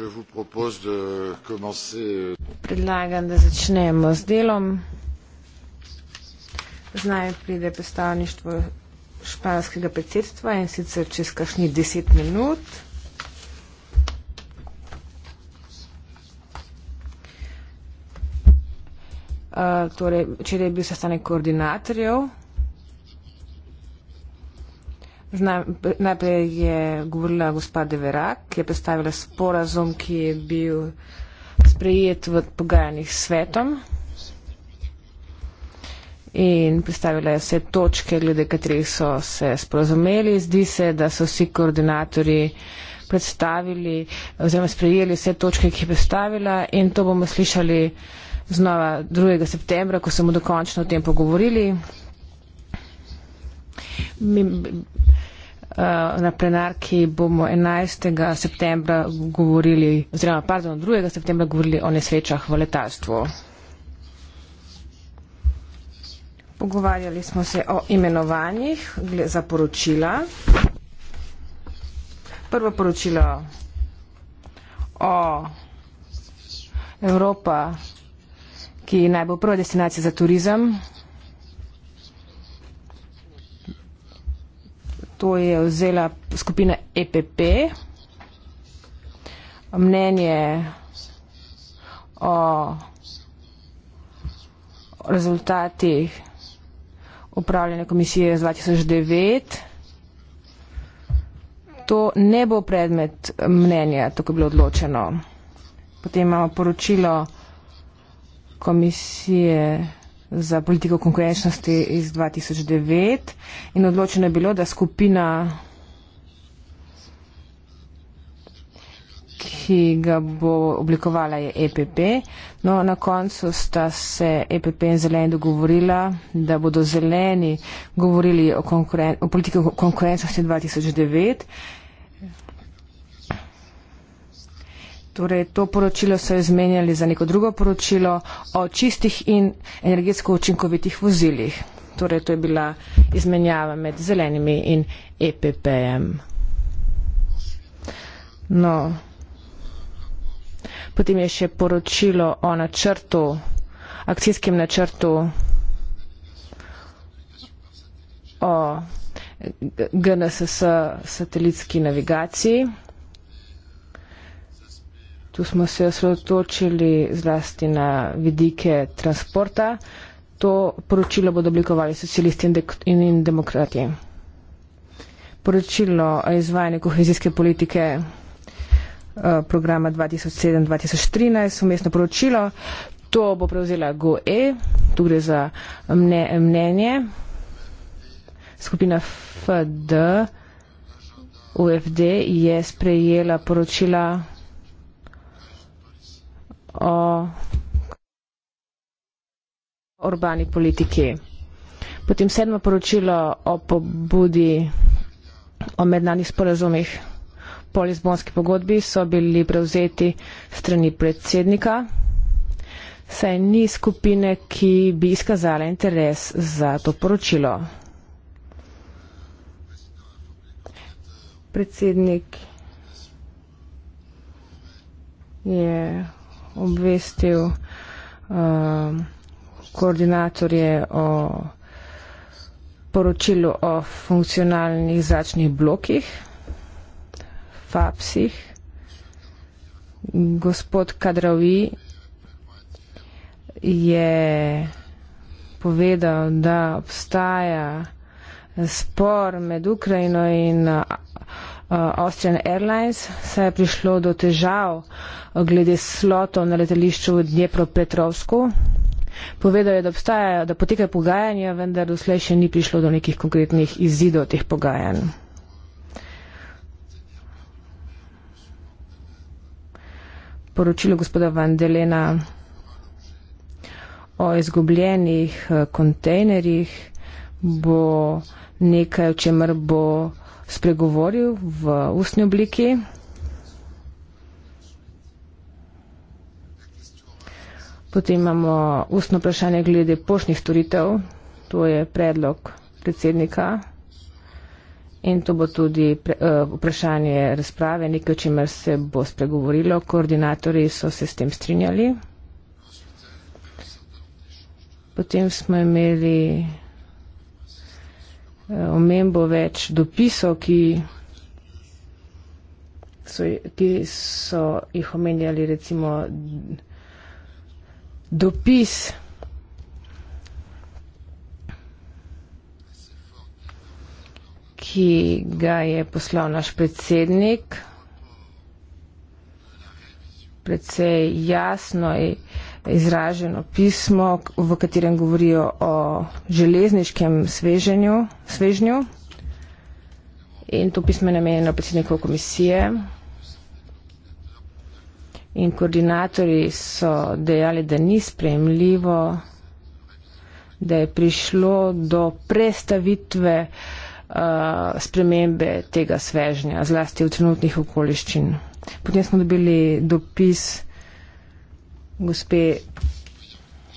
Euh, Predlagam, da začnemo s delom. Znaj pride predstavništvo španskega predsedstva in sicer čez kakšni deset minut. Uh, torej, včeraj je bil sestanek koordinatorjev. Najprej je govorila gospa Deverak, ki je predstavila sporazum, ki je bil sprejet v pogajanjih s svetom in predstavila je vse točke, glede katerih so se sporozumeli. Zdi se, da so vsi koordinatori predstavili oziroma sprejeli vse točke, ki je predstavila in to bomo slišali znova 2. septembra, ko smo dokončno o tem pogovorili. Mi, Eh, na plenarki bomo 11. septembra govorili, oziroma pardon, 2. septembra govorili o nesrečah v letalstvu. Pogovarjali smo se o imenovanjih za poročila. Prvo poročilo o Evropa, ki naj bo prva destinacija za turizem, to je vzela skupina EPP. Mnenje o rezultatih upravljanja komisije z 2009. To ne bo predmet mnenja, tako je bilo odločeno. Potem imamo poročilo komisije za politiko konkurenčnosti iz 2009 in odločeno je bilo, da skupina, ki ga bo oblikovala, je EPP. No, na koncu sta se EPP in zeleni dogovorila, da bodo zeleni govorili o, konkuren o politiko konkurenčnosti 2009 Torej, to poročilo so izmenjali za neko drugo poročilo o čistih in energetsko učinkovitih vozilih. Torej, to je bila izmenjava med zelenimi in EPP-jem. No. Potem je še poročilo o načrtu, akcijskem načrtu o GNSS satelitski navigaciji. Tu smo se osredotočili zlasti na vidike transporta. To poročilo bodo oblikovali socialisti in, dek, in, in demokrati. Poročilo o izvajanju kohezijske politike eh, programa 2007-2013, umestno poročilo, to bo prevzela GOE, tu gre za mnenje, skupina FD, UFD je sprejela poročila o urbani politiki. Potem sedmo poročilo o pobudi o mednanih sporazumih po Lizbonski pogodbi so bili prevzeti strani predsednika, saj ni skupine, ki bi izkazala interes za to poročilo. Predsednik je obvestil um, koordinatorje o poročilu o funkcionalnih zračnih blokih, FAPSih. Gospod Kadravi je povedal, da obstaja spor med Ukrajino in uh, Uh, Austrian Airlines, saj je prišlo do težav uh, glede slotov na letališču v Dnjepropetrovsku. Povedal je, da obstajajo, da potekajo pogajanja, vendar doslej še ni prišlo do nekih konkretnih izidov teh pogajanj. Poročilo gospoda Vandelena o izgubljenih uh, kontejnerjih bo nekaj, o čemer bo spregovoril v ustni obliki. Potem imamo ustno vprašanje glede poštnih storitev. To je predlog predsednika in to bo tudi pre, uh, vprašanje razprave, nekaj, o čemer se bo spregovorilo. Koordinatori so se s tem strinjali. Potem smo imeli omembo več dopisov, ki so, ki so jih omenjali recimo dopis ki ga je poslal naš predsednik, precej jasno in izraženo pismo, v katerem govorijo o železniškem sveženju, svežnju. In to pismo je namenjeno predsedniku komisije. In koordinatori so dejali, da ni sprejemljivo, da je prišlo do prestavitve uh, spremembe tega svežnja, zlasti v trenutnih okoliščin. Potem smo dobili dopis, gospe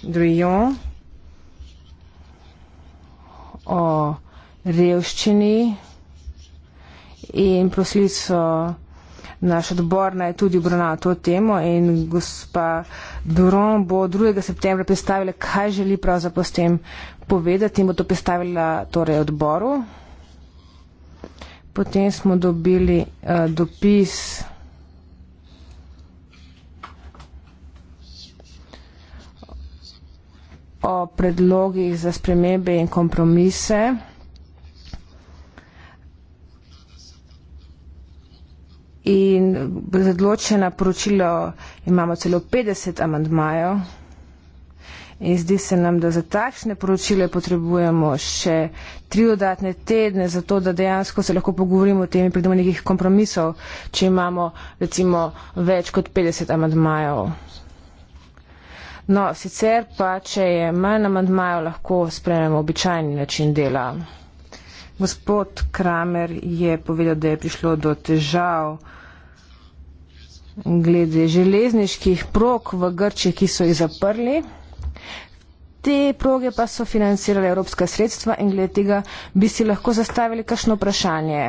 Drujon o revščini in prosili so naš odbor naj tudi obravnava to temo in gospa Duron bo 2. septembra predstavila, kaj želi pravzaprav s tem povedati in bo to predstavila torej odboru. Potem smo dobili uh, dopis. o predlogih za spremembe in kompromise. In zadločena poročilo imamo celo 50 amandmajev. In zdi se nam, da za takšne poročile potrebujemo še tri dodatne tedne, zato da dejansko se lahko pogovorimo o tem in pridemo nekih kompromisov, če imamo recimo več kot 50 amandmajev. No, sicer pa, če je manj amandmajo, lahko sprememo običajni način dela. Gospod Kramer je povedal, da je prišlo do težav glede železniških prog v Grči, ki so jih zaprli. Te proge pa so financirale evropska sredstva in glede tega bi si lahko zastavili kakšno vprašanje.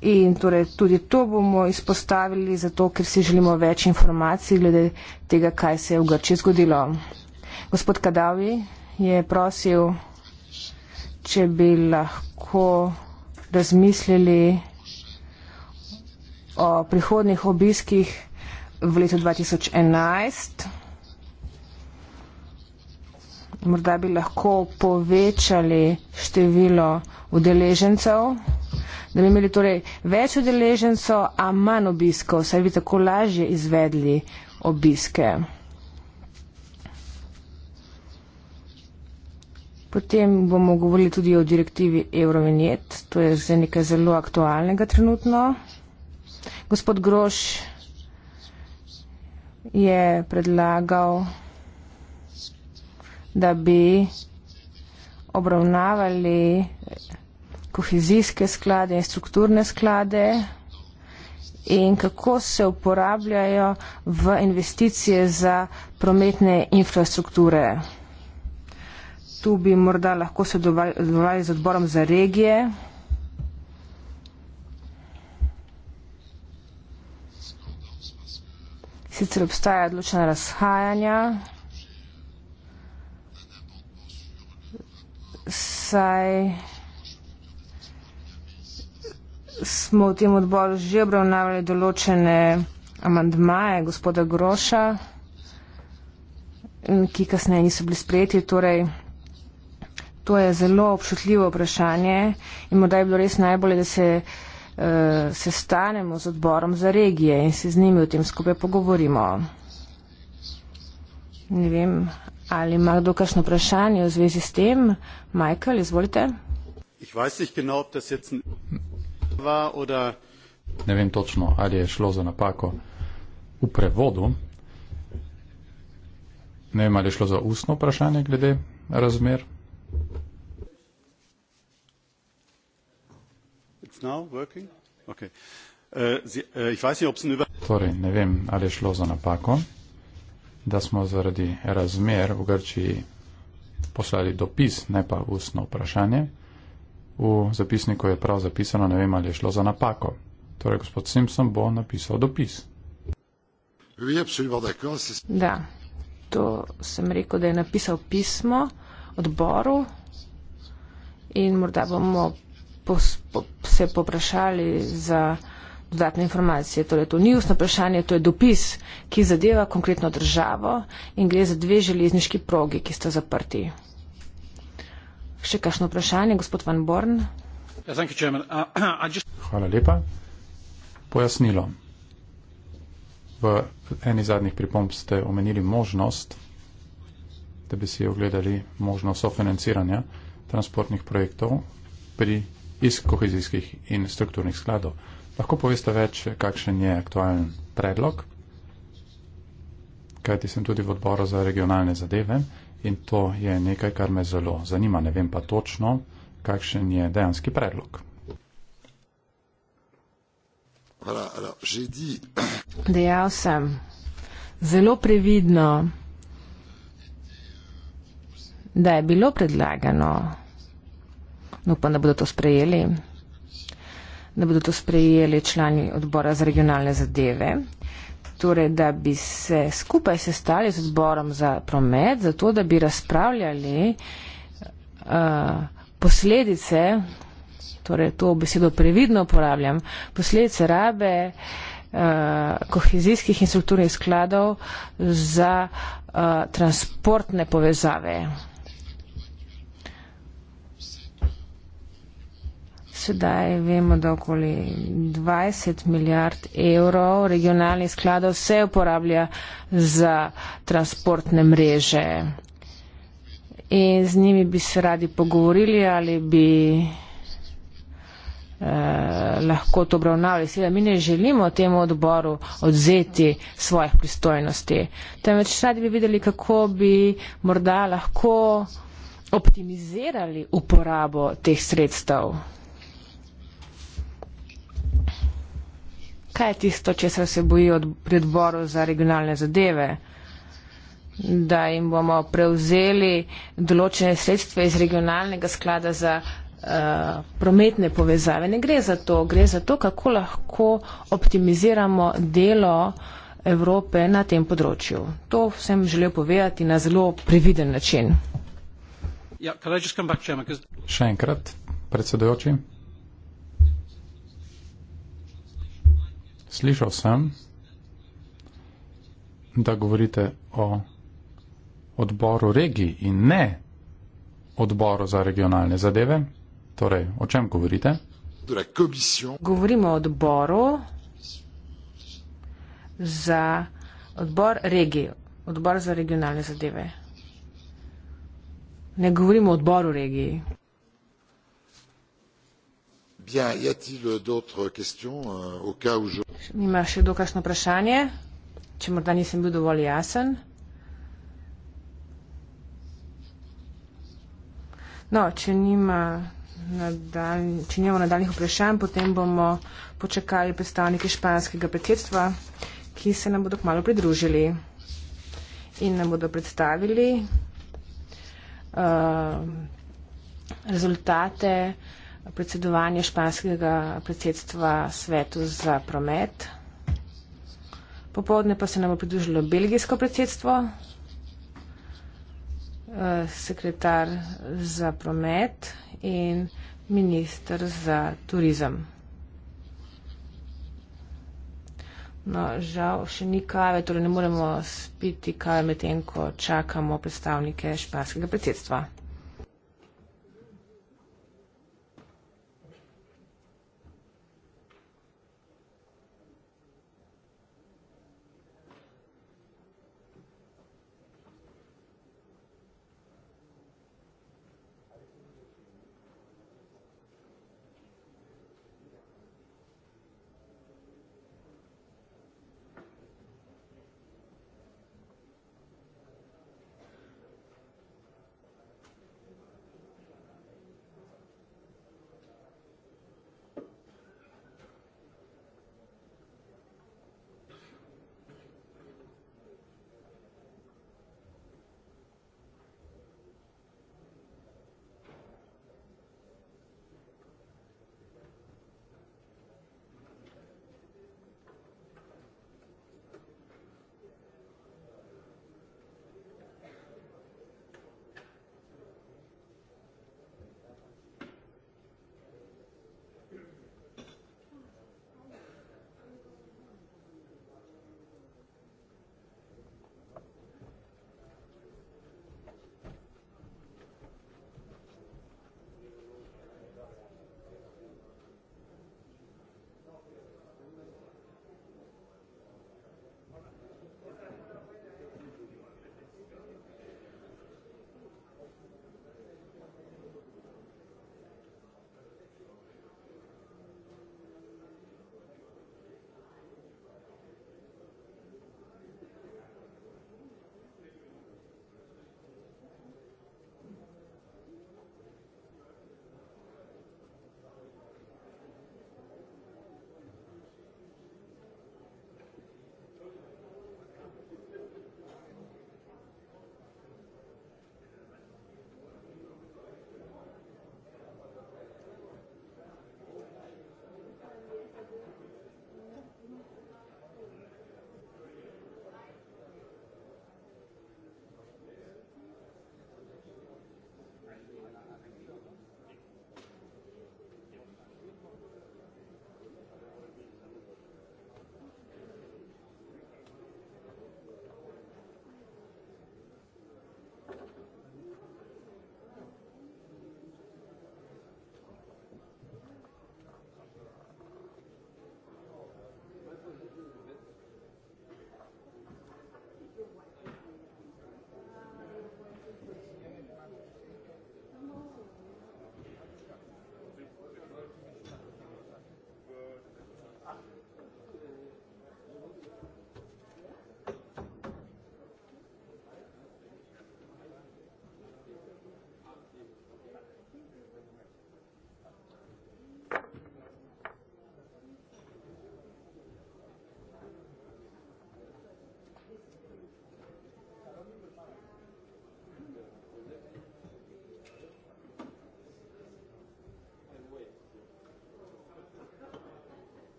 In torej tudi to bomo izpostavili, zato ker si želimo več informacij glede tega, kaj se je v Grči zgodilo. Gospod Kadavi je prosil, če bi lahko razmislili o prihodnih obiskih v letu 2011. Morda bi lahko povečali število udeležencev. Da bi imeli torej več udeleženco, a manj obiskov, saj bi tako lažje izvedli obiske. Potem bomo govorili tudi o direktivi Eurovinjet, to je zdaj nekaj zelo aktualnega trenutno. Gospod Groš je predlagal, da bi obravnavali kohezijske sklade in strukturne sklade in kako se uporabljajo v investicije za prometne infrastrukture. Tu bi morda lahko sodelovali z odborom za regije. Sicer obstaja odločena razhajanja, saj smo v tem odboru že obravnavali določene amandmaje gospoda Groša, mm, ki kasneje niso bili sprejeti. Torej, to je zelo občutljivo vprašanje in morda je bilo res najbolje, da se uh, sestanemo z odborom za regije in se z njimi o tem skupaj pogovorimo. Ne vem, ali ima kdo kakšno vprašanje v zvezi s tem. Michael, izvolite ne vem točno, ali je šlo za napako v prevodu, ne vem, ali je šlo za ustno vprašanje glede razmer. Eh, eh, torej, ne vem, ali je šlo za napako, da smo zaradi razmer v Grčiji poslali dopis, ne pa ustno vprašanje. V zapisniku je prav zapisano, ne vem ali je šlo za napako. Torej, gospod Simpson bo napisal dopis. Da, to sem rekel, da je napisal pismo odboru in morda bomo pos, po, se poprašali za dodatne informacije. Torej, to ni ustno vprašanje, to je dopis, ki zadeva konkretno državo in gre za dve železniški progi, ki sta zaprti. Še kakšno vprašanje, gospod Van Born? Uh, Hvala lepa. Pojasnilo. V eni zadnjih pripomb ste omenili možnost, da bi si ogledali možnost sofinanciranja transportnih projektov pri iz kohezijskih in strukturnih skladov. Lahko poveste več, kakšen je aktualen predlog, kajti sem tudi v odboru za regionalne zadeve in to je nekaj, kar me zelo zanima. Ne vem pa točno, kakšen je dejanski predlog. Dejal sem zelo previdno, da je bilo predlagano, upam, da bodo to sprejeli, da bodo to sprejeli člani odbora za regionalne zadeve, torej, da bi se skupaj sestali z odborom za promet, zato da bi razpravljali uh, posledice, torej to besedo previdno uporabljam, posledice rabe uh, kohezijskih in strukturnih skladov za uh, transportne povezave. sedaj vemo, da okoli 20 milijard evrov regionalnih skladov se uporablja za transportne mreže. In z njimi bi se radi pogovorili ali bi eh, lahko to obravnavali. Seveda mi ne želimo temu odboru odzeti svojih pristojnosti, temveč radi bi videli, kako bi morda lahko optimizirali uporabo teh sredstev. Vse je tisto, če se bojijo pri odboru za regionalne zadeve, da jim bomo prevzeli določene sredstva iz regionalnega sklada za uh, prometne povezave. Ne gre za to, gre za to, kako lahko optimiziramo delo Evrope na tem področju. To sem želel povedati na zelo previden način. Ja, še enkrat, predsedujoči. Slišal sem, da govorite o odboru regij in ne odboru za regionalne zadeve. Torej, o čem govorite? Govorimo o odboru za odbor regij, odbor za regionalne zadeve. Ne govorimo o odboru regij y a t il d'autres questions euh, au cas où je. Nima še kdo kakšno vprašanje? Če morda nisem bil dovolj jasen? No, če nima nadaljnji, če nimamo nadaljnjih vprašanj, potem bomo počakali predstavniki španskega predsedstva, ki se nam bodo kmalo pridružili in nam bodo predstavili uh, rezultate uh, predsedovanje španskega predsedstva svetu za promet. Popovdne pa se nam bo pridružilo belgijsko predsedstvo, eh, sekretar za promet in minister za turizem. No, žal še ni kave, torej ne moremo spiti kave medtem, ko čakamo predstavnike španskega predsedstva.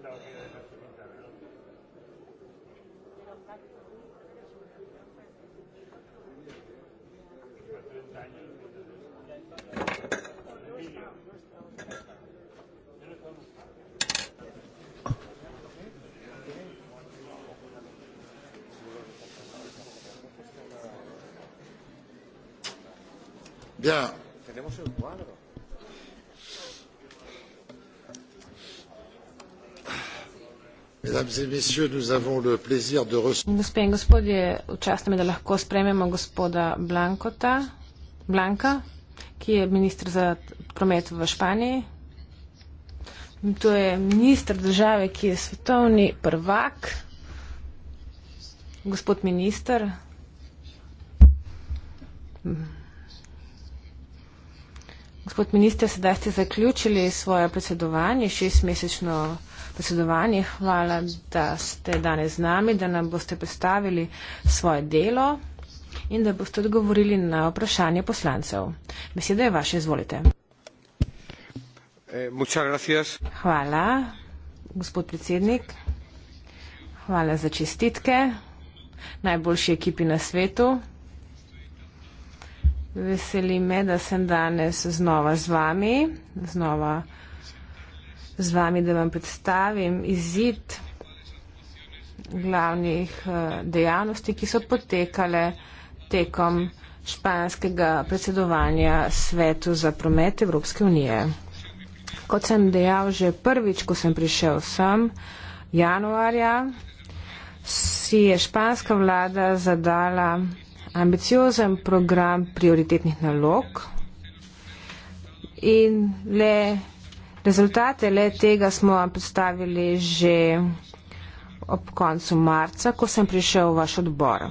pensado que era de la segunda, ¿no? A 30 años. Con Emilio. Ya. Tenemos el cuadro. Gospe in gospodje, včasno mi, da lahko sprememo gospoda Blankota, Blanka, ki je ministr za promet v Španiji. To je ministr države, ki je svetovni prvak. Gospod ministr. Gospod minister, sedaj ste zaključili svoje predsedovanje, šestmesečno vprašanje predsedovanje. Hvala, da ste danes z nami, da nam boste predstavili svoje delo in da boste odgovorili na vprašanje poslancev. Beseda je vaša, izvolite. Eh, Hvala, gospod predsednik. Hvala za čestitke najboljši ekipi na svetu. Veseli me, da sem danes znova z vami, znova z vami, da vam predstavim izid glavnih eh, dejavnosti, ki so potekale tekom španskega predsedovanja svetu za promet Evropske unije. Kot sem dejal že prvič, ko sem prišel sem, januarja, si je španska vlada zadala ambiciozen program prioritetnih nalog in le Rezultate le tega smo vam predstavili že ob koncu marca, ko sem prišel v vaš odbor.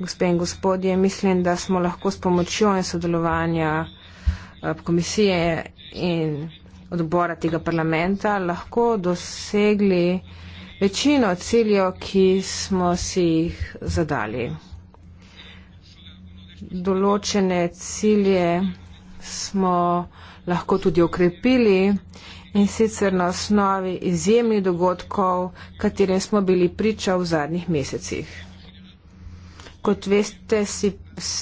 Gospe in gospodje, mislim, da smo lahko s pomočjo in sodelovanja eh, komisije in odbora tega parlamenta lahko dosegli večino ciljev, ki smo si jih zadali. Določene cilje smo vsega, lahko tudi okrepili in sicer na osnovi izjemnih dogodkov, katerim smo bili priča v zadnjih mesecih. Kot veste, si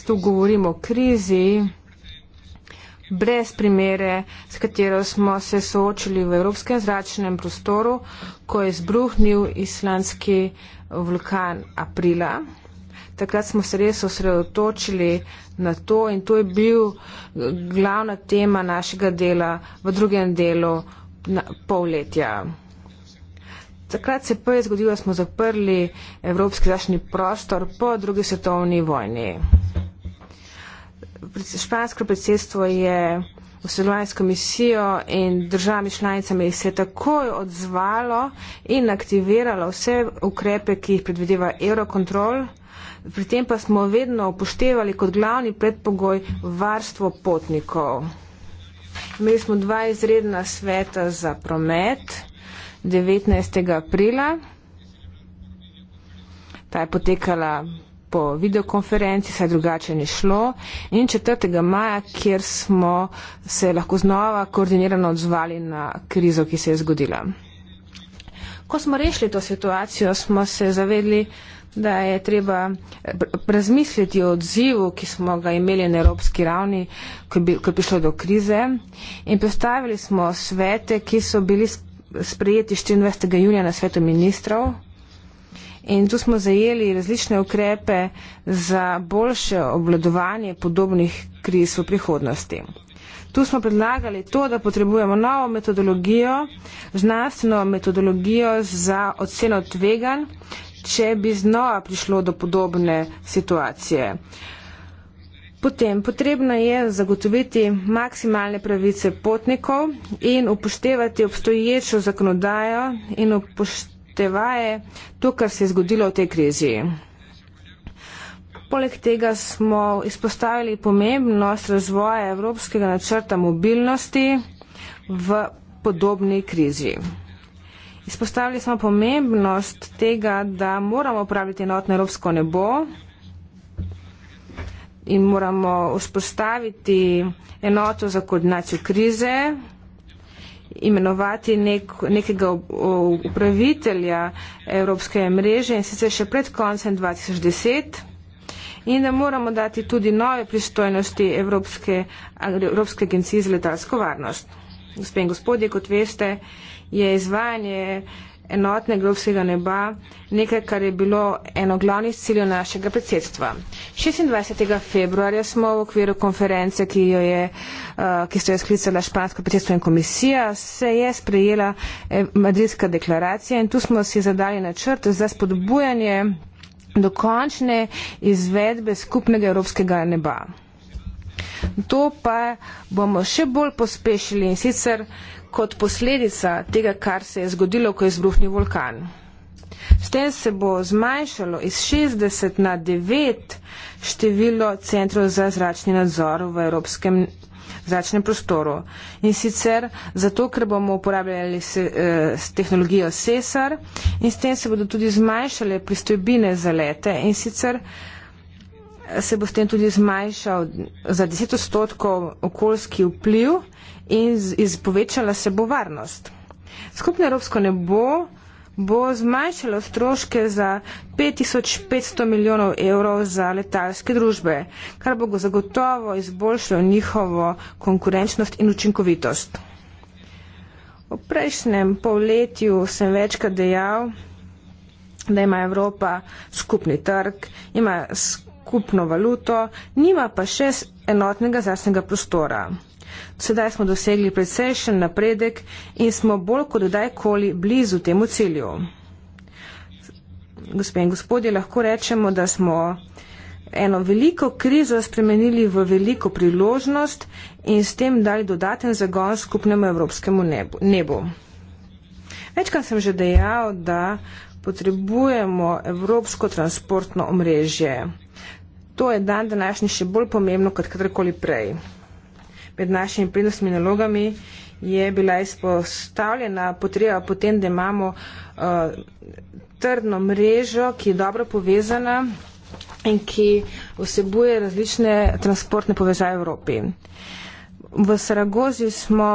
tu govorimo o krizi brez primere, s katero smo se soočili v evropskem zračnem prostoru, ko je izbruhnil islandski vulkan aprila takrat smo se res osredotočili na to in to je bil eh, glavna tema našega dela v drugem delu na, polletja. Takrat se prvi zgodilo, da smo zaprli evropski zaščitni prostor po drugi svetovni vojni. Špansko predsedstvo je v sodelovanju s komisijo in državami članicami se je takoj odzvalo in aktiviralo vse ukrepe, ki jih predvideva Eurocontrol pri tem pa smo vedno upoštevali kot glavni predpogoj varstvo potnikov. Imeli smo dva izredna sveta za promet 19. aprila. Ta je potekala po videokonferenci, saj drugače ni šlo. In 4. maja, kjer smo se lahko znova koordinirano odzvali na krizo, ki se je zgodila. Ko smo rešili to situacijo, smo se zavedli, da je treba eh, razmisliti o odzivu, ki smo ga imeli na evropski ravni, ko je prišlo do krize. In postavili smo svete, ki so bili sprejeti 24. junija na svetu ministrov. In tu smo zajeli različne ukrepe za boljše obvladovanje podobnih kriz v prihodnosti. Tu smo predlagali to, da potrebujemo novo metodologijo, znanstveno metodologijo za oceno tvegan, če bi znova prišlo do podobne situacije. Potem potrebno je zagotoviti maksimalne pravice potnikov in upoštevati obstoječo zakonodajo in upoštevaje to, kar se je zgodilo v tej krizi. Poleg tega smo izpostavili pomembnost razvoja evropskega načrta mobilnosti v podobni krizi. Izpostavili smo pomembnost tega, da moramo praviti enotno evropsko nebo in moramo vzpostaviti enoto za koordinacijo krize, imenovati nek, nekega upravitelja evropske mreže in sicer še pred koncem 2010 in da moramo dati tudi nove pristojnosti Evropske, Evropske agencije za letalsko varnost. Gospe in gospodje, kot veste, je izvajanje enotnega evropskega neba nekaj, kar je bilo eno glavnih ciljev našega predsedstva. 26. februarja smo v okviru konference, ki jo je, eh, ki so jo sklicala Špansko predsedstvo in komisija, se je sprejela eh, Madridska deklaracija in tu smo si zadali načrt za spodbujanje dokončne izvedbe skupnega evropskega neba. To pa bomo še bolj pospešili in sicer kot posledica tega, kar se je zgodilo, ko je izbruhnil vulkan. S tem se bo zmanjšalo iz 60 na 9 število centrov za zračni nadzor v evropskem zračnem prostoru. In sicer zato, ker bomo uporabljali se, eh, tehnologijo SESAR in s tem se bodo tudi zmanjšale pristojbine za lete in sicer eh, se bo s tem tudi zmanjšal za 10 odstotkov okoljski vpliv in izpovečala se bo varnost. Skupno evropsko nebo bo zmanjšalo stroške za 5500 milijonov evrov za letalske družbe, kar bo zagotovo izboljšalo njihovo konkurenčnost in učinkovitost. V prejšnjem polletju sem večkrat dejal, da ima Evropa skupni trg, ima skupno valuto, nima pa še enotnega zasnega prostora. Sedaj smo dosegli precejšen napredek in smo bolj kot kdajkoli blizu temu cilju. Gospe in gospodje, lahko rečemo, da smo eno veliko krizo spremenili v veliko priložnost in s tem dali dodaten zagon skupnemu evropskemu nebu. Večkrat sem že dejal, da potrebujemo evropsko transportno omrežje. To je dan današnji še bolj pomembno kot katerkoli prej med našimi prednostmi nalogami je bila izpostavljena potreba potem, da imamo uh, trdno mrežo, ki je dobro povezana in ki vsebuje različne transportne povezave Evropi. V Saragozi smo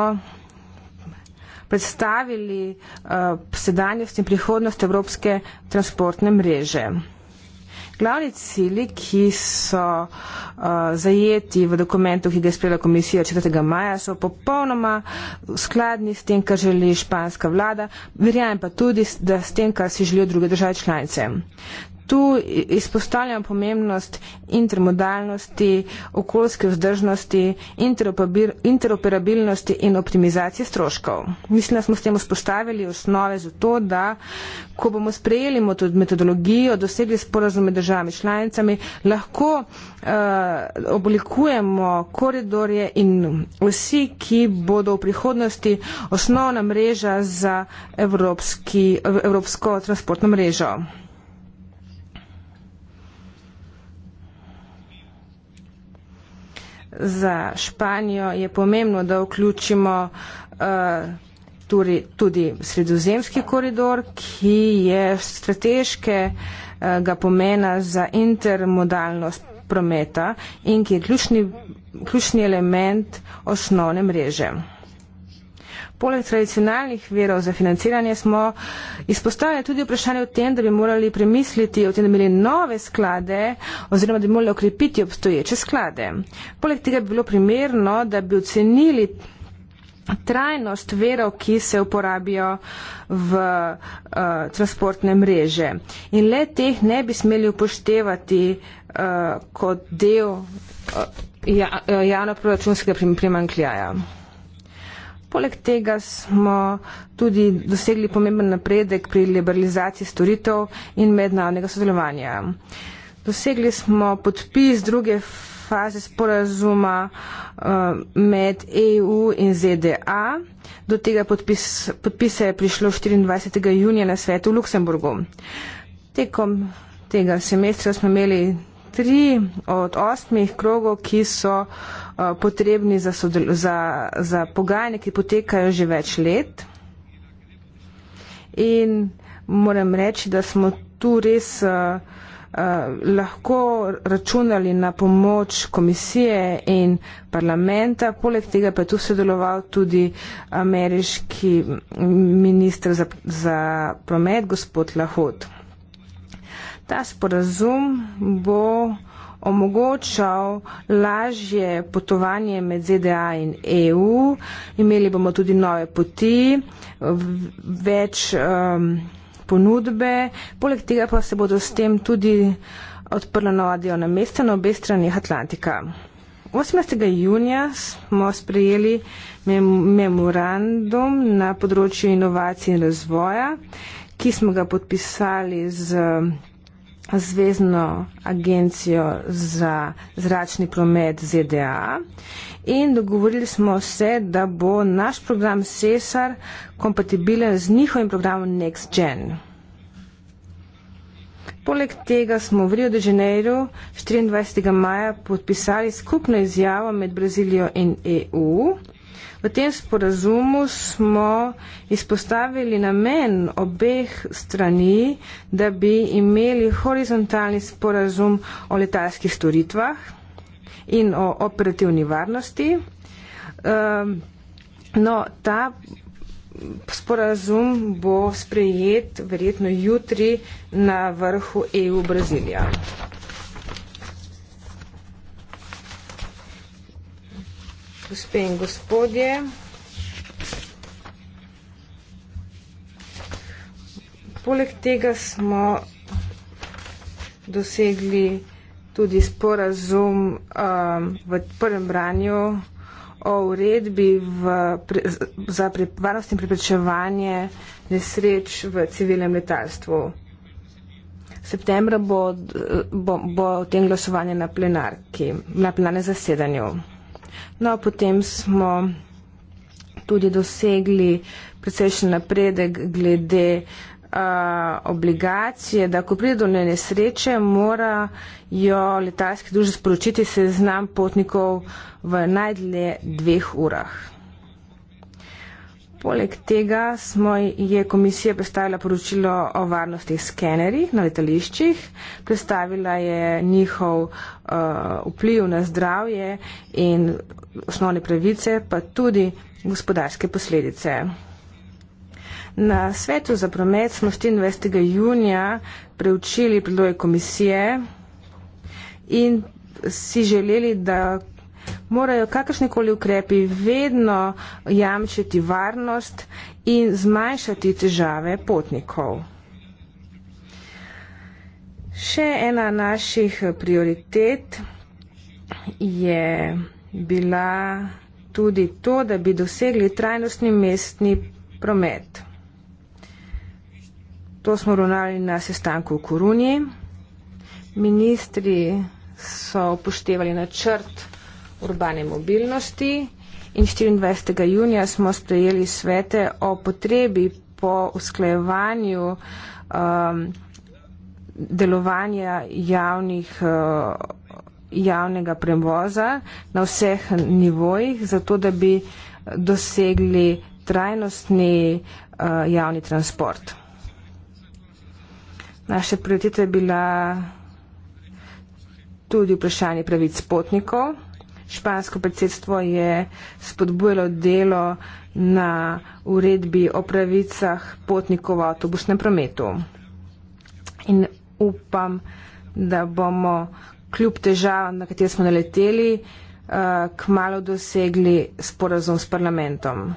predstavili uh, sedanjost in prihodnost Evropske transportne mreže glavni cili, ki so uh, zajeti v dokumentu, ki ga je sprejela komisija 4. maja, so popolnoma skladni s tem, kar želi španska vlada, verjamem pa tudi, da s tem, kar si želijo druge države članice. Tu izpostavljam pomembnost intermodalnosti, okoljske vzdržnosti, interoperabilnosti in optimizacije stroškov. Mislim, da smo s tem vzpostavili osnove za to, da ko bomo sprejeli metodologijo, dosegli sporazume med državami članicami, lahko uh, oblikujemo koridorje in vsi, ki bodo v prihodnosti osnovna mreža za evropski, evropsko transportno mrežo. za Španijo je pomembno, da vključimo eh, tudi, tudi sredozemski koridor, ki je strateškega pomena za intermodalnost prometa in ki je ključni, ključni element osnovne mreže poleg tradicionalnih verov za financiranje smo izpostavili tudi vprašanje o tem, da bi morali premisliti o tem, da bi imeli nove sklade oziroma da bi morali okrepiti obstoječe sklade. Poleg tega bi bilo primerno, da bi ocenili trajnost verov, ki se uporabijo v uh, transportne mreže. In le teh ne bi smeli upoštevati uh, kot del uh, ja, uh, javno proračunskega primankljaja. Prim Poleg tega smo tudi dosegli pomemben napredek pri liberalizaciji storitev in mednarodnega sodelovanja. Dosegli smo podpis druge faze sporazuma eh, med EU in ZDA. Do tega podpisa, podpisa je prišlo 24. junija na svetu v Luksemburgu. Tekom tega semestra smo imeli tri od osmih krogov, ki so uh, potrebni za, za, za pogajanje, ki potekajo že več let. In moram reči, da smo tu res uh, uh, lahko računali na pomoč komisije in parlamenta. Poleg tega pa je tu sodeloval tudi ameriški ministr za, za promet, gospod Lahod. Ta sporazum bo omogočal lažje potovanje med ZDA in EU. Imeli bomo tudi nove poti, več um, ponudbe. Poleg tega pa se bodo s tem tudi odprla nova delovna mesta na obeh stranih Atlantika. 18. junija smo sprejeli memorandum na področju inovacij in razvoja, ki smo ga podpisali z zvezdno agencijo za zračni promet ZDA in dogovorili smo se, da bo naš program CESAR kompatibilen z njihovim programom NextGen. Poleg tega smo v Rio de Janeiro 24. maja podpisali skupno izjavo med Brazilijo in EU, V tem sporazumu smo izpostavili namen obeh strani, da bi imeli horizontalni sporazum o letalskih storitvah in o operativni varnosti. Ehm, no, ta sporazum bo sprejet verjetno jutri na vrhu EU Brazilija. gospe in gospodje. Poleg tega smo dosegli tudi sporazum um, v prvem branju o uredbi v, pre, za pre, varnost in preprečevanje nesreč v civilnem letalstvu. Septembra bo, bo, bo o tem glasovanje na plenarki, na plenarnem zasedanju. No, potem smo tudi dosegli precejšen napredek glede uh, obligacije, da ko pride do njene sreče, mora jo letalski družbi sporočiti seznam potnikov v najdlje dveh urah. Poleg tega smo, je komisija predstavila poročilo o varnosti skenerjih na letališčih, predstavila je njihov uh, vpliv na zdravje in osnovne pravice, pa tudi gospodarske posledice. Na svetu za promet smo 24. junija preučili predloge komisije in si želeli, da morajo kakršnekoli ukrepi vedno jamčiti varnost in zmanjšati težave potnikov. Še ena naših prioritet je bila tudi to, da bi dosegli trajnostni mestni promet. To smo ravnali na sestanku v Koruniji. Ministri so upoštevali načrt urbane mobilnosti in 24. junija smo sprejeli svete o potrebi po usklajevanju um, delovanja javnih, uh, javnega prevoza na vseh nivojih, zato da bi dosegli trajnostni uh, javni transport. Naše prioritete je bila tudi vprašanje pravic potnikov špansko predsedstvo je spodbujalo delo na uredbi o pravicah potnikov v avtobusnem prometu. In upam, da bomo kljub težavam, na katere smo naleteli, eh, k malo dosegli sporazum s parlamentom.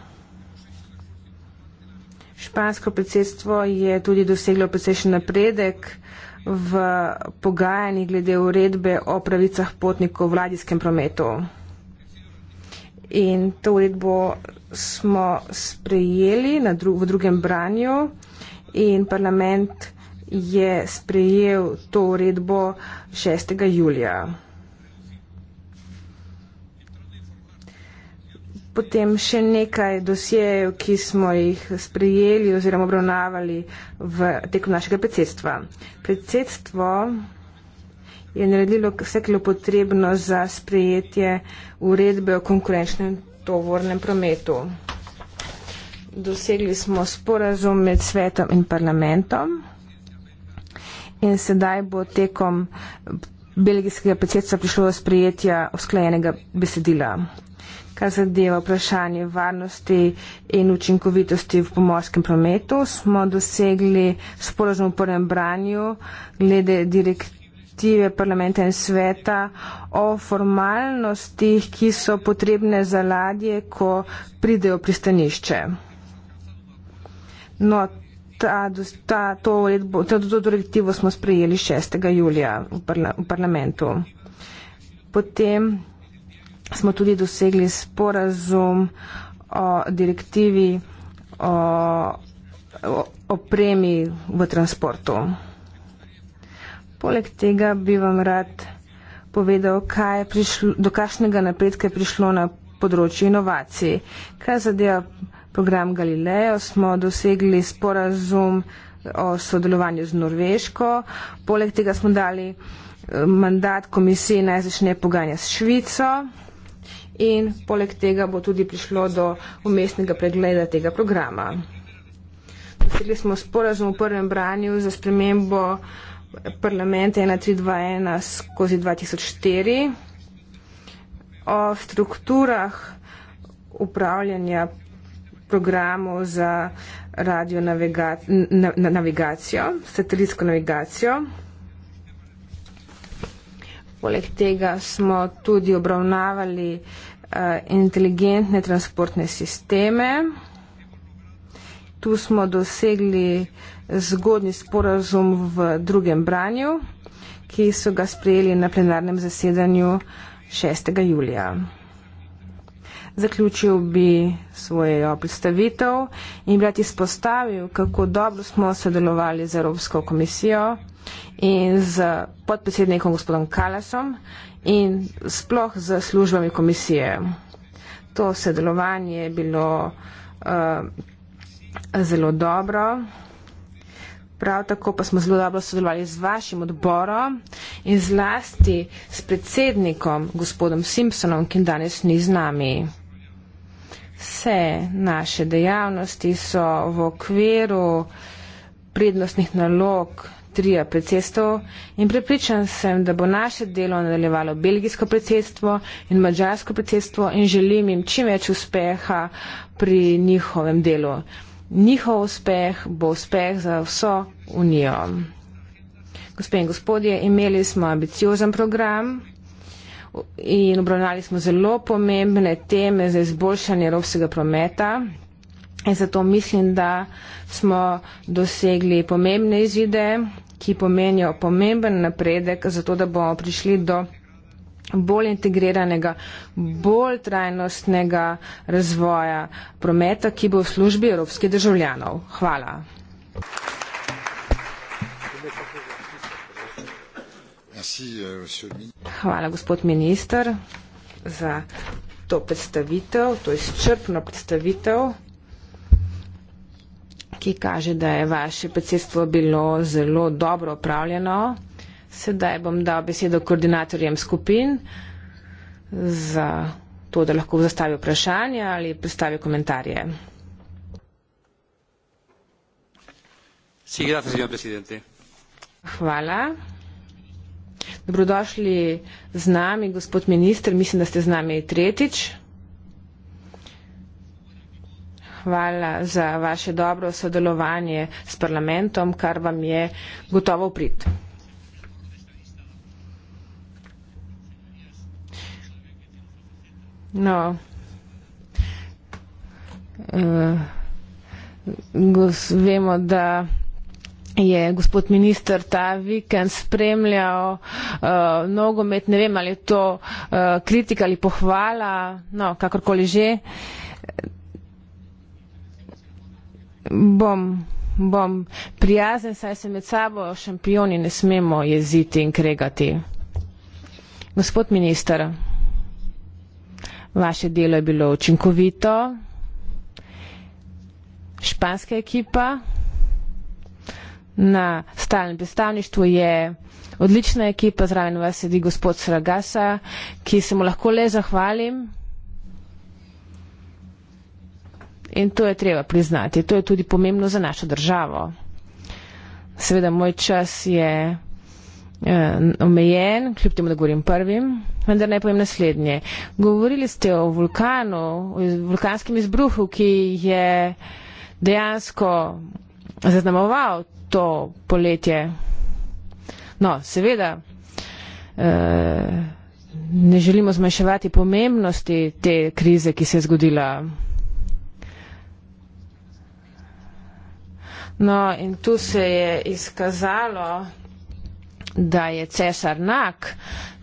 Špansko predsedstvo je tudi doseglo precejšen napredek, uh, v pogajanji glede uredbe o pravicah potnikov v ladijskem prometu. In to uredbo smo sprejeli na dru v drugem branju in parlament je sprejel to uredbo 6. julija. Potem še nekaj dosjejev, ki smo jih sprejeli oziroma obravnavali v teku našega predsedstva. Predsedstvo je naredilo vse, kar je potrebno za sprejetje uredbe o konkurenčnem tovornem prometu. Dosegli smo sporazum med svetom in parlamentom in sedaj bo tekom belgijskega predsedstva prišlo do sprejetja usklajenega besedila. Kar zadeva vprašanje varnosti in učinkovitosti v pomorskem prometu, smo dosegli sporozum v prvem branju glede direktive parlamenta in sveta o formalnostih, ki so potrebne za ladje, ko pridejo pristanišče. No, ta, ta, to, to, to, to direktivo smo sprejeli 6. julija v, parla, v parlamentu. Potem smo tudi dosegli sporazum o direktivi o opremi v transportu. Poleg tega bi vam rad povedal, kaj prišlo, do kakšnega napredka je prišlo na področju inovacij. Kar zadeva program Galileo, smo dosegli sporazum o sodelovanju z Norveško. Poleg tega smo dali eh, mandat komisiji naj začne pogajanja s Švico in poleg tega bo tudi prišlo do umestnega pregleda tega programa. Dosegli smo sporazum v prvem branju za spremembo parlamenta 1321 skozi 2004 o strukturah upravljanja programov za radio navigacijo, satelitsko navigacijo. Poleg tega smo tudi obravnavali eh, inteligentne transportne sisteme. Tu smo dosegli zgodni sporazum v drugem branju, ki so ga sprejeli na plenarnem zasedanju 6. julija. Zaključil bi svojo predstavitev in bi rad izpostavil, kako dobro smo sodelovali z Evropsko komisijo in z podpredsednikom gospodom Kalasom in sploh z službami komisije. To sodelovanje je bilo uh, zelo dobro. Prav tako pa smo zelo dobro sodelovali z vašim odborom in zlasti s predsednikom gospodom Simpsonom, ki danes ni z nami. Vse naše dejavnosti so v okviru prednostnih nalog Avstrija predsedstvo in prepričan sem, da bo naše delo nadaljevalo belgijsko predsedstvo in mađarsko predsedstvo in želim jim čim več uspeha pri njihovem delu. Njihov uspeh bo uspeh za vso unijo. Gospe in gospodje, imeli smo ambiciozen program in obravnali smo zelo pomembne teme za izboljšanje evropskega prometa. In zato mislim, da smo dosegli pomembne izide ki pomenijo pomemben napredek, zato da bomo prišli do bolj integriranega, bolj trajnostnega razvoja prometa, ki bo v službi evropskih državljanov. Hvala. Euh, Hvala, gospod minister, za to predstavitev, to izčrpno predstavitev ki kaže, da je vaše predsedstvo bilo zelo dobro upravljeno. Sedaj bom dal besedo koordinatorjem skupin za to, da lahko zastavi vprašanje ali predstavi komentarje. Hvala. Dobrodošli z nami, gospod minister. Mislim, da ste z nami tretjič hvala za vaše dobro sodelovanje s parlamentom, kar vam je gotovo prid. No, uh, vemo, da je gospod minister ta vikend spremljal uh, nogomet, ne vem, ali je to uh, kritika ali pohvala, no, kakorkoli že bom, bom prijazen, saj se med sabo šampioni ne smemo jeziti in kregati. Gospod minister, vaše delo je bilo učinkovito, španska ekipa na stalnem predstavništvu je odlična ekipa, zraven vas sedi gospod Sragasa, ki se mu lahko le zahvalim. in to je treba priznati. To je tudi pomembno za našo državo. Seveda, moj čas je eh, omejen, kljub temu, da govorim prvim, vendar naj povem naslednje. Govorili ste o vulkanu, o vulkanskem izbruhu, ki je dejansko zaznamoval to poletje. No, seveda, eh, ne želimo zmanjševati pomembnosti te krize, ki se je zgodila. No, in tu se je izkazalo, da je cesar nak,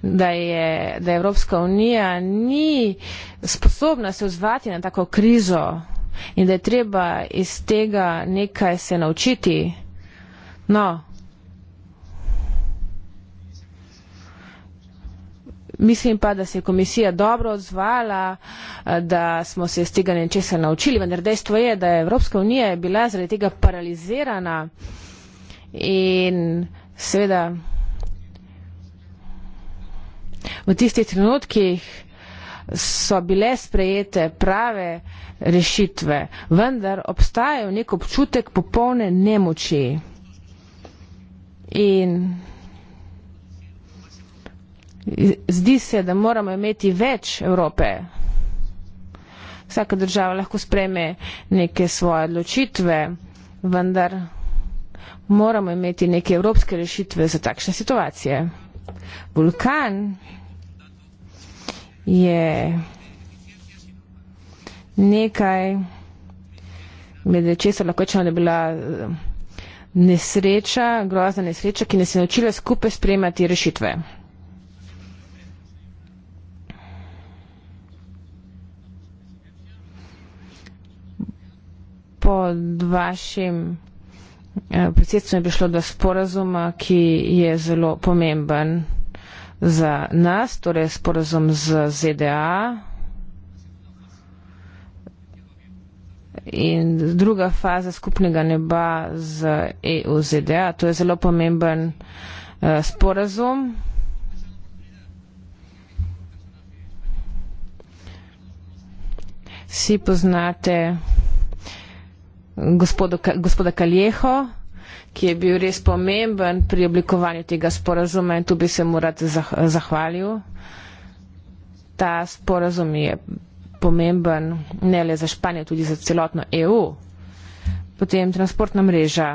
da, je, da Evropska unija ni sposobna se odzvati na tako krizo in da je treba iz tega nekaj se naučiti. No, Mislim pa, da se je komisija dobro odzvala, eh, da smo se iz tega nečesa naučili, vendar dejstvo je, da je Evropska unija je bila zaradi tega paralizirana in seveda v tistih trenutkih so bile sprejete prave rešitve, vendar obstaja nek občutek popolne nemoči. In zdi se, da moramo imeti več Evrope. Vsaka država lahko spreme neke svoje odločitve, vendar moramo imeti neke evropske rešitve za takšne situacije. Vulkan je nekaj, glede česar lahko rečemo, da je bila eh, nesreča, grozna nesreča, ki nas je naučila skupaj spremati rešitve. pod vašim eh, predsedstvom je prišlo do sporazuma, ki je zelo pomemben za nas, torej sporazum z ZDA. In druga faza skupnega neba z EU-ZDA, to je zelo pomemben eh, sporazum. Vsi poznate gospodu, gospoda Kaljeho, ki je bil res pomemben pri oblikovanju tega sporazuma in tu bi se mu rad zahvalil. Ta sporazum je pomemben ne le za Španijo, tudi za celotno EU. Potem transportna mreža.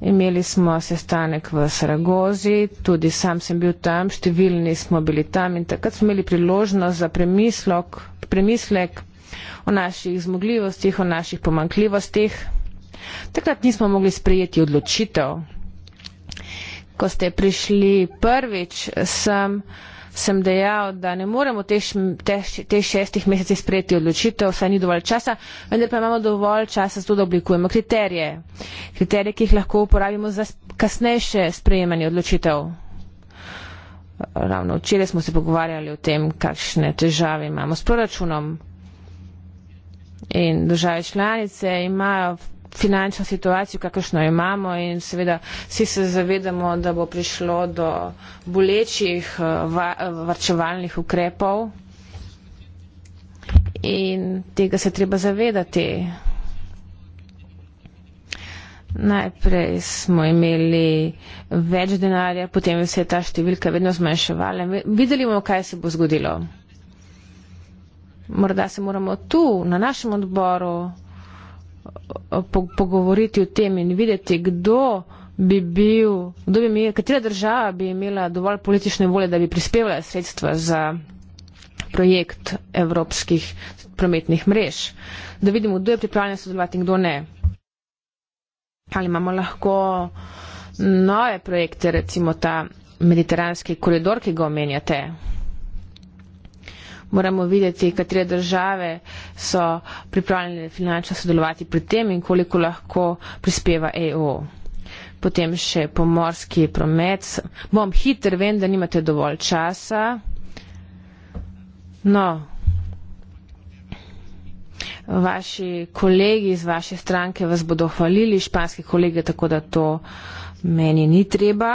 Imeli smo sestanek v Saragozi, tudi sam sem bil tam, številni smo bili tam in takrat smo imeli priložnost za premislek, o naših zmogljivostih, o naših pomankljivostih. Takrat nismo mogli sprejeti odločitev. Ko ste prišli prvič, sem, sem dejal, da ne moremo teh te, te šestih mesecih sprejeti odločitev, saj ni dovolj časa, vendar pa imamo dovolj časa za to, da oblikujemo kriterije. Kriterije, ki jih lahko uporabimo za kasnejše sprejemanje odločitev. Ravno včeraj smo se pogovarjali o tem, kakšne težave imamo s proračunom in države članice imajo finančno situacijo, kakršno imamo in seveda vsi se zavedamo, da bo prišlo do bolečih eh, varčevalnih ukrepov in tega se treba zavedati. Najprej smo imeli več denarja, potem se je ta številka vedno zmanjševala. Videli bomo, kaj se bo zgodilo morda se moramo tu, na našem odboru, po, pogovoriti o tem in videti, kdo bi bil, kdo bi imel, katera država bi imela dovolj politične volje, da bi prispevala sredstva za projekt evropskih prometnih mrež. Da vidimo, kdo je pripravljen sodelovati in kdo ne. Ali imamo lahko nove projekte, recimo ta mediteranski koridor, ki ga omenjate moramo videti, katere države so pripravljene finančno sodelovati pri tem in koliko lahko prispeva EU. Potem še pomorski promet. Bom hiter, vem, da nimate dovolj časa. No, vaši kolegi iz vaše stranke vas bodo hvalili, španski kolege, tako da to meni ni treba.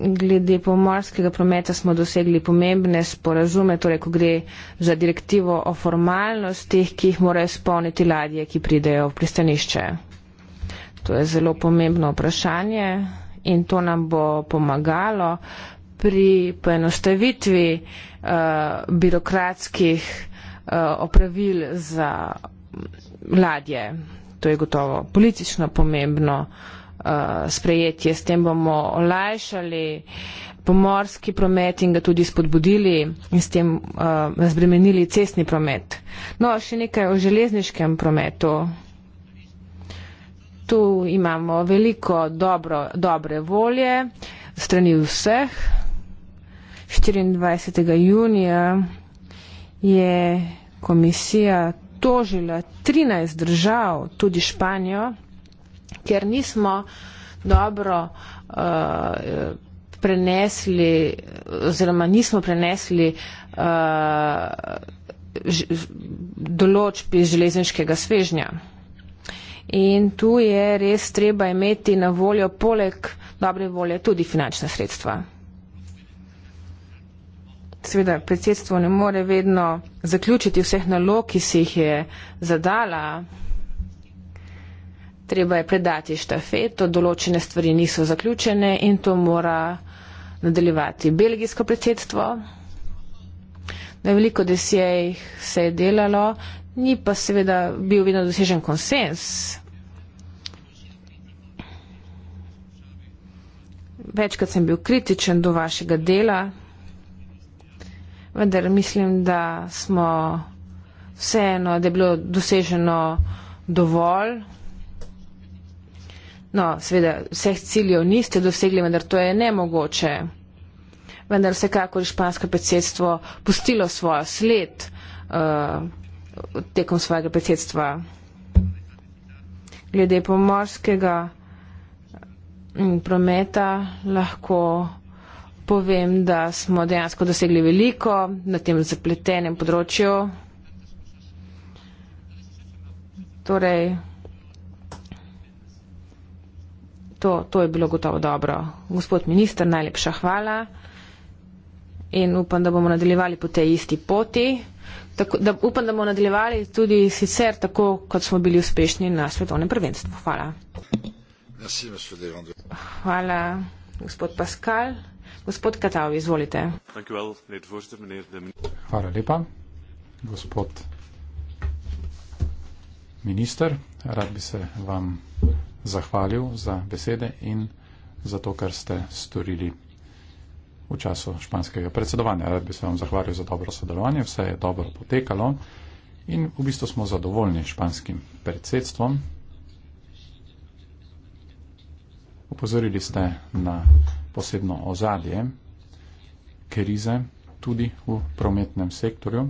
glede pomorskega prometa smo dosegli pomembne sporazume, torej ko gre za direktivo o formalnostih, ki jih morajo spolniti ladje, ki pridejo v pristanišče. To je zelo pomembno vprašanje in to nam bo pomagalo pri poenostavitvi uh, birokratskih uh, opravil za ladje. To je gotovo politično pomembno. Uh, Eh, sprejetje. S tem bomo olajšali pomorski promet in ga tudi spodbudili in s tem eh, razbremenili uh, cestni promet. No, še nekaj o železniškem prometu. Tu imamo veliko dobro, dobre volje strani vseh. 24. junija je komisija tožila 13 držav, tudi Španijo, ker nismo dobro uh, prenesli oziroma nismo prenesli uh, določb iz železniškega svežnja. In tu je res treba imeti na voljo poleg dobre volje tudi finančna sredstva. Seveda predsedstvo ne more vedno zaključiti vseh nalog, ki si jih je zadala treba je predati štafeto, določene stvari niso zaključene in to mora nadaljevati belgijsko predsedstvo. Na veliko desijajih se je delalo, ni pa seveda bil vedno dosežen konsens. Večkrat sem bil kritičen do vašega dela, vendar mislim, da smo vseeno, da je bilo doseženo dovolj. No, seveda, vseh ciljev niste dosegli, vendar to je nemogoče. Vendar vsekakor je špansko predsedstvo pustilo svojo sled uh, tekom svojega predsedstva. Glede pomorskega mm, prometa lahko povem, da smo dejansko dosegli veliko na tem zapletenem področju. Torej, to, to je bilo gotovo dobro. Gospod minister, najlepša hvala in upam, da bomo nadaljevali po tej isti poti. Tako, da, upam, da bomo nadaljevali tudi sicer tako, kot smo bili uspešni na svetovnem prvenstvu. Hvala. Merci, hvala, gospod Pascal. Gospod Katavi, izvolite. Well, hvala lepa, gospod minister. Rad bi se vam zahvalil za besede in za to, kar ste storili v času španskega predsedovanja. Rad bi se vam zahvalil za dobro sodelovanje, vse je dobro potekalo in v bistvu smo zadovoljni španskim predsedstvom. Upozorili ste na posebno ozadje krize tudi v prometnem sektorju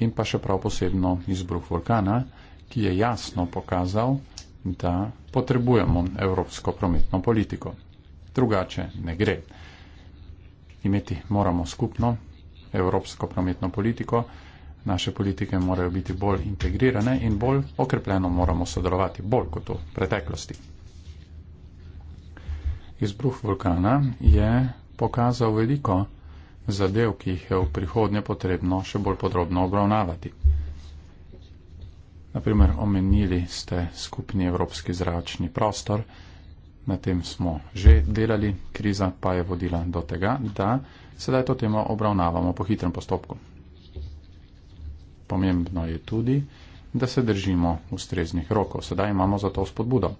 in pa še prav posebno izbruh vulkana, ki je jasno pokazal, da potrebujemo evropsko prometno politiko. Drugače ne gre. Imeti moramo skupno evropsko prometno politiko, naše politike morajo biti bolj integrirane in bolj okrepljeno moramo sodelovati, bolj kot v preteklosti. Izbruh vulkana je pokazal veliko zadev, ki jih je v prihodnje potrebno še bolj podrobno obravnavati. Naprimer, omenili ste skupni evropski zračni prostor, na tem smo že delali, kriza pa je vodila do tega, da sedaj to temo obravnavamo po hitrem postopku. Pomembno je tudi, da se držimo ustreznih rokov. Sedaj imamo za to spodbudo.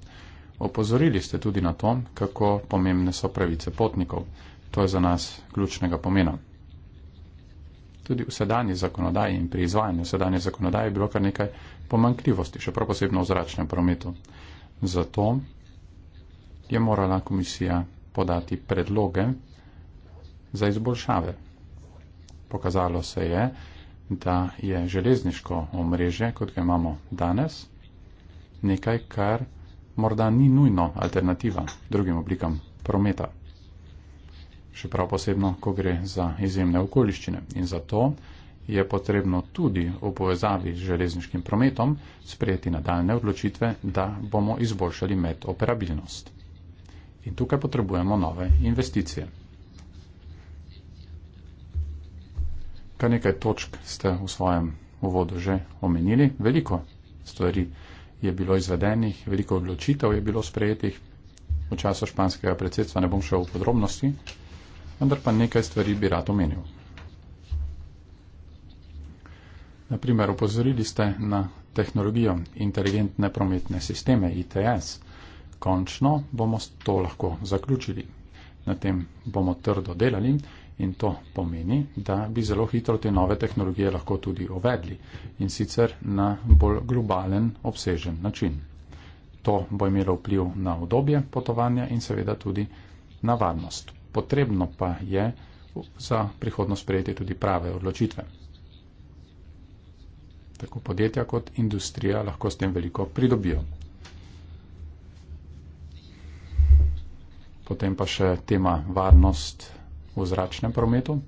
Opozorili ste tudi na to, kako pomembne so pravice potnikov. To je za nas ključnega pomena tudi v sedanji zakonodaji in pri izvajanju sedanje zakonodaje bilo kar nekaj pomankljivosti, še prav posebno v zračnem prometu. Zato je morala komisija podati predloge za izboljšave. Pokazalo se je, da je železniško omrežje, kot ga imamo danes, nekaj, kar morda ni nujno alternativa drugim oblikam prometa še prav posebno, ko gre za izjemne okoliščine. In zato je potrebno tudi v povezavi z železniškim prometom sprejeti nadaljne odločitve, da bomo izboljšali med operabilnost. In tukaj potrebujemo nove investicije. Kar nekaj točk ste v svojem uvodu že omenili, veliko stvari je bilo izvedenih, veliko odločitev je bilo sprejetih. V času španskega predsedstva ne bom šel v podrobnosti vendar pa nekaj stvari bi rad omenil. Naprimer, upozorili ste na tehnologijo inteligentne prometne sisteme ITS. Končno bomo to lahko zaključili. Na tem bomo trdo delali in to pomeni, da bi zelo hitro te nove tehnologije lahko tudi uvedli in sicer na bolj globalen, obsežen način. To bo imelo vpliv na obdobje potovanja in seveda tudi na varnost potrebno pa je za prihodnost sprejeti tudi prave odločitve. Tako podjetja kot industrija lahko s tem veliko pridobijo. Potem pa še tema varnost v zračnem prometu.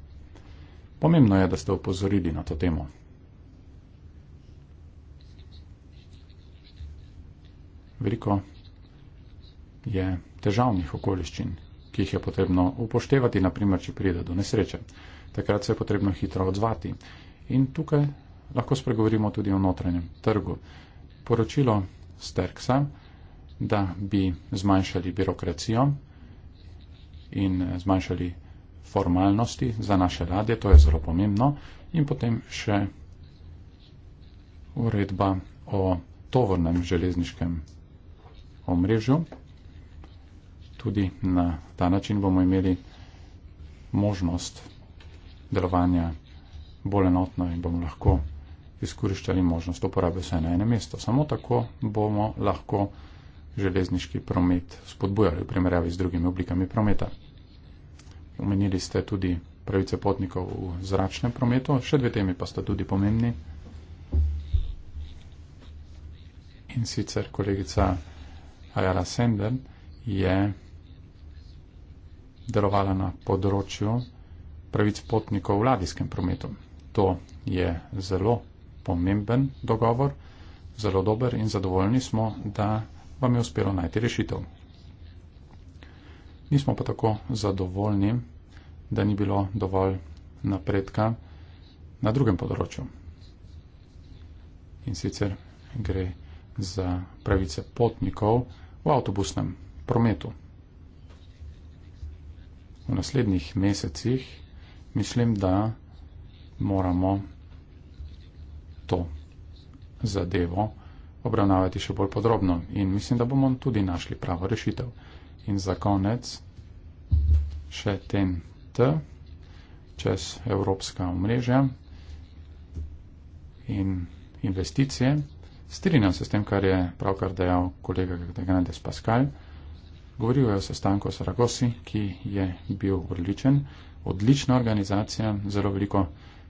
Pomembno je, da ste upozorili na to temo. Veliko je težavnih okoliščin, ki jih je potrebno upoštevati, naprimer, če pride do nesreče. Takrat se je potrebno hitro odzvati. In tukaj lahko spregovorimo tudi o notranjem trgu. Poročilo Sterksa, da bi zmanjšali birokracijo in zmanjšali formalnosti za naše ladje, to je zelo pomembno. In potem še uredba o tovornem železniškem omrežju tudi na ta način bomo imeli možnost delovanja bolj enotno in bomo lahko izkoriščali možnost uporabe vse na enem mestu. Samo tako bomo lahko železniški promet spodbujali v primerjavi z drugimi oblikami prometa. Umenili ste tudi pravice potnikov v zračnem prometu, še dve temi pa sta tudi pomembni. In sicer kolegica Ajara Senden je delovala na področju pravic potnikov v ladijskem prometu. To je zelo pomemben dogovor, zelo dober in zadovoljni smo, da vam je uspelo najti rešitev. Nismo pa tako zadovoljni, da ni bilo dovolj napredka na drugem področju. In sicer gre za pravice potnikov v avtobusnem prometu v naslednjih mesecih, mislim, da moramo to zadevo obravnavati še bolj podrobno in mislim, da bomo tudi našli pravo rešitev. In za konec še TNT čez Evropska omrežja in investicije. Strinjam se s tem, kar je pravkar dejal kolega Gnades Pascal. Govoril je o sestanku v Saragosi, ki je bil odličen, odlična organizacija, zelo veliko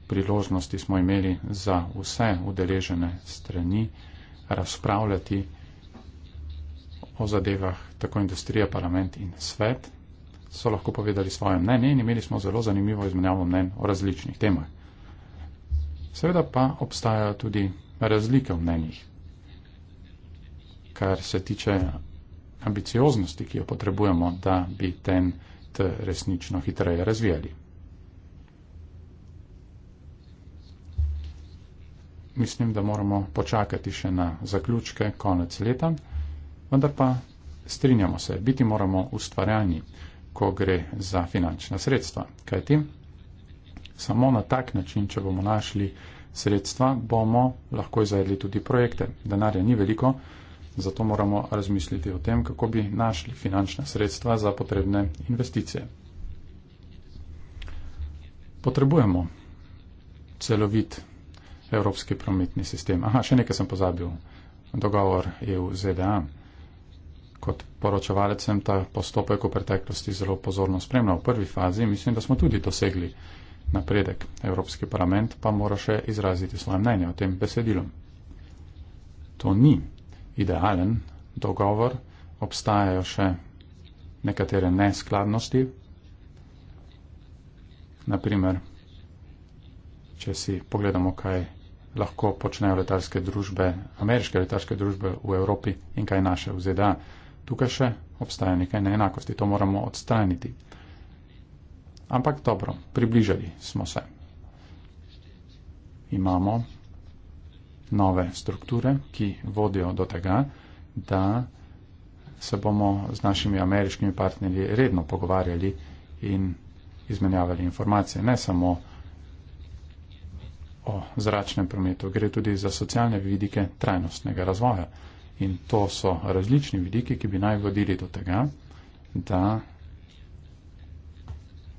priložnosti smo imeli za vse udeležene strani razpravljati o zadevah, tako industrija, parlament in svet, so lahko povedali svoje mnenje in imeli smo zelo zanimivo izmenjavo mnen o različnih temah. Seveda pa obstajajo tudi razlike v mnenjih, kar se tiče ambicioznosti, ki jo potrebujemo, da bi ten T resnično hitreje razvijali. Mislim, da moramo počakati še na zaključke konec leta, vendar pa strinjamo se, biti moramo ustvarjani, ko gre za finančna sredstva. Kajti samo na tak način, če bomo našli sredstva, bomo lahko izvedli tudi projekte. Denarja ni veliko, Zato moramo razmisliti o tem, kako bi našli finančna sredstva za potrebne investicije. Potrebujemo celovit evropski prometni sistem. Aha, še nekaj sem pozabil. Dogovor EU-ZDA. Kot poročevalec sem ta postopek v preteklosti zelo pozorno spremljal. V prvi fazi mislim, da smo tudi dosegli napredek. Evropski parlament pa mora še izraziti svoje mnenje o tem besedilu. To ni idealen dogovor, obstajajo še nekatere neskladnosti. Naprimer, če si pogledamo, kaj lahko počnejo letalske družbe, ameriške letalske družbe v Evropi in kaj naše v ZDA. Tukaj še obstaja nekaj neenakosti, to moramo odstraniti. Ampak dobro, približali smo se. Imamo nove strukture, ki vodijo do tega, da se bomo z našimi ameriškimi partnerji redno pogovarjali in izmenjavali informacije, ne samo o zračnem prometu, gre tudi za socialne vidike trajnostnega razvoja. In to so različni vidiki, ki bi naj vodili do tega, da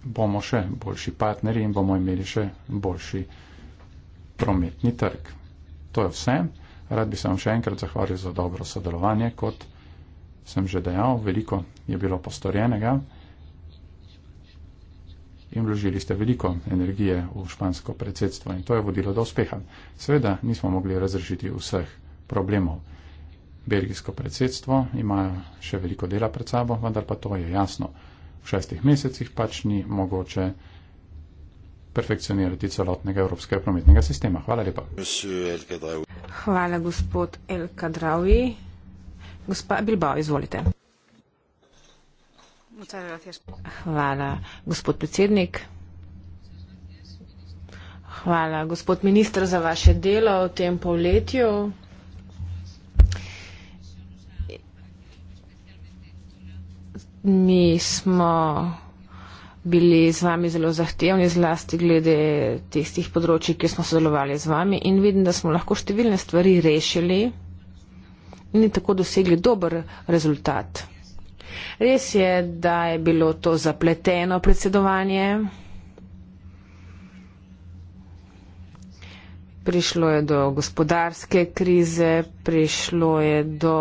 bomo še boljši partneri in bomo imeli še boljši prometni trg. To je vse. Rad bi se vam še enkrat zahvalil za dobro sodelovanje. Kot sem že dejal, veliko je bilo postorjenega in vložili ste veliko energije v špansko predsedstvo in to je vodilo do uspeha. Seveda nismo mogli razrešiti vseh problemov. Belgijsko predsedstvo ima še veliko dela pred sabo, vendar pa to je jasno. V šestih mesecih pač ni mogoče perfekcionirati celotnega evropskega prometnega sistema. Hvala lepa. Hvala, gospod El Kadravi. Gospa Bilbao, izvolite. Hvala, gospod predsednik. Hvala, gospod ministr, za vaše delo v tem polletju. Mi smo bili z vami zelo zahtevni, zlasti glede tistih področji, ki smo sodelovali z vami in vidim, da smo lahko številne stvari rešili in tako dosegli dober rezultat. Res je, da je bilo to zapleteno predsedovanje. Prišlo je do gospodarske krize, prišlo je do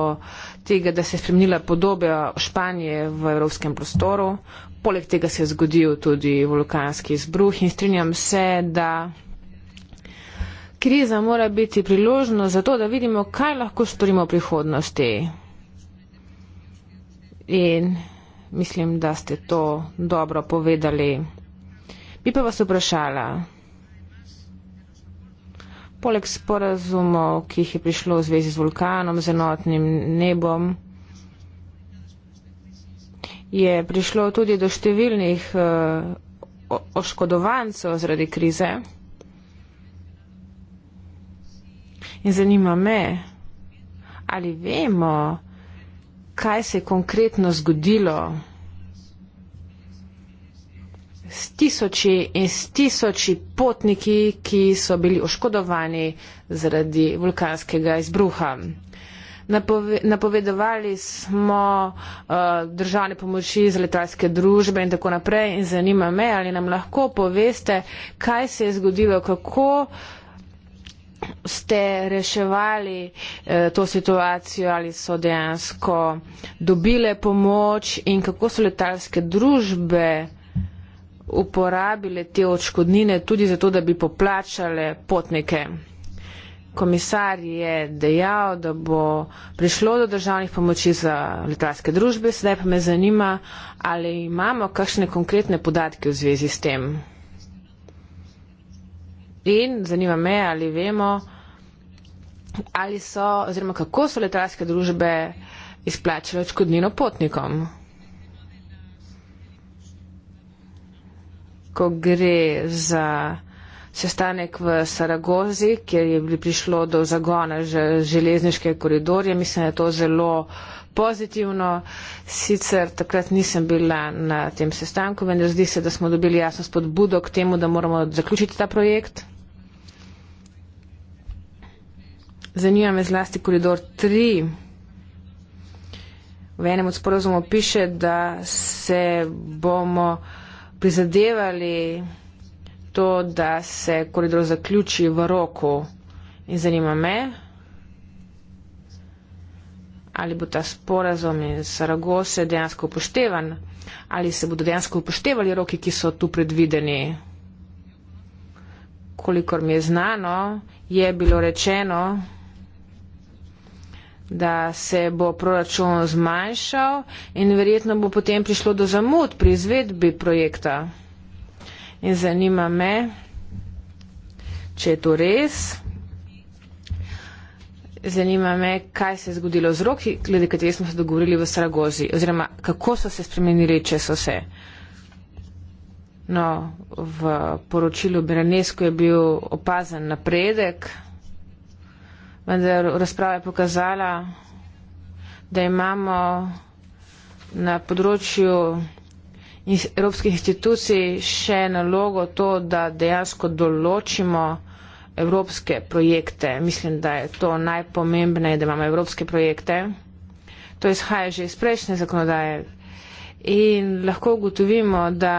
tega, da se je spremenila podoba Španije v evropskem prostoru, poleg tega se je zgodil tudi vulkanski izbruh in strinjam se, da kriza mora biti priložnost za to, da vidimo, kaj lahko storimo v prihodnosti. In mislim, da ste to dobro povedali. Bi pa vas vprašala poleg sporazumov, ki jih je prišlo v zvezi z vulkanom, z enotnim nebom, je prišlo tudi do številnih uh, oškodovancev zaradi krize. In zanima me, ali vemo, kaj se je konkretno zgodilo s tisoči in s tisoči potniki, ki so bili oškodovani zaradi vulkanskega izbruha. Napove, napovedovali smo uh, državne pomoči za letalske družbe in tako naprej in zanima me, ali nam lahko poveste, kaj se je zgodilo, kako ste reševali eh, to situacijo, ali so dejansko dobile pomoč in kako so letalske družbe uporabile te odškodnine tudi zato, da bi poplačale potnike. Komisar je dejal, da bo prišlo do državnih pomoči za letalske družbe, sedaj pa me zanima, ali imamo kakšne konkretne podatke v zvezi s tem. In zanima me, ali vemo, ali so, oziroma kako so letalske družbe izplačale odškodnino potnikom. ko gre za sestanek v Saragozi, kjer je prišlo do zagona železniške koridorje. Mislim, da je to zelo pozitivno. Sicer takrat nisem bila na tem sestanku, vendar zdi se, da smo dobili jasno spodbudo k temu, da moramo zaključiti ta projekt. Zanima me zlasti koridor 3. V enem od sporozumov piše, da se bomo prizadevali to, da se koridor zaključi v roku. In zanima me, ali bo ta sporazum iz Saragose dejansko upoštevan, ali se bodo dejansko upoštevali roki, ki so tu predvideni. Kolikor mi je znano, je bilo rečeno, da se bo proračun zmanjšal in verjetno bo potem prišlo do zamud pri izvedbi projekta. In zanima me, če je to res, zanima me, kaj se je zgodilo z roki, glede katerih smo se dogovorili v Saragozi, oziroma kako so se spremenili, če so se. No, v poročilu Berenesko je bil opazen napredek vendar razprava je pokazala, da imamo na področju evropskih institucij še nalogo to, da dejansko določimo evropske projekte. Mislim, da je to najpomembneje, da imamo evropske projekte. To izhaja že iz prejšnje zakonodaje in lahko ugotovimo, da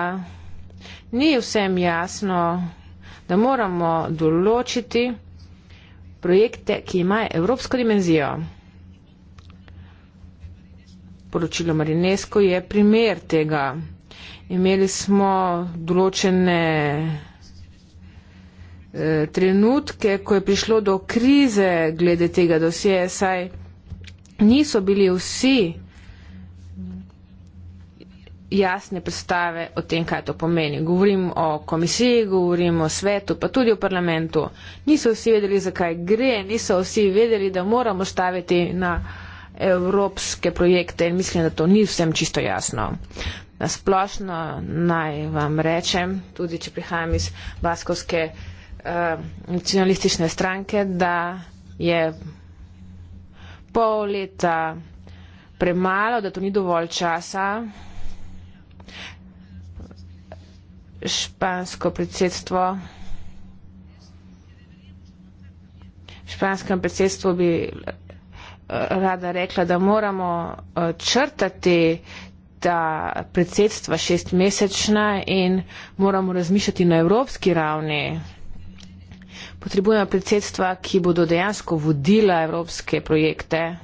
ni vsem jasno, da moramo določiti projekte, ki imajo evropsko dimenzijo. Poročilo Marinesko je primer tega. Imeli smo določene eh, trenutke, ko je prišlo do krize glede tega dosje, saj niso bili vsi eh, jasne predstave o tem, kaj to pomeni. Govorim o komisiji, govorim o svetu, pa tudi o parlamentu. Niso vsi vedeli, zakaj gre, niso vsi vedeli, da moramo staviti na evropske projekte in mislim, da to ni vsem čisto jasno. Na splošno naj vam rečem, tudi če prihajam iz Baskovske uh, nacionalistične stranke, da je pol leta premalo, da to ni dovolj časa. špansko predsedstvo. V španskem predsedstvu bi eh, rada rekla, da moramo eh, črtati ta predsedstva šestmesečna in moramo razmišljati na evropski ravni. Potrebujemo predsedstva, ki bodo dejansko vodila evropske projekte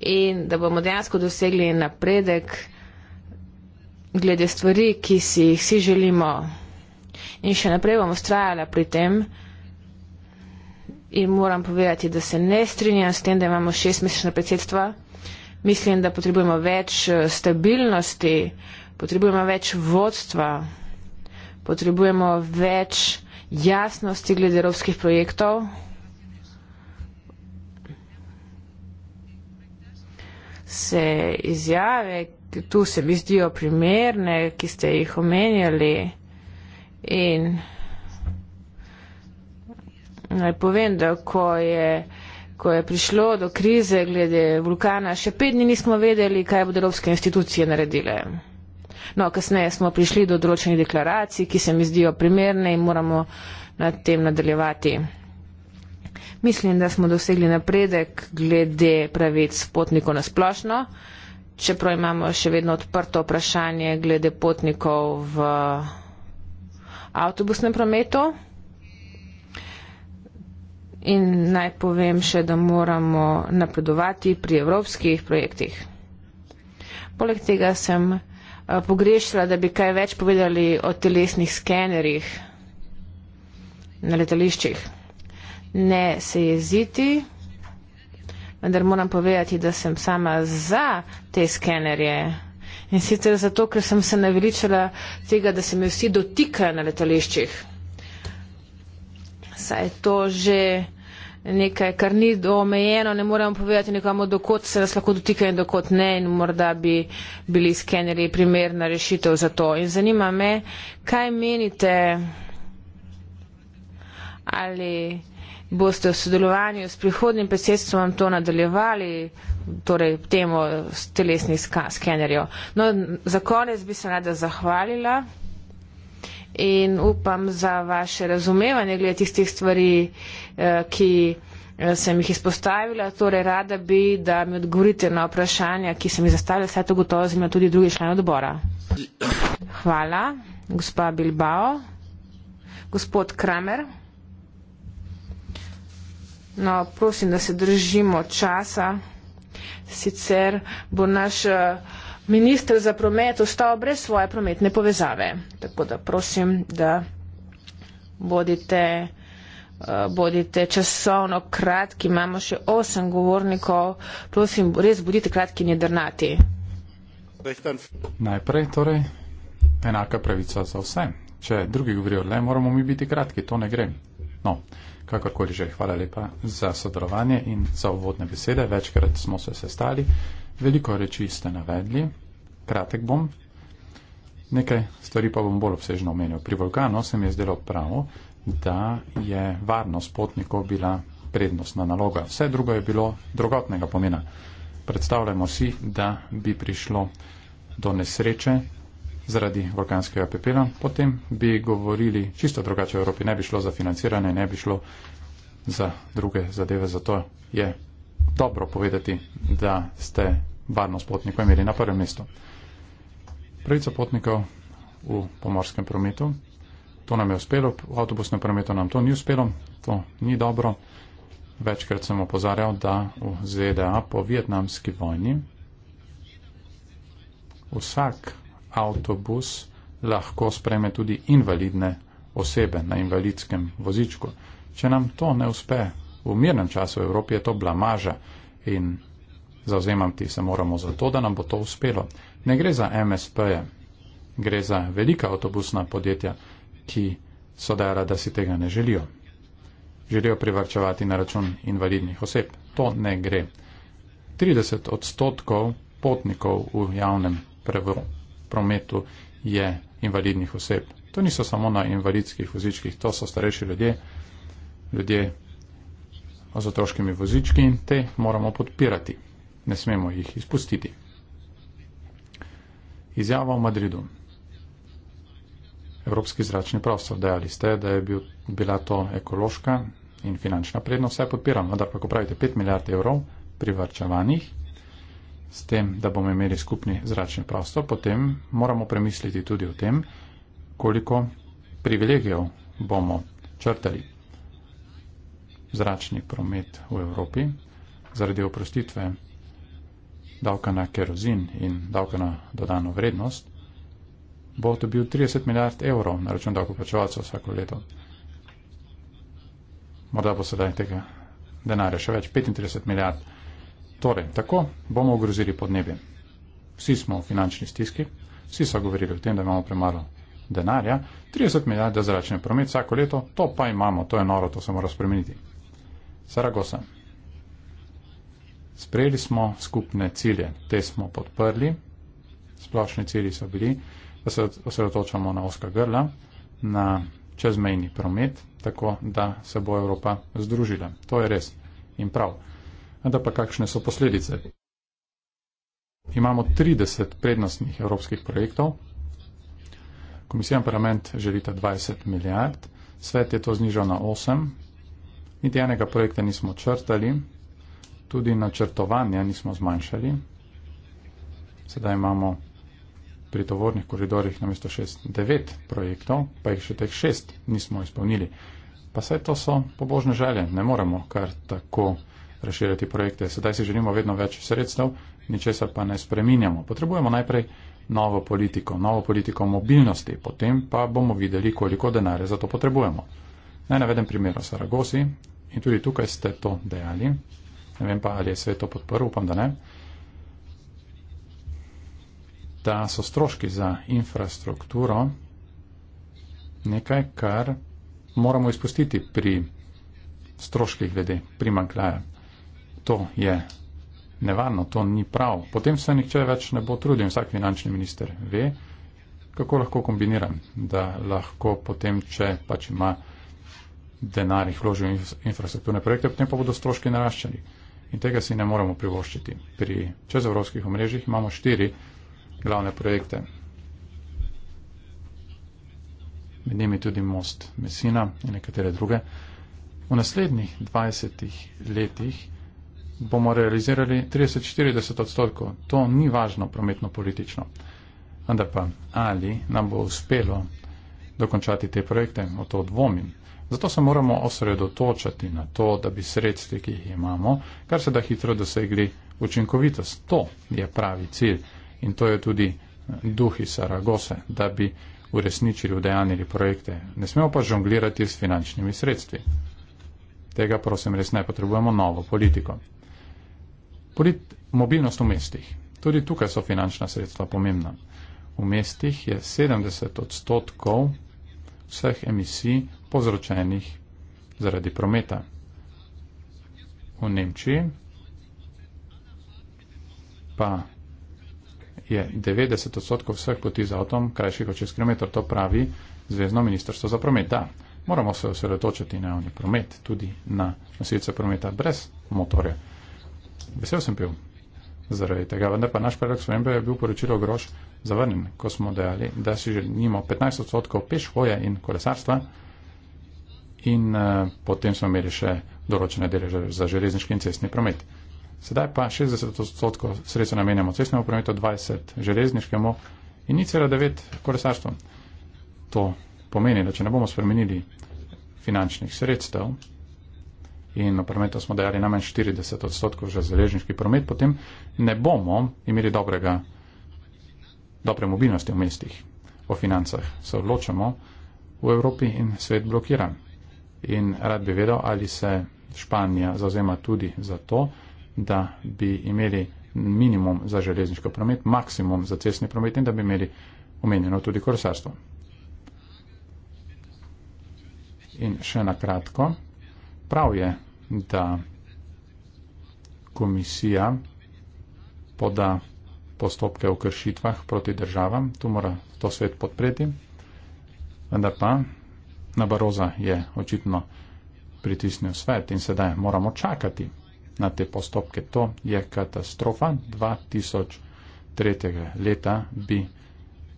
in da bomo dejansko dosegli napredek glede stvari, ki si jih vsi želimo. In še naprej bom ustrajala pri tem in moram povedati, da se ne strinjam s tem, da imamo šestmesečna predsedstva. Mislim, da potrebujemo več eh, stabilnosti, potrebujemo več vodstva, potrebujemo več jasnosti glede evropskih projektov. Se izjave, tu se mi zdijo primerne, ki ste jih omenjali. In naj povem, da ko je, ko je prišlo do krize glede vulkana, še pet dni nismo vedeli, kaj bodo evropske institucije naredile. No, kasneje smo prišli do določenih deklaracij, ki se mi zdijo primerne in moramo nad tem nadaljevati. Mislim, da smo dosegli napredek glede pravic potnikov na splošno. Uh, čeprav imamo še vedno odprto vprašanje glede potnikov v avtobusnem prometu. In naj povem še, da moramo napredovati pri evropskih projektih. Poleg tega sem eh, pogrešila, da bi kaj več povedali o telesnih skenerjih na letališčih. Ne se jeziti vendar moram povedati, da sem sama za te skenerje. In sicer zato, ker sem se naveličala tega, da se mi vsi dotikajo na letališčih. Saj je to že nekaj, kar ni omejeno, ne moremo povedati nekomu, dokot se nas lahko dotikajo in dokot ne in morda bi bili skenerji primerna rešitev za to. In zanima me, kaj menite ali. Boste v sodelovanju s prihodnim predsedstvom to nadaljevali, torej temo telesnih skenerjev. No, za konec bi se rada zahvalila in upam za vaše razumevanje glede tistih stvari, eh, ki eh, sem jih izpostavila. Torej, rada bi, da mi odgovorite na vprašanja, ki sem jih zastavila, saj to gotovo zima tudi drugi člani odbora. Hvala, gospa Bilbao. Gospod Kramer. No, prosim, da se držimo časa. Sicer bo naš eh, ministr za promet ostal brez svoje prometne povezave. Tako da prosim, da bodite, eh, bodite časovno kratki. Imamo še osem govornikov. Prosim, res bodite kratki in jedrnati. Najprej torej enaka pravica za vse. Če drugi govorijo le, moramo mi biti kratki, to ne gre. No kakorkoli že, hvala lepa za sodelovanje in za uvodne besede. Večkrat smo se sestali, veliko reči ste navedli, kratek bom. Nekaj stvari pa bom bolj obsežno omenil. Pri vulkanu se mi je zdelo prav, da je varnost potnikov bila prednostna naloga. Vse drugo je bilo drugotnega pomena. Predstavljamo si, da bi prišlo do nesreče zaradi vulkanskega pepela, potem bi govorili čisto drugače o Evropi. Ne bi šlo za financiranje, ne bi šlo za druge zadeve. Zato je dobro povedati, da ste varnost potnikov imeli na prvem mestu. Pravica potnikov v pomorskem prometu. To nam je uspelo, v avtobusnem prometu nam to ni uspelo, to ni dobro. Večkrat sem opozarjal, da v ZDA po vietnamski vojni vsak avtobus lahko spreme tudi invalidne osebe na invalidskem vozičku. Če nam to ne uspe v mirnem času v Evropi, je to blamaža in zauzemati se moramo za to, da nam bo to uspelo. Ne gre za MSP-je, gre za velika avtobusna podjetja, ki so dajala, da si tega ne želijo. Želijo privrčevati na račun invalidnih oseb. To ne gre. 30 odstotkov potnikov v javnem prevozu prometu je invalidnih oseb. To niso samo na invalidskih vozičkih, to so starejši ljudje, ljudje z otroškimi vozički in te moramo podpirati. Ne smemo jih izpustiti. Izjava v Madridu. Evropski zračni prostor. Dejali ste, da je bil, bila to ekološka in finančna prednost. Vse podpiram, vendar pa, ko pravite 5 milijard evrov privrčevanih, s tem, da bomo imeli skupni zračni prostor, potem moramo premisliti tudi o tem, koliko privilegijev bomo črtali. Zračni promet v Evropi zaradi oprostitve davka na kerozin in davka na dodano vrednost bo dobil 30 milijard evrov na račun davkoplačevalcev vsako leto. Morda bo sedaj tega denarja še več 35 milijard. Torej, tako bomo ogrozili podnebje. Vsi smo v finančni stiski, vsi so govorili o tem, da imamo premalo denarja, 30 milijard za zračni promet vsako leto, to pa imamo, to je noro, to se mora spremeniti. Saragosa. Sprejeli smo skupne cilje, te smo podprli, splošni cilji so bili, da se osredotočamo na oska grla, na čezmejni promet, tako da se bo Evropa združila. To je res in prav vendar pa kakšne so posledice. Imamo 30 prednostnih evropskih projektov, komisija in parlament želita 20 milijard, svet je to znižal na 8, niti enega projekta nismo črtali, tudi načrtovanja nismo zmanjšali, sedaj imamo pri tovornih koridorjih na mesto 6-9 projektov, pa jih še teh 6 nismo izpolnili. Pa vse to so pobožne želje, ne moremo kar tako razširjati projekte. Sedaj si želimo vedno več sredstev, ničesar pa ne spreminjamo. Potrebujemo najprej novo politiko, novo politiko mobilnosti, potem pa bomo videli, koliko denarja za to potrebujemo. Naj navedem primer o Saragosi in tudi tukaj ste to dejali. Ne vem pa, ali je svet to podprl, upam, da ne. Da so stroški za infrastrukturo nekaj, kar moramo izpustiti pri stroških glede primankljaja to je nevarno, to ni prav. Potem se nihče več ne bo trudil, vsak finančni minister ve, kako lahko kombiniram, da lahko potem, če pač ima denar in vložil infrastrukturne projekte, potem pa bodo stroški naraščali. In tega si ne moremo privoščiti. Pri čezevropskih omrežjih imamo štiri glavne projekte. Med njimi tudi most Mesina in nekatere druge. V naslednjih 20 letih bomo realizirali 30-40 odstotkov. To ni važno prometno-politično. Vendar pa, ali nam bo uspelo dokončati te projekte, o to dvomim. Zato se moramo osredotočati na to, da bi sredstvi, ki jih imamo, kar se da hitro dosegli učinkovitost. To je pravi cilj in to je tudi eh, duhi Saragose, da bi uresničili, udejanili projekte. Ne smemo pa žonglirati s finančnimi sredstvi. Tega prosim res ne potrebujemo novo politiko. Poriti mobilnost v mestih. Tudi tukaj so finančna sredstva pomembna. V mestih je 70 odstotkov vseh emisij povzročenih zaradi prometa. V Nemčiji pa je 90 odstotkov vseh poti z avtom krajših od 6 km, to pravi Zvezdno ministrstvo za promet. Da, moramo se osredotočiti na javni promet, tudi na nosilce prometa brez motorja. Vesel sem bil zaradi tega, vendar pa naš predlog spremembe je bil poročilo grož zavrnjen, ko smo dejali, da si želimo 15 odstotkov peš hoje in kolesarstva in uh, potem smo imeli še določene deleže za železniški in cestni promet. Sedaj pa 60 odstotkov sredstva namenjamo cestnemu prometu, 20 železniškemu in ni cela 9 kolesarstvom. To pomeni, da če ne bomo spremenili finančnih sredstev, in na prometu smo dajali najmanj 40 odstotkov že zeležniški promet, potem ne bomo imeli dobrega, dobre mobilnosti v mestih, o financah. Se odločamo v Evropi in svet blokiran. In rad bi vedel, ali se Španija zazema tudi za to, da bi imeli minimum za železniško promet, maksimum za cestni promet in da bi imeli omenjeno tudi kolesarstvo. In še na kratko prav je, da komisija poda postopke o kršitvah proti državam, tu mora to svet podpreti, vendar pa Nabaroza je očitno pritisnil svet in sedaj moramo čakati na te postopke. To je katastrofa. 2003. leta bi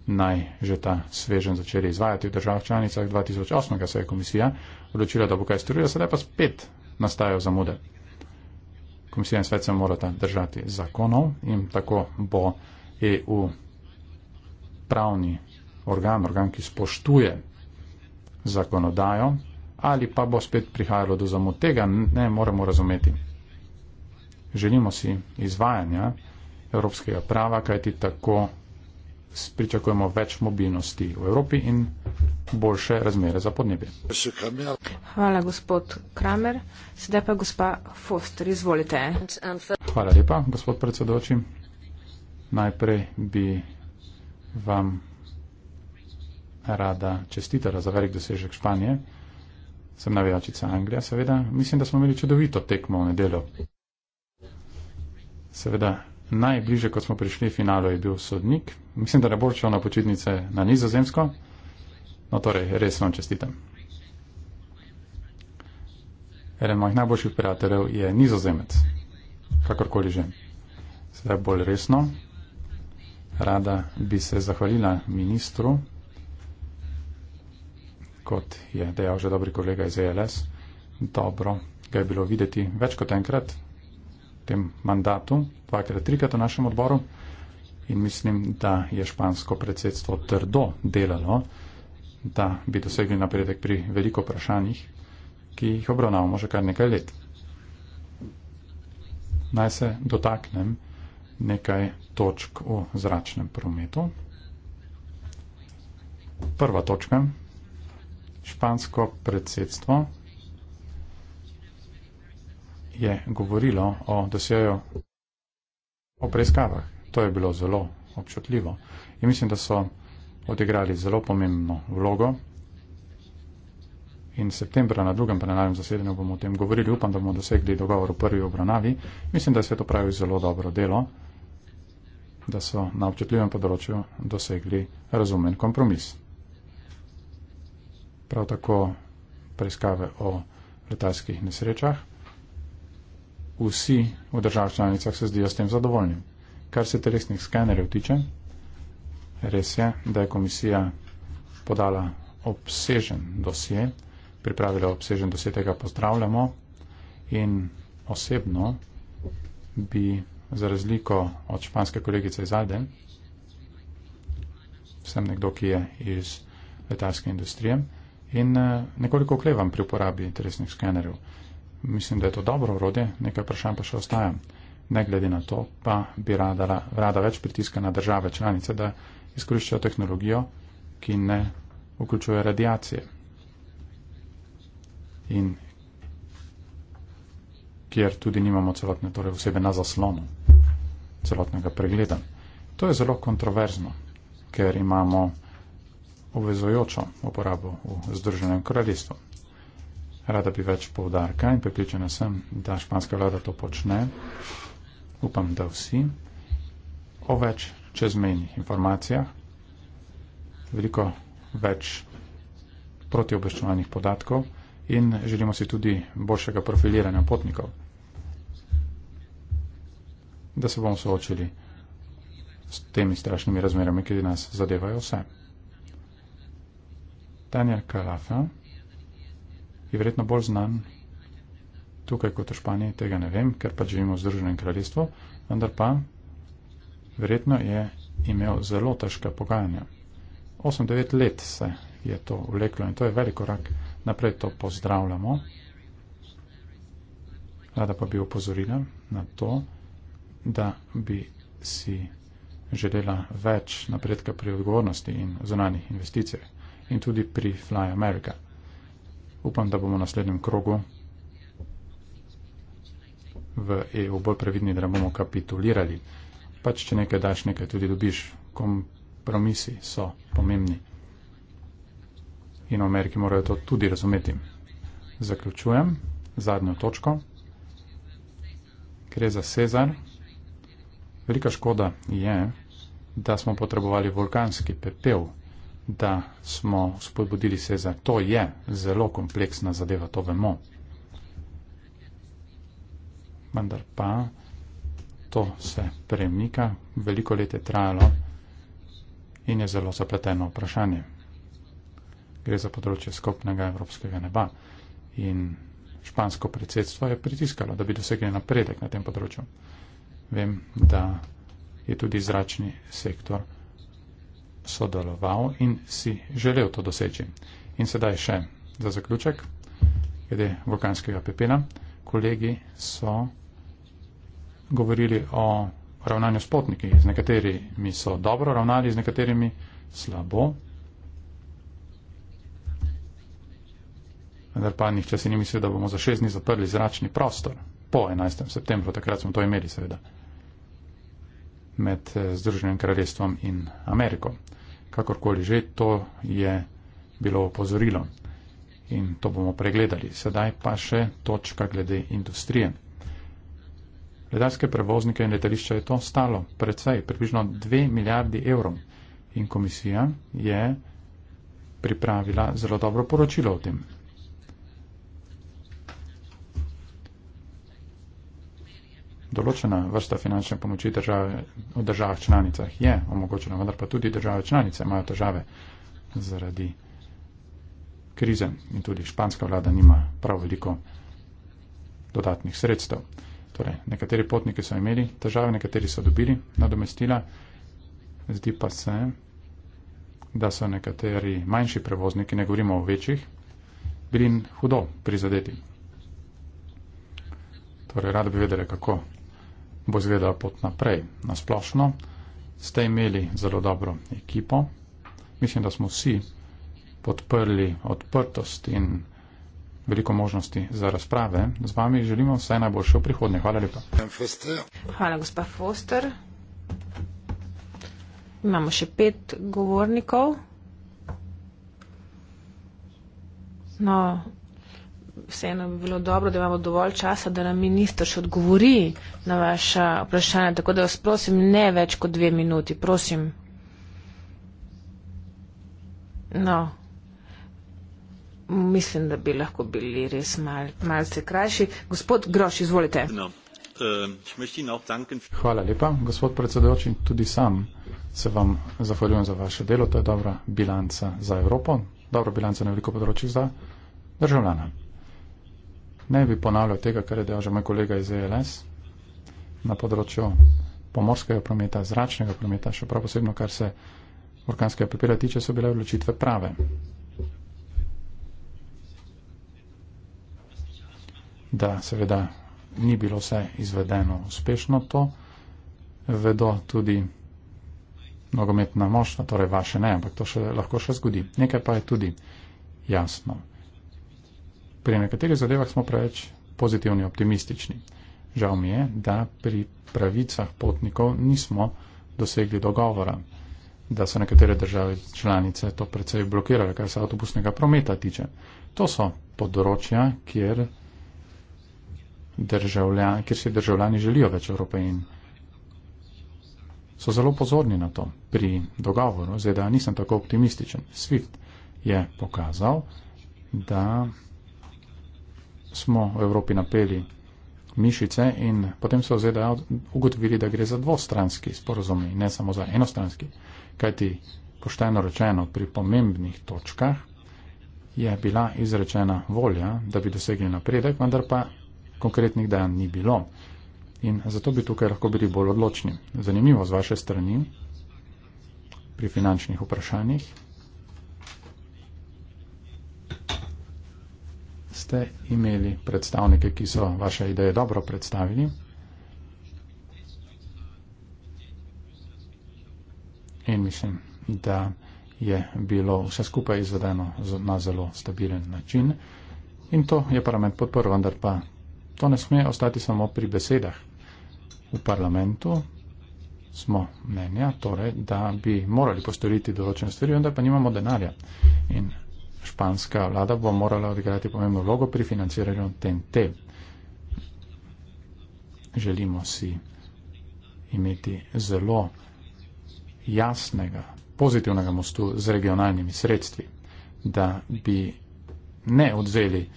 naj že ta svežen začeli izvajati v državah članicah. 2008. se je komisija odločila, da bo kaj storila, sedaj pa spet nastajajo zamude. Komisija in svet se morata držati zakonov in tako bo EU pravni organ, organ, ki spoštuje zakonodajo, ali pa bo spet prihajalo do zamud. Tega ne moremo razumeti. Želimo si izvajanja evropskega prava, kajti tako pričakujemo več mobilnosti v Evropi in boljše razmere za podnebje. Hvala, gospod Kramer. Sedaj pa gospa Foster, izvolite. Hvala lepa, gospod predsedoči. Najprej bi vam rada čestitela za velik dosežek Španije. Sem navijačica Anglija, seveda. Mislim, da smo imeli čudovito tekmo v nedeljo. Seveda, Najbliže, ko smo prišli v finalu, je bil sodnik. Mislim, da ne bo šel na počitnice na nizozemsko. No, torej, res vam čestitam. Eden mojih najboljših prijateljev je nizozemec, kakorkoli že. Sedaj bolj resno. Rada bi se zahvalila ministru, kot je dejal že dobri kolega iz ELS. Dobro ga je bilo videti več kot enkrat, tem mandatu, dvakrat, trikrat v našem odboru in mislim, da je špansko predsedstvo trdo delalo, da bi dosegli napredek pri veliko vprašanjih, ki jih obravnavamo že kar nekaj let. Naj se dotaknem nekaj točk v zračnem prometu. Prva točka. Špansko predsedstvo je govorilo o dosjeju o preiskavah. To je bilo zelo občutljivo in mislim, da so odigrali zelo pomembno vlogo. In septembra na drugem plenarnem zasedanju bomo o tem govorili. Upam, da bomo dosegli dogovor v prvi obravnavi. Mislim, da je to pravi zelo dobro delo, da so na občutljivem področju dosegli razumen kompromis. Prav tako preiskave o letalskih nesrečah vsi v državah članicah se zdijo s tem zadovoljni. Kar se telesnih skenerjev tiče, res je, da je komisija podala obsežen dosje, pripravila obsežen dosje, tega pozdravljamo in osebno bi za razliko od španske kolegice iz Alde, sem nekdo, ki je iz letalske industrije in eh, nekoliko oklevam pri uporabi telesnih skenerjev. Mislim, da je to dobro urodje, nekaj vprašanj pa še ostaja. Ne glede na to, pa bi rada, rada več pritiska na države članice, da izkoriščajo tehnologijo, ki ne vključuje radiacije. In kjer tudi nimamo celotne torej osebe na zaslonu, celotnega pregleda. To je zelo kontroverzno, ker imamo obvezojočo uporabo v Združenem kraljestvu rada bi več povdarka in pripričana sem, da španska vlada to počne. Upam, da vsi. O več čezmejnih informacijah, veliko več protioboščevalnih podatkov in želimo si tudi boljšega profiliranja potnikov, da se bomo soočili s temi strašnimi razmerami, ki nas zadevajo vse. Daniel Kalafa je verjetno bolj znan tukaj kot v Španiji, tega ne vem, ker pa živimo v Združenem kraljestvu, vendar pa verjetno je imel zelo težka pogajanja. 8-9 let se je to vleklo in to je velik korak. Naprej to pozdravljamo. Rada pa bi opozorila na to, da bi si želela več napredka pri odgovornosti in zunanjih investicijah in tudi pri Fly America upam, da bomo v naslednjem krogu v EU bolj previdni, da bomo kapitulirali. Pač, če nekaj daš, nekaj tudi dobiš. Kompromisi so pomembni. In v Ameriki morajo to tudi razumeti. Zaključujem zadnjo točko. Gre za Cezar. Velika škoda je, da smo potrebovali vulkanski pepel da smo spodbudili se za to je zelo kompleksna zadeva, to vemo. Vendar pa to se premika, veliko let je trajalo in je zelo zapleteno vprašanje. Gre za področje skupnega evropskega neba in špansko predsedstvo je pritiskalo, da bi dosegli napredek na tem področju. Vem, da je tudi zračni sektor sodeloval in si želel to doseči. In sedaj še za zaključek, glede vulkanskega pepela. Kolegi so govorili o ravnanju s potniki. Z nekaterimi so dobro ravnali, z nekaterimi slabo. Vendar pa nihče si ni mislil, da bomo za šest dni zaprli zračni prostor. Po 11. septembru, takrat smo to imeli, seveda med eh, Združenim kraljestvom in Ameriko. Kakorkoli že, to je bilo opozorilo in to bomo pregledali. Sedaj pa še točka glede industrije. Letalske prevoznike in letališča je to stalo predvsej, približno 2 milijardi evrov in komisija je pripravila zelo dobro poročilo o tem. določena vrsta finančne pomoči države, v državah članicah je omogočena, vendar pa tudi države članice imajo težave zaradi krize in tudi španska vlada nima prav veliko dodatnih sredstev. Torej, nekateri potniki so imeli težave, nekateri so dobili nadomestila, zdi pa se, da so nekateri manjši prevozniki, ne govorimo o večjih, bili hudo prizadeti. Torej, rada bi vedela, kako bo izgledala pot naprej. Nasplošno ste imeli zelo dobro ekipo. Mislim, da smo vsi podprli odprtost in veliko možnosti za razprave. Z vami želimo vse najboljše v prihodnje. Hvala lepa. Hvala, gospa Foster. Imamo še pet govornikov. No, vseeno bi bilo dobro, da imamo dovolj časa, da nam minister še odgovori na vaše vprašanje. Tako da vas prosim, ne več kot dve minuti, prosim. No, mislim, da bi lahko bili res mal, malce krajši. Gospod Groš, izvolite. No, eh, Hvala lepa, gospod predsedojoči. Tudi sam se vam zahvaljujem za vaše delo. To je dobra bilanca za Evropo, dobra bilanca na veliko področjih za državljana ne bi ponavljal tega, kar je delal že moj kolega iz ELS na področju pomorskega prometa, zračnega prometa, še prav posebno, kar se orkanskega papira tiče, so bile odločitve prave. Da, seveda, ni bilo vse izvedeno uspešno to, vedo tudi nogometna moštva, torej vaše ne, ampak to še, lahko še zgodi. Nekaj pa je tudi jasno pri nekaterih zadevah smo preveč pozitivni, optimistični. Žal mi je, da pri pravicah potnikov nismo dosegli dogovora, da so nekatere države članice to predvsej blokirale, kar se avtobusnega prometa tiče. To so področja, kjer, državlja, kjer si državljani želijo več Evrope in so zelo pozorni na to. Pri dogovoru ZDA e nisem tako optimističen. SWIFT je pokazal, da smo v Evropi napeli mišice in potem so ZDA ugotovili, da gre za dvostranski sporozumi, ne samo za enostranski. Kajti, pošteno rečeno, pri pomembnih točkah je bila izrečena volja, da bi dosegli napredek, vendar pa konkretnih dejanj ni bilo. In zato bi tukaj lahko bili bolj odločni. Zanimivo z vaše strani pri finančnih vprašanjih, ste imeli predstavnike, ki so vaše ideje dobro predstavili. In mislim, da je bilo vse skupaj izvedeno na zelo stabilen način. In to je parlament podprl, vendar pa to ne sme ostati samo pri besedah. V parlamentu smo mnenja, torej, da bi morali postoriti določene stvari, vendar pa nimamo denarja. In španska vlada bo morala odigrati pomembno vlogo pri financiranju TNT. Želimo si imeti zelo jasnega, pozitivnega mostu z regionalnimi sredstvi, da bi ne odzeli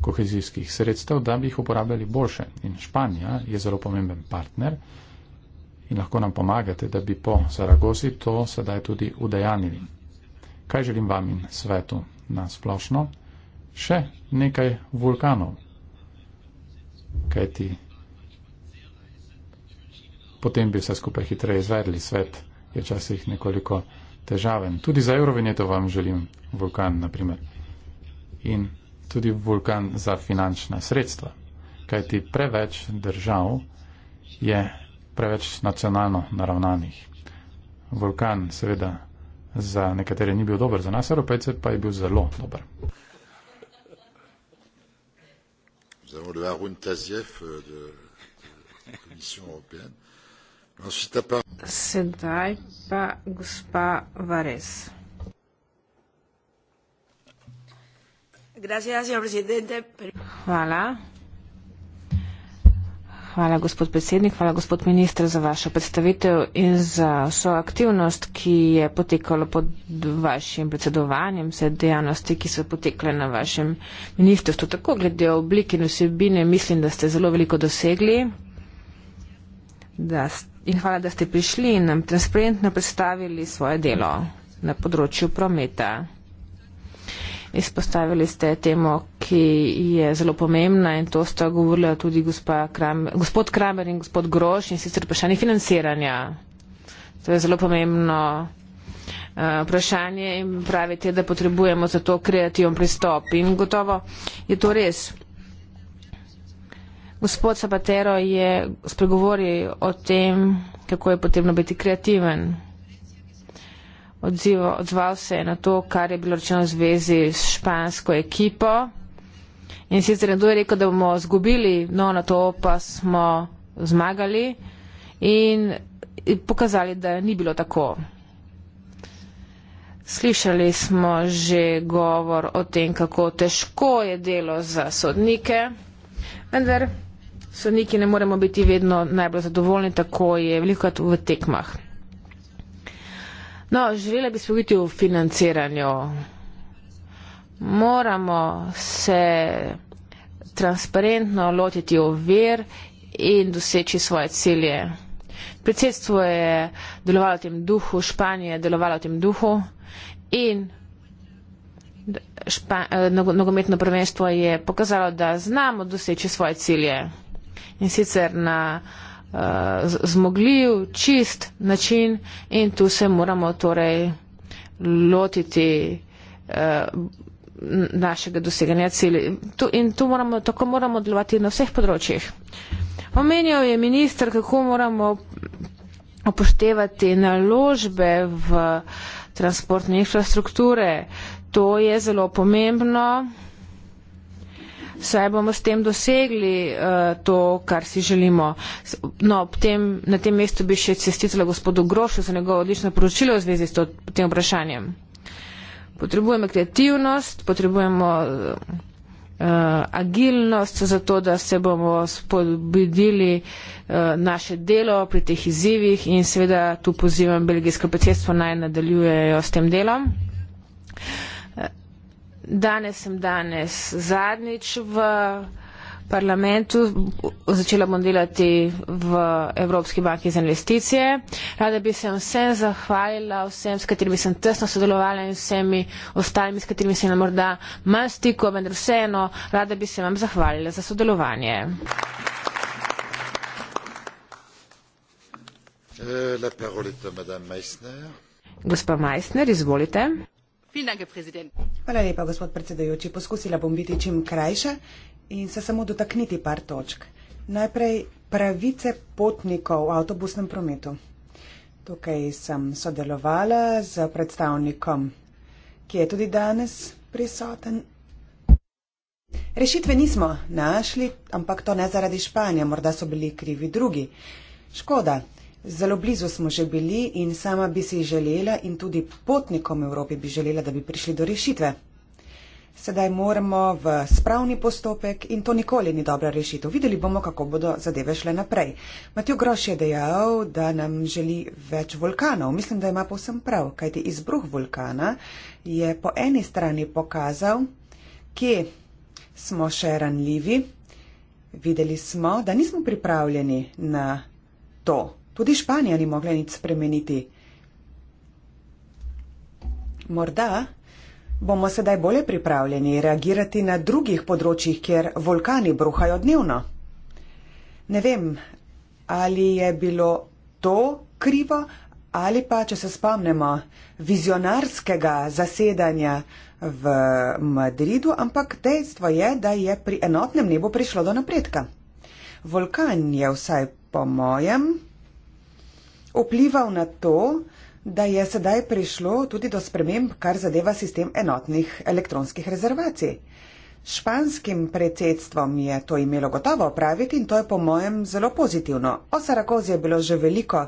kohezijskih sredstev, da bi jih uporabljali boljše. In Španija je zelo pomemben partner in lahko nam pomagate, da bi po Saragosi to sedaj tudi udejanili. Kaj želim vam in svetu? na splošno še nekaj vulkanov. Kajti potem bi vse skupaj hitreje izvedli. Svet je včasih nekoliko težaven. Tudi za Eurovinjeto vam želim vulkan, naprimer. In tudi vulkan za finančna sredstva. Kajti preveč držav je preveč nacionalno naravnanih. Vulkan seveda Za nekatere ni bil dober, za nas Evropejce pa je bil zelo dober. Euh, Sedaj pa gospa Vares. Hvala, Hvala, gospod predsednik. Hvala, gospod ministr, za vašo predstavitev in za vso aktivnost, ki je potekala pod vašim predsedovanjem, vse dejavnosti, ki so potekle na vašem ministrstvu. Tako glede oblike in vsebine, mislim, da ste zelo veliko dosegli. Da, in hvala, da ste prišli in nam transparentno predstavili svoje delo na področju prometa. Izpostavili ste temo, ki je zelo pomembna in to sta govorila tudi Kramer, gospod Kramer in gospod Groš in sicer vprašanje financiranja. To je zelo pomembno eh, vprašanje in pravite, da potrebujemo za to kreativen pristop in gotovo je to res. Gospod Sabatero je spregovoril o tem, kako je potrebno biti kreativen odzival, odzval se je na to, kar je bilo rečeno v zvezi s špansko ekipo. In sicer nekdo je rekel, da bomo zgubili, no na to pa smo zmagali in pokazali, da ni bilo tako. Slišali smo že govor o tem, kako težko je delo za sodnike, vendar sodniki ne moremo biti vedno najbolj zadovoljni, tako je veliko v tekmah. No, želela bi spogiti v financiranju. Moramo se transparentno lotiti v ver in doseči svoje cilje. Predsedstvo je delovalo v tem duhu, Španija je delovala v tem duhu in špa, eh, nogometno prvenstvo je pokazalo, da znamo doseči svoje cilje. In sicer na Eh, zmogljiv, čist način in tu se moramo torej lotiti uh, našega doseganja cilja. In tu moramo, tako moramo delovati na vseh področjih. Omenjal je minister, kako moramo upoštevati naložbe v transportne infrastrukture. To je zelo pomembno saj bomo s tem dosegli uh, to, kar si želimo. No, tem, na tem mestu bi še cestitela gospodu Grošu za njegovo odlično poročilo v zvezi s to, tem vprašanjem. Potrebujemo kreativnost, potrebujemo uh, agilnost za to, da se bomo spodbudili uh, naše delo pri teh izzivih in seveda tu pozivam belgijsko predsedstvo naj nadaljujejo s tem delom. Uh, Danes sem danes zadnjič v parlamentu, začela bom delati v Evropski banki za investicije. Rada bi se vsem zahvalila, vsem, s katerimi sem tesno sodelovala in vsemi ostalimi, s katerimi se nam morda manj stiko, vendar vseeno, rada bi se vam zahvalila za sodelovanje. Eh, Gospa Meissner, izvolite. Hvala lepa, gospod predsedujoči. Poskusila bom biti čim krajša in se samo dotakniti par točk. Najprej pravice potnikov v avtobusnem prometu. Tukaj sem sodelovala z predstavnikom, ki je tudi danes prisoten. Rešitve nismo našli, ampak to ne zaradi Španije, morda so bili krivi drugi. Škoda, Zelo blizu smo že bili in sama bi si želela in tudi potnikom Evropi bi želela, da bi prišli do rešitve. Sedaj moramo v spravni postopek in to nikoli ni dobra rešitev. Videli bomo, kako bodo zadeve šle naprej. Matjo Groš je dejal, da nam želi več vulkanov. Mislim, da ima povsem prav, kajti izbruh vulkana je po eni strani pokazal, kje smo še ranljivi. Videli smo, da nismo pripravljeni na to. Tudi Španija ni mogla nič spremeniti. Morda bomo sedaj bolje pripravljeni reagirati na drugih področjih, kjer vulkani bruhajo dnevno. Ne vem, ali je bilo to krivo ali pa, če se spomnimo, vizionarskega zasedanja v Madridu, ampak dejstvo je, da je pri enotnem nebu prišlo do napredka. Vulkan je vsaj po mojem vplival na to, da je sedaj prišlo tudi do sprememb, kar zadeva sistem enotnih elektronskih rezervacij. Španskim predsedstvom je to imelo gotovo opraviti in to je po mojem zelo pozitivno. O Sarakozi je bilo že veliko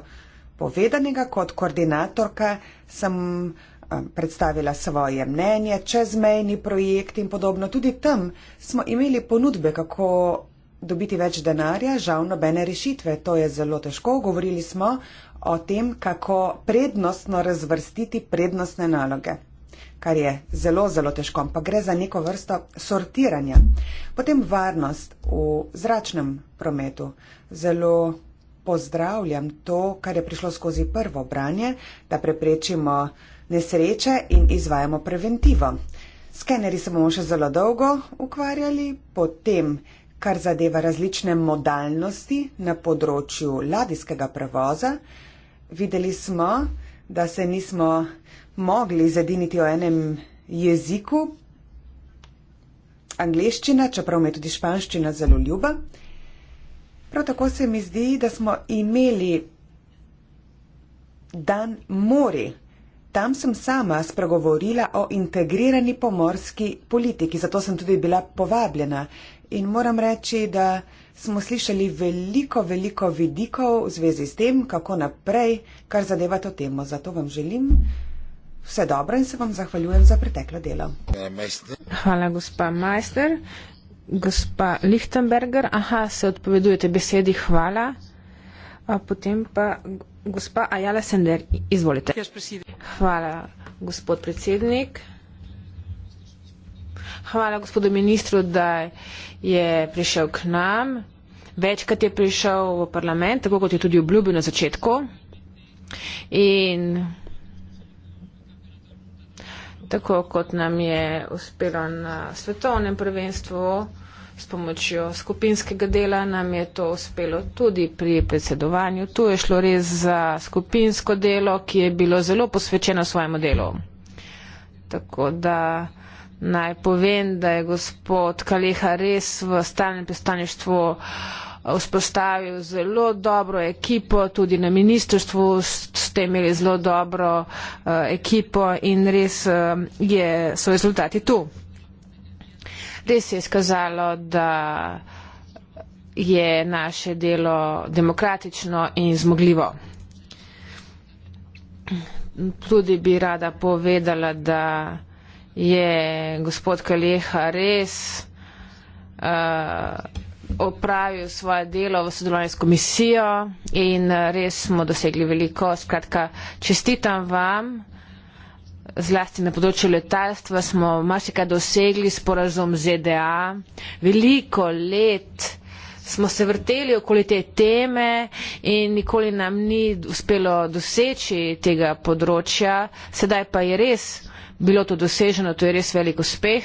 povedanega kot koordinatorka, sem eh, predstavila svoje mnenje, čezmejni projekt in podobno. Tudi tam smo imeli ponudbe, kako dobiti več denarja, žal nobene rešitve. To je zelo težko. Govorili smo o tem, kako prednostno razvrstiti prednostne naloge, kar je zelo, zelo težko, ampak gre za neko vrsto sortiranja. Potem varnost v zračnem prometu. Zelo pozdravljam to, kar je prišlo skozi prvo branje, da preprečimo nesreče in izvajamo preventivo. Skeneri se bomo še zelo dolgo ukvarjali, potem kar zadeva različne modalnosti na področju ladijskega prevoza. Videli smo, da se nismo mogli zediniti o enem jeziku, angliščina, čeprav me tudi španščina zelo ljuba. Prav tako se mi zdi, da smo imeli dan mori. Tam sem sama spregovorila o integrirani pomorski politiki, zato sem tudi bila povabljena, In moram reči, da smo slišali veliko, veliko vidikov v zvezi s tem, kako naprej, kar zadeva to temo. Zato vam želim vse dobro in se vam zahvaljujem za preteklo delo. Hvala, gospa Majster. Gospa Lichtenberger, aha, se odpovedujete besedi, hvala. A potem pa gospa Ajala Sender, izvolite. Hvala, gospod predsednik. Hvala gospodu ministru, da je prišel k nam. Večkrat je prišel v parlament, tako kot je tudi obljubil na začetku. In tako kot nam je uspelo na svetovnem prvenstvu s pomočjo skupinskega dela, nam je to uspelo tudi pri predsedovanju. Tu je šlo res za skupinsko delo, ki je bilo zelo posvečeno svojemu delu. Tako da. Naj povem, da je gospod Kaleha res v stalnem pristaništvu eh, vzpostavil zelo dobro ekipo, tudi na ministrstvu ste imeli zelo dobro eh, ekipo in res eh, je, so rezultati tu. Res je skazalo, da je naše delo demokratično in zmogljivo. Tudi bi rada povedala, da je gospod Kaleha res uh, opravil svoje delo v sodelovanju s komisijo in eh, res smo dosegli veliko. Skratka, čestitam vam, zlasti na področju letalstva smo marsikaj dosegli sporazum ZDA. Veliko let smo se vrteli okoli te teme in nikoli nam ni uspelo doseči tega področja. Sedaj pa je res bilo to doseženo, to je res velik uspeh.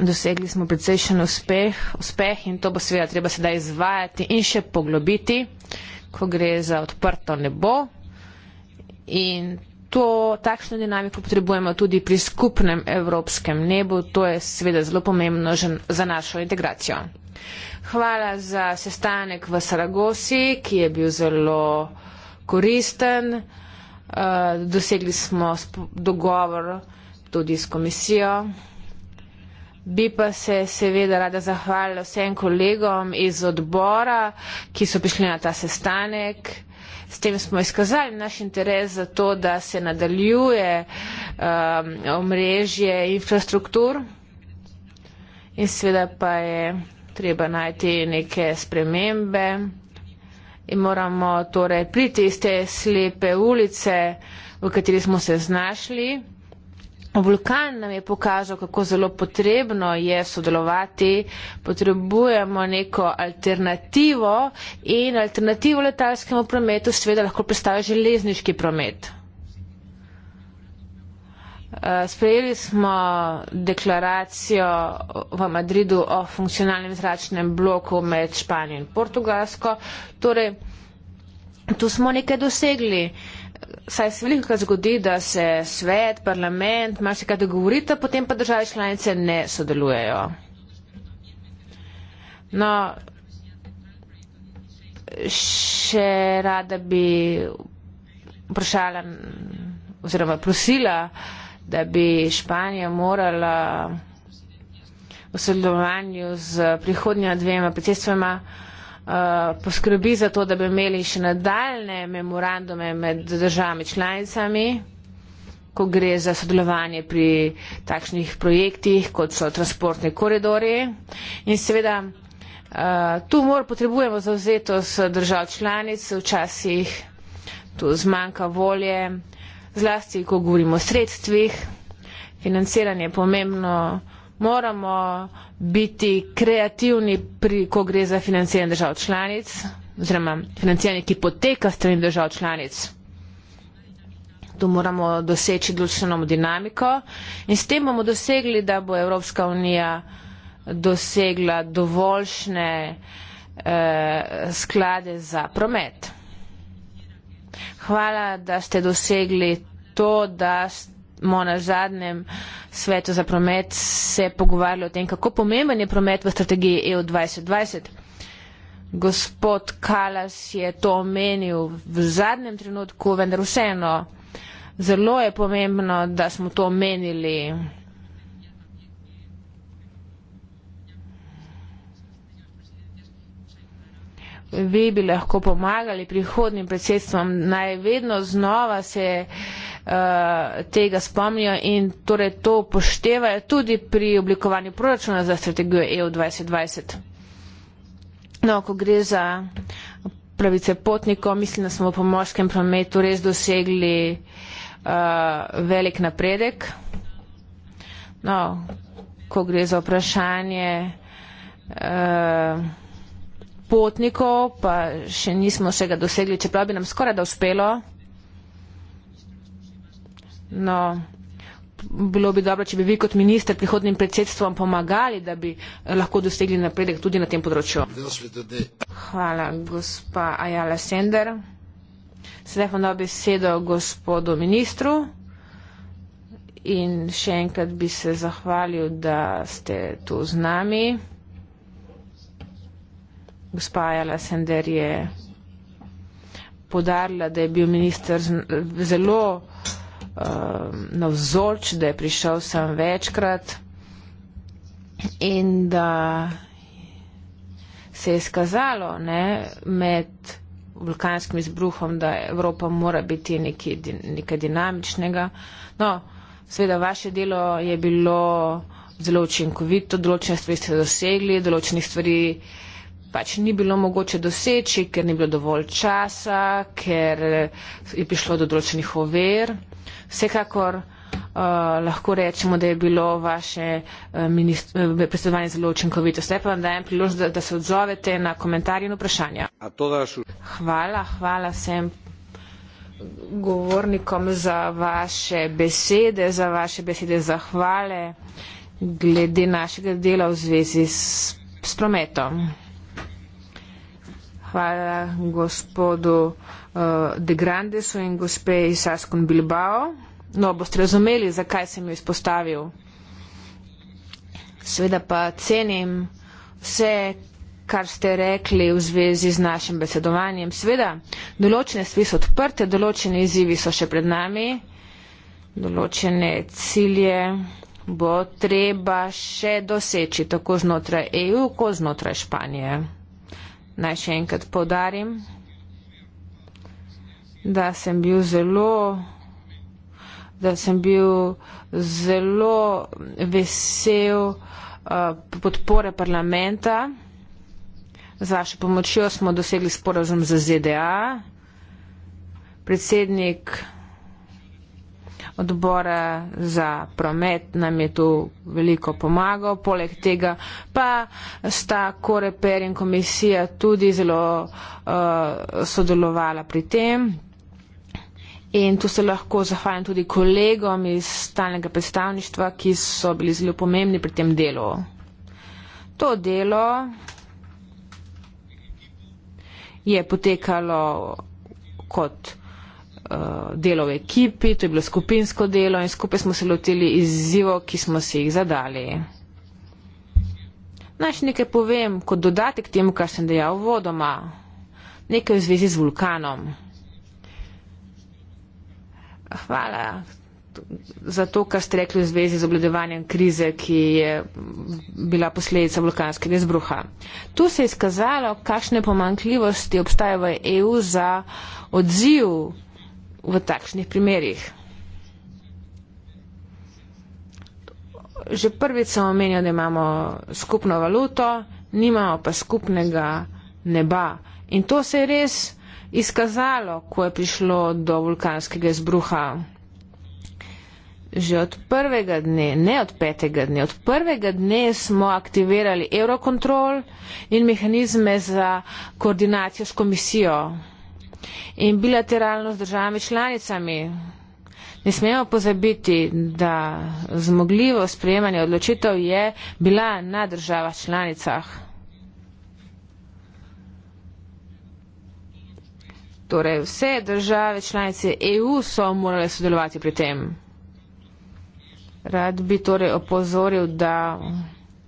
Dosegli smo precejšen uspeh, uspeh in to bo seveda treba sedaj izvajati in še poglobiti, ko gre za odprto nebo. In to, takšno dinamiko potrebujemo tudi pri skupnem evropskem nebu, to je seveda zelo pomembno za našo integracijo. Hvala za sestanek v Saragosi, ki je bil zelo koristen. Eh, dosegli smo dogovor tudi s komisijo. Bi pa se seveda rada zahvalila vsem kolegom iz odbora, ki so prišli na ta sestanek. S tem smo izkazali naš interes za to, da se nadaljuje um, omrežje infrastruktur in seveda pa je treba najti neke spremembe in moramo torej pri tiste slepe ulice, v kateri smo se znašli. Vulkan nam je pokazal, kako zelo potrebno je sodelovati, potrebujemo neko alternativo in alternativo letalskemu prometu seveda lahko predstavlja železniški promet. Eh, sprejeli smo deklaracijo v Madridu o funkcionalnem zračnem bloku med Španijo in Portugalsko. Torej, tu smo nekaj dosegli. Saj se veliko krat zgodi, da se svet, parlament, marsikaj dogovorita, potem pa države članice ne sodelujejo. No, še rada bi vprašala oziroma prosila, uh, da bi Španija morala v sodelovanju z prihodnjima dvema predsedstvama eh, poskrbi za to, da bi imeli še nadaljne memorandume med državami članicami, ko gre za sodelovanje pri takšnih projektih, kot so transportni koridori. In seveda eh, tu mora potrebujemo zauzetost držav članic, včasih tu zmanjka volje, zlasti, ko govorimo o sredstvih. Financiranje je pomembno. Moramo biti kreativni, pri, ko gre za financiranje držav članic, oziroma financiranje, ki poteka strani držav članic. Tu moramo doseči določeno dinamiko in s tem bomo dosegli, da bo Evropska unija dosegla dovoljšne eh, sklade za promet. Hvala, da ste dosegli to, da smo na zadnjem svetu za promet se pogovarjali o tem, kako pomemben je promet v strategiji EU 2020. Gospod Kalas je to omenil v zadnjem trenutku, vendar vseeno zelo je pomembno, da smo to omenili. ve, bi lahko pomagali prihodnim predsedstvom, naj vedno znova se uh, tega spomnijo in torej to poštevajo tudi pri oblikovanju proračuna za strategijo EU 2020. No, ko gre za pravice potnikov, mislim, da smo v pomorskem prometu res dosegli uh, velik napredek. No, ko gre za vprašanje uh, potnikov, pa še nismo vsega dosegli, čeprav bi nam skoraj da uspelo. No, bilo bi dobro, če bi vi kot minister prihodnim predsedstvom pomagali, da bi eh, lahko dosegli napredek tudi na tem področju. Hvala, gospa Ajala Sender. Sedaj vam dobi besedo gospodu ministru in še enkrat bi se zahvalil, da ste tu z nami gospa Jala Sender je podarila, da je bil minister zelo uh, navzoč, da je prišel sem večkrat in da se je skazalo ne, med vulkanskim izbruhom, da Evropa mora biti nekaj, nekaj dinamičnega. No, seveda vaše delo je bilo zelo učinkovito, določene stvari ste dosegli, določenih stvari uh, pač ni bilo mogoče doseči, ker ni bilo dovolj časa, ker je prišlo do določenih ovir. Vsekakor uh, lahko rečemo, da je bilo vaše uh, predsedovanje zelo učinkovito. Zdaj pa vam dajem priložnost, da, da se odzovete na komentarje in vprašanja. Hvala, hvala vsem govornikom za vaše besede, za vaše besede zahvale glede našega dela v zvezi s, s prometom. Hvala gospodu uh, De Grandesu in gospe iz Saskon Bilbao. No, boste razumeli, zakaj sem jo izpostavil. Sveda pa cenim vse, kar ste rekli v zvezi z našim besedovanjem. Sveda, določene stvari so odprte, določene izzivi so še pred nami, določene cilje bo treba še doseči tako znotraj EU, kot znotraj Španije naj še enkrat podarim, da sem bil zelo da sem bil zelo vesel uh, podpore parlamenta. Z vašo pomočjo smo dosegli sporazum za ZDA. Predsednik odbora za promet nam je tu veliko pomagal. Poleg tega pa sta Koreper in komisija tudi zelo uh, sodelovala pri tem. In tu se lahko zahvaljam tudi kolegom iz stalnega predstavništva, ki so bili zelo pomembni pri tem delu. To delo je potekalo kot uh, delo v ekipi, to je bilo skupinsko delo in skupaj smo se lotili izzivo, ki smo si jih zadali. Naj še nekaj povem kot dodatek temu, kar sem dejal vodoma, nekaj v zvezi z vulkanom. Hvala za to, kar ste rekli v zvezi z obledovanjem krize, ki je bila posledica vulkanskega izbruha. Tu se je izkazalo, kakšne pomankljivosti obstajajo v EU za odziv v takšnih primerjih. Že prvič sem omenil, da imamo skupno valuto, nimamo pa skupnega neba. In to se je res izkazalo, ko je prišlo do vulkanskega izbruha. Že od prvega dne, ne od petega dne, od prvega dne smo aktivirali eurokontrol in mehanizme za koordinacijo s komisijo in bilateralno z državami članicami. Ne smemo pozabiti, da zmogljivo sprejemanje odločitev je bila na državah članicah. Torej, vse države članice EU so morale sodelovati pri tem. Rad bi torej opozoril, da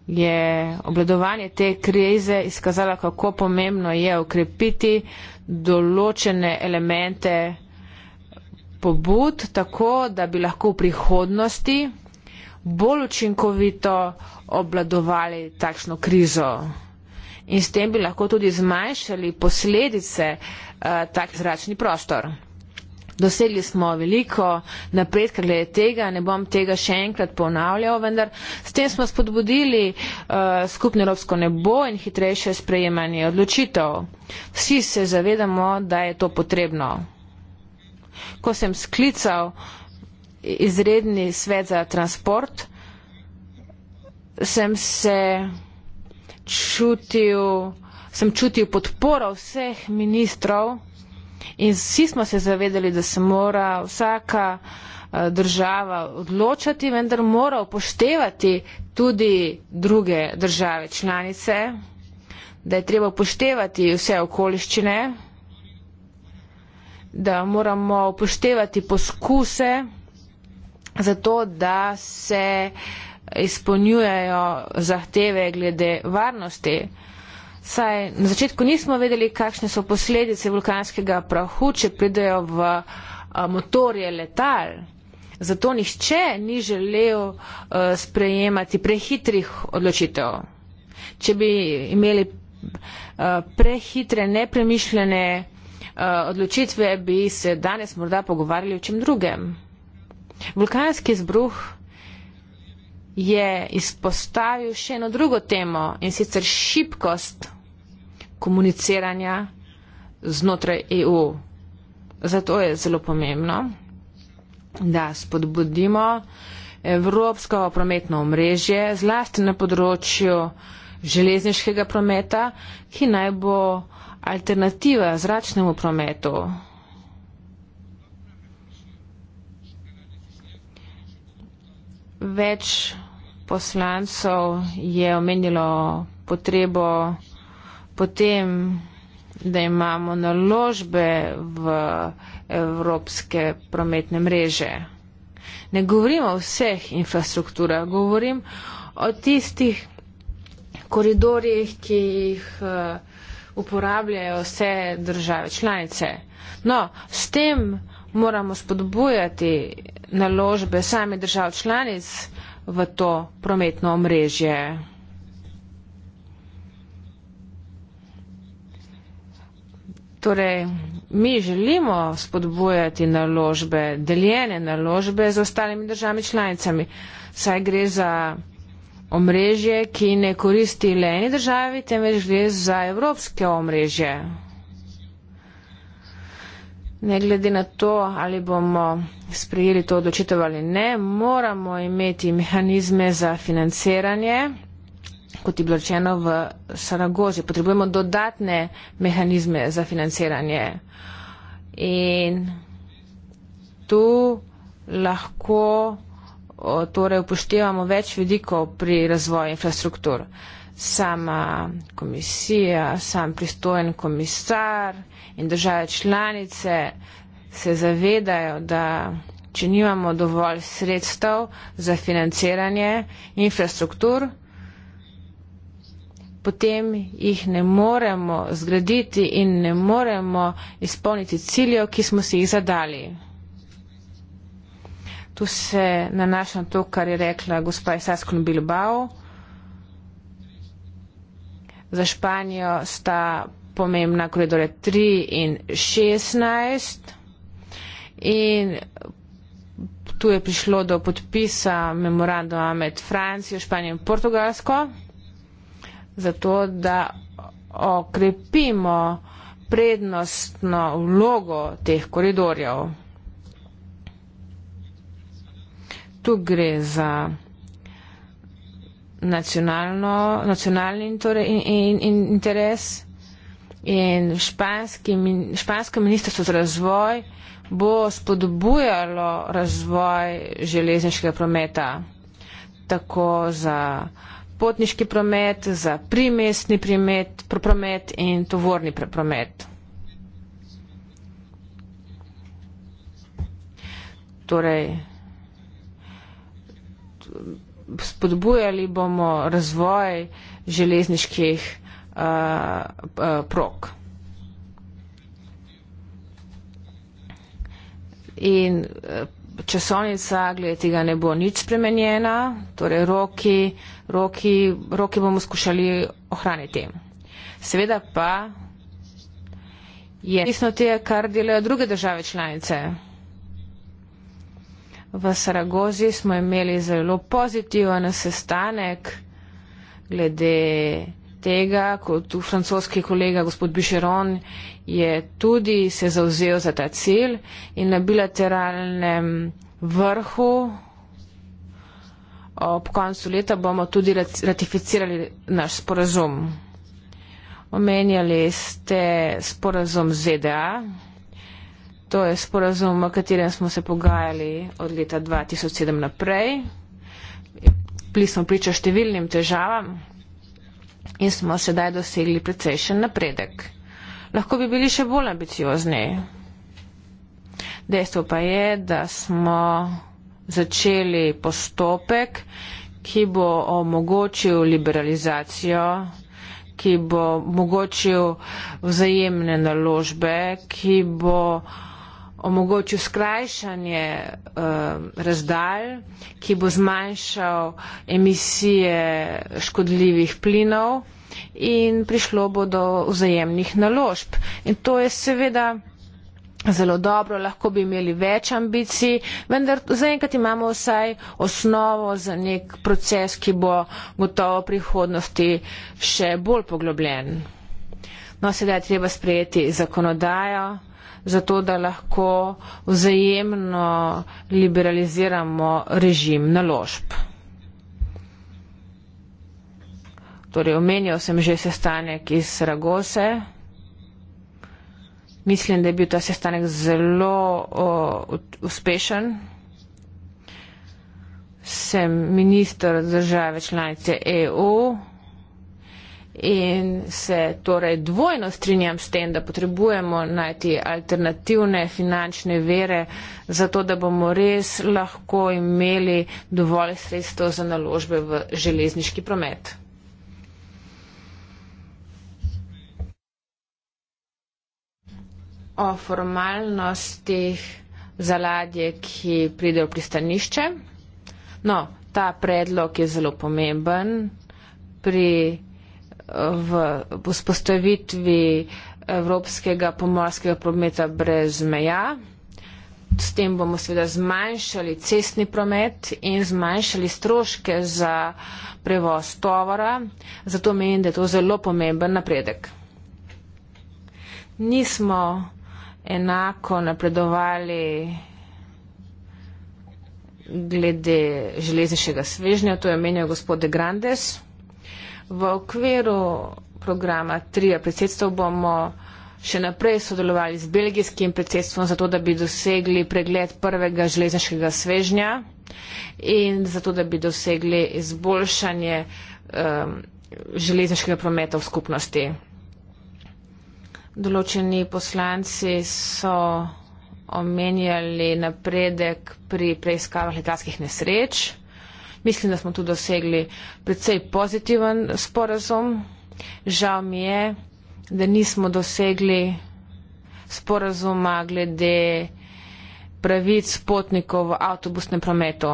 je obledovanje te krize izkazala, kako pomembno je ukrepiti določene elemente pobud, tako da bi lahko v prihodnosti bolj učinkovito obladovali takšno krizo. In s tem bi lahko tudi zmanjšali posledice uh, tak zračni prostor dosegli smo veliko napredka glede tega, ne bom tega še enkrat ponavljal, vendar s tem smo spodbudili uh, skupno evropsko nebo in hitrejše sprejemanje odločitev. Vsi se zavedamo, da je to potrebno. Ko sem sklical izredni svet za transport, sem se čutil, sem čutil podporo vseh ministrov, In vsi smo se zavedali, da se mora vsaka eh, država odločati, vendar mora upoštevati tudi druge države članice, da je treba upoštevati vse okoliščine, da moramo upoštevati poskuse za to, da se izpolnjujejo zahteve glede varnosti. Saj na začetku nismo vedeli, kakšne so posledice vulkanskega prahu, če pridejo v eh, motorje letal. Zato nihče ni želel eh, sprejemati prehitrih odločitev. Če bi imeli eh, prehitre, nepremišljene odločitve, bi se danes morda pogovarjali o čem drugem. Vulkanski izbruh je izpostavil še eno drugo temo in sicer šibkost komuniciranja znotraj EU. Zato je zelo pomembno, da spodbudimo evropsko prometno omrežje, zlasti na področju železniškega prometa, ki naj bo alternativa zračnemu prometu. Več poslancev je omenilo potrebo potem, da imamo naložbe v evropske prometne mreže. Ne govorim o vseh infrastrukturah, govorim o tistih koridorjih, ki jih eh, uporabljajo vse države članice. No, s tem moramo spodbujati naložbe same držav članic, v to prometno omrežje. Torej, mi želimo spodbujati naložbe, deljene naložbe z ostalimi državami članicami. Saj gre za omrežje, ki ne koristi le eni državi, temveč gre za evropske omrežje. Ne glede na to, ali bomo sprejeli to odločitev ali ne, moramo imeti mehanizme za financiranje, kot je bilo rečeno v Saragozi. Potrebujemo dodatne mehanizme za financiranje. In tu lahko torej, upoštevamo več vidikov pri razvoju infrastruktur sama komisija, sam pristojen komisar in države članice se zavedajo, da če nimamo dovolj sredstev za financiranje infrastruktur, potem jih ne moremo zgraditi in ne moremo izpolniti ciljev, ki smo si jih zadali. Tu se nanašam to, kar je rekla gospa Isaskun Bilbao za Španijo sta pomembna koridorja 3 in 16. In tu je prišlo do podpisa memoranduma med Francijo, Španijo in Portugalsko, zato da okrepimo prednostno vlogo teh koridorjev. Tu gre za nacionalno, nacionalni torej in, in, in interes in španski, špansko ministrstvo za razvoj bo spodbujalo razvoj železniškega prometa tako za potniški promet, za primestni promet, promet in tovorni promet. Torej, spodbujali bomo razvoj železniških uh, eh, eh, prok. In eh, časovnica, glede tega, ne bo nič spremenjena, torej roki, roki, roki bomo skušali ohraniti. Seveda pa je odvisno od tega, kar delajo druge države članice v Saragozi smo imeli zelo pozitiven sestanek glede tega, kot tu francoski kolega gospod Bišeron je tudi se zauzel za ta cilj in na bilateralnem vrhu ob koncu leta bomo tudi ratificirali naš sporazum. Omenjali ste sporazum ZDA. To je sporazum, o katerem smo se pogajali od leta 2007 naprej. Bili smo priča številnim težavam in smo sedaj dosegli precejšen napredek. Lahko bi bili še bolj ambiciozni. Dejstvo pa je, da smo začeli postopek, ki bo omogočil liberalizacijo, ki bo omogočil vzajemne naložbe, ki bo uh, omogočil skrajšanje uh, razdalj, ki bo zmanjšal emisije škodljivih plinov in prišlo bo do vzajemnih naložb. In to je seveda zelo dobro, lahko bi imeli več ambicij, vendar zaenkrat imamo vsaj osnovo za nek proces, ki bo gotovo v prihodnosti še bolj poglobljen. No, sedaj je treba sprejeti zakonodajo zato da lahko vzajemno liberaliziramo režim naložb. Torej, omenjal sem že sestanek iz Saragose. Mislim, da je bil ta sestanek zelo o, uspešen. Sem minister države članice EU. In se torej dvojno strinjam s tem, da potrebujemo najti alternativne finančne vere, zato da bomo res lahko imeli dovolj sredstev za naložbe v železniški promet. O formalnostih za ladje, ki pridejo v pristanišče. No, ta predlog je zelo pomemben pri v vzpostavitvi evropskega pomorskega prometa brez meja. S tem bomo seveda zmanjšali cestni promet in zmanjšali stroške za prevoz tovora. Zato menim, da je to zelo pomemben napredek. Nismo enako napredovali glede železniškega svežnja, to je omenjal gospod De Grandes. V okviru programa trija predsedstv bomo še naprej sodelovali z belgijskim predsedstvom, zato da bi dosegli pregled prvega železniškega svežnja in zato da bi dosegli izboljšanje um, železniškega prometa v skupnosti. Določeni poslanci so omenjali napredek pri preiskavah letalskih nesreč. Mislim, da smo tu dosegli predvsej pozitiven sporazum. Žal mi je, da nismo dosegli sporazuma glede pravic potnikov v avtobusnem prometu.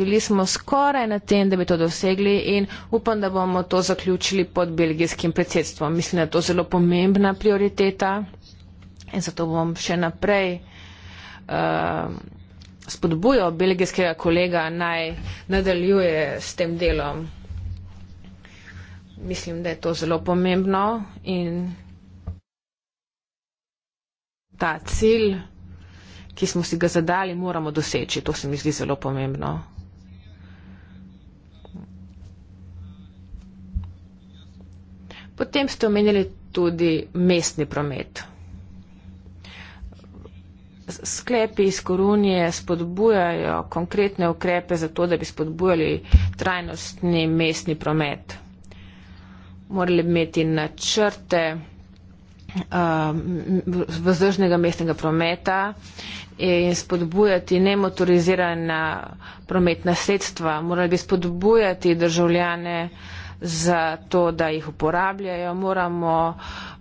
Bili smo skoraj na tem, da bi to dosegli in upam, da bomo to zaključili pod belgijskim predsedstvom. Mislim, da je to zelo pomembna prioriteta in zato bom še naprej. Uh, spodbujal belgijskega kolega naj nadaljuje s tem delom. Mislim, da je to zelo pomembno in ta cilj, ki smo si ga zadali, moramo doseči. To se mi zdi zelo pomembno. Potem ste omenili tudi mestni promet. Sklepi iz Korunije spodbujajo konkretne ukrepe za to, da bi spodbujali trajnostni mestni promet. Morali bi imeti načrte uh, vzdržnega mestnega prometa in spodbujati nemotorizirana prometna sredstva. Morali bi spodbujati državljane za to, da jih uporabljajo. Moramo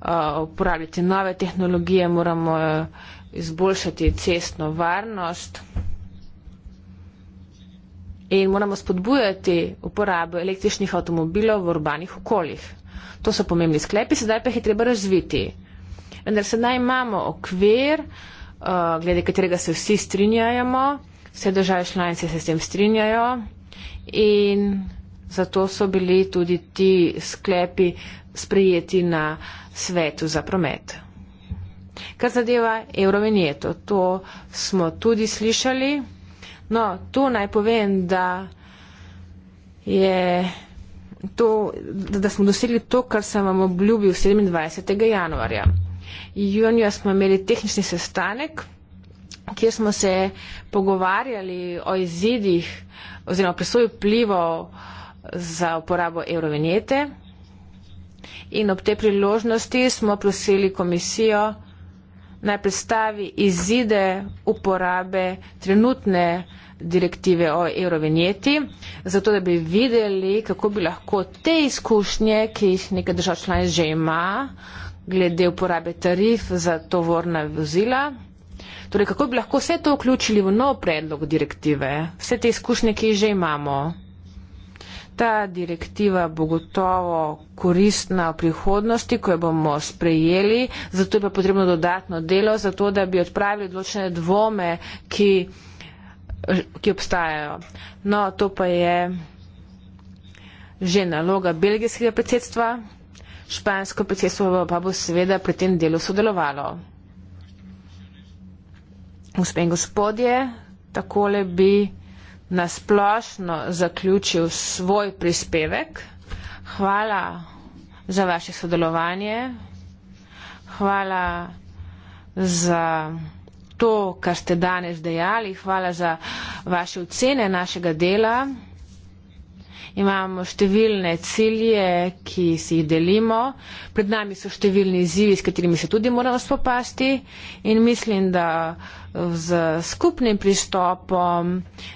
uh, uporabljati nove tehnologije, moramo. Uh, izboljšati cestno varnost in moramo spodbujati uporabo električnih avtomobilov v urbanih okoljih. To so pomembni sklepi, sedaj pa jih je treba razviti. Vendar sedaj imamo okvir, uh, glede katerega se vsi strinjajo, vse države članice se s tem strinjajo in zato so bili tudi ti sklepi sprejeti na svetu za promet. Kar zadeva eurovinjeto, to smo tudi slišali. No, tu naj povem, da, je to, da smo dosegli to, kar sem vam obljubil 27. januarja. Junija smo imeli tehnični sestanek, kjer smo se pogovarjali o izidih oziroma presoji vplivov za uporabo eurovinjete. In ob te priložnosti smo prosili komisijo, naj predstavi izide uporabe trenutne direktive o eurovinjeti, zato da bi videli, kako bi lahko te izkušnje, ki jih nekaj držav članic že ima, glede uporabe tarif za tovorna vozila, torej kako bi lahko vse to vključili v nov predlog direktive, vse te izkušnje, ki jih že imamo. Ta direktiva bo gotovo koristna v prihodnosti, ko jo bomo sprejeli, zato je pa potrebno dodatno delo, zato da bi odpravili odločene dvome, ki, ki obstajajo. No, to pa je že naloga belgijskega predsedstva, špansko predsedstvo pa bo seveda pri tem delu sodelovalo. Gospe in gospodje, takole bi nasplošno zaključil svoj prispevek. Hvala za vaše sodelovanje. Hvala za to, kar ste danes dejali. Hvala za vaše ocene našega dela imamo številne cilje, ki si jih delimo, pred nami so številni izzivi, s katerimi se tudi moramo spopasti in mislim, da z skupnim pristopom,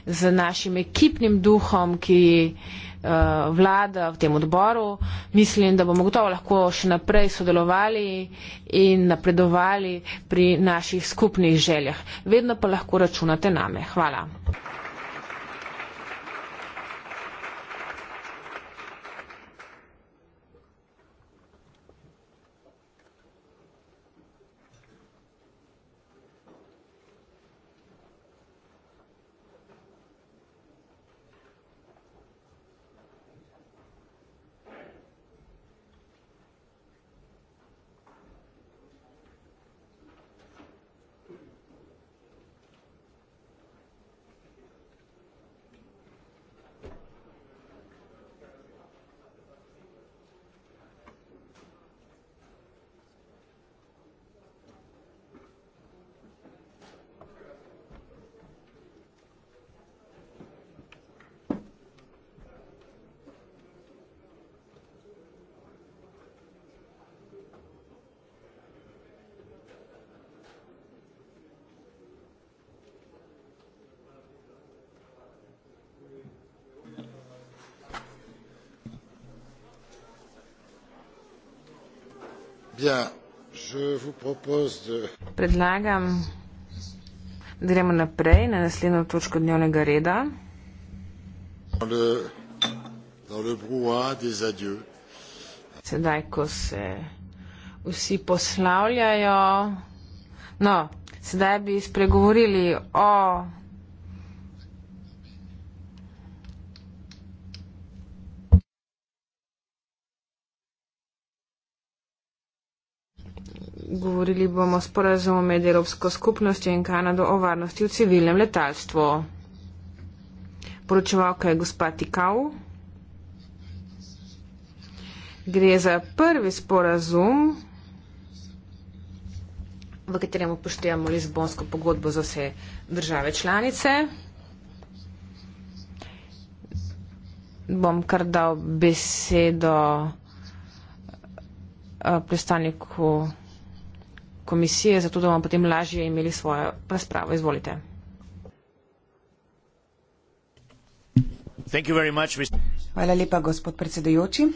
z našim ekipnim duhom, ki eh, vlada v tem odboru. Mislim, da bomo gotovo lahko še naprej sodelovali in napredovali pri naših skupnih željah. Vedno pa lahko računate name. Hvala. Ja, Predlagam, da gremo naprej na naslednjo točko dnevnega reda. Sedaj, ko se vsi poslavljajo. No, sedaj bi spregovorili o Govorili bomo sporazumu med Evropsko skupnostjo in Kanado o varnosti v civilnem letalstvu. Poročevalka je gospa Tikau. Gre za prvi sporazum, v katerem upoštevamo Lizbonsko pogodbo za vse države članice. Bom kar dal besedo eh, predstavniku. Uh, komisije, zato da bomo potem lažje imeli svojo razpravo. Izvolite. Much, Hvala lepa, gospod predsedujoči.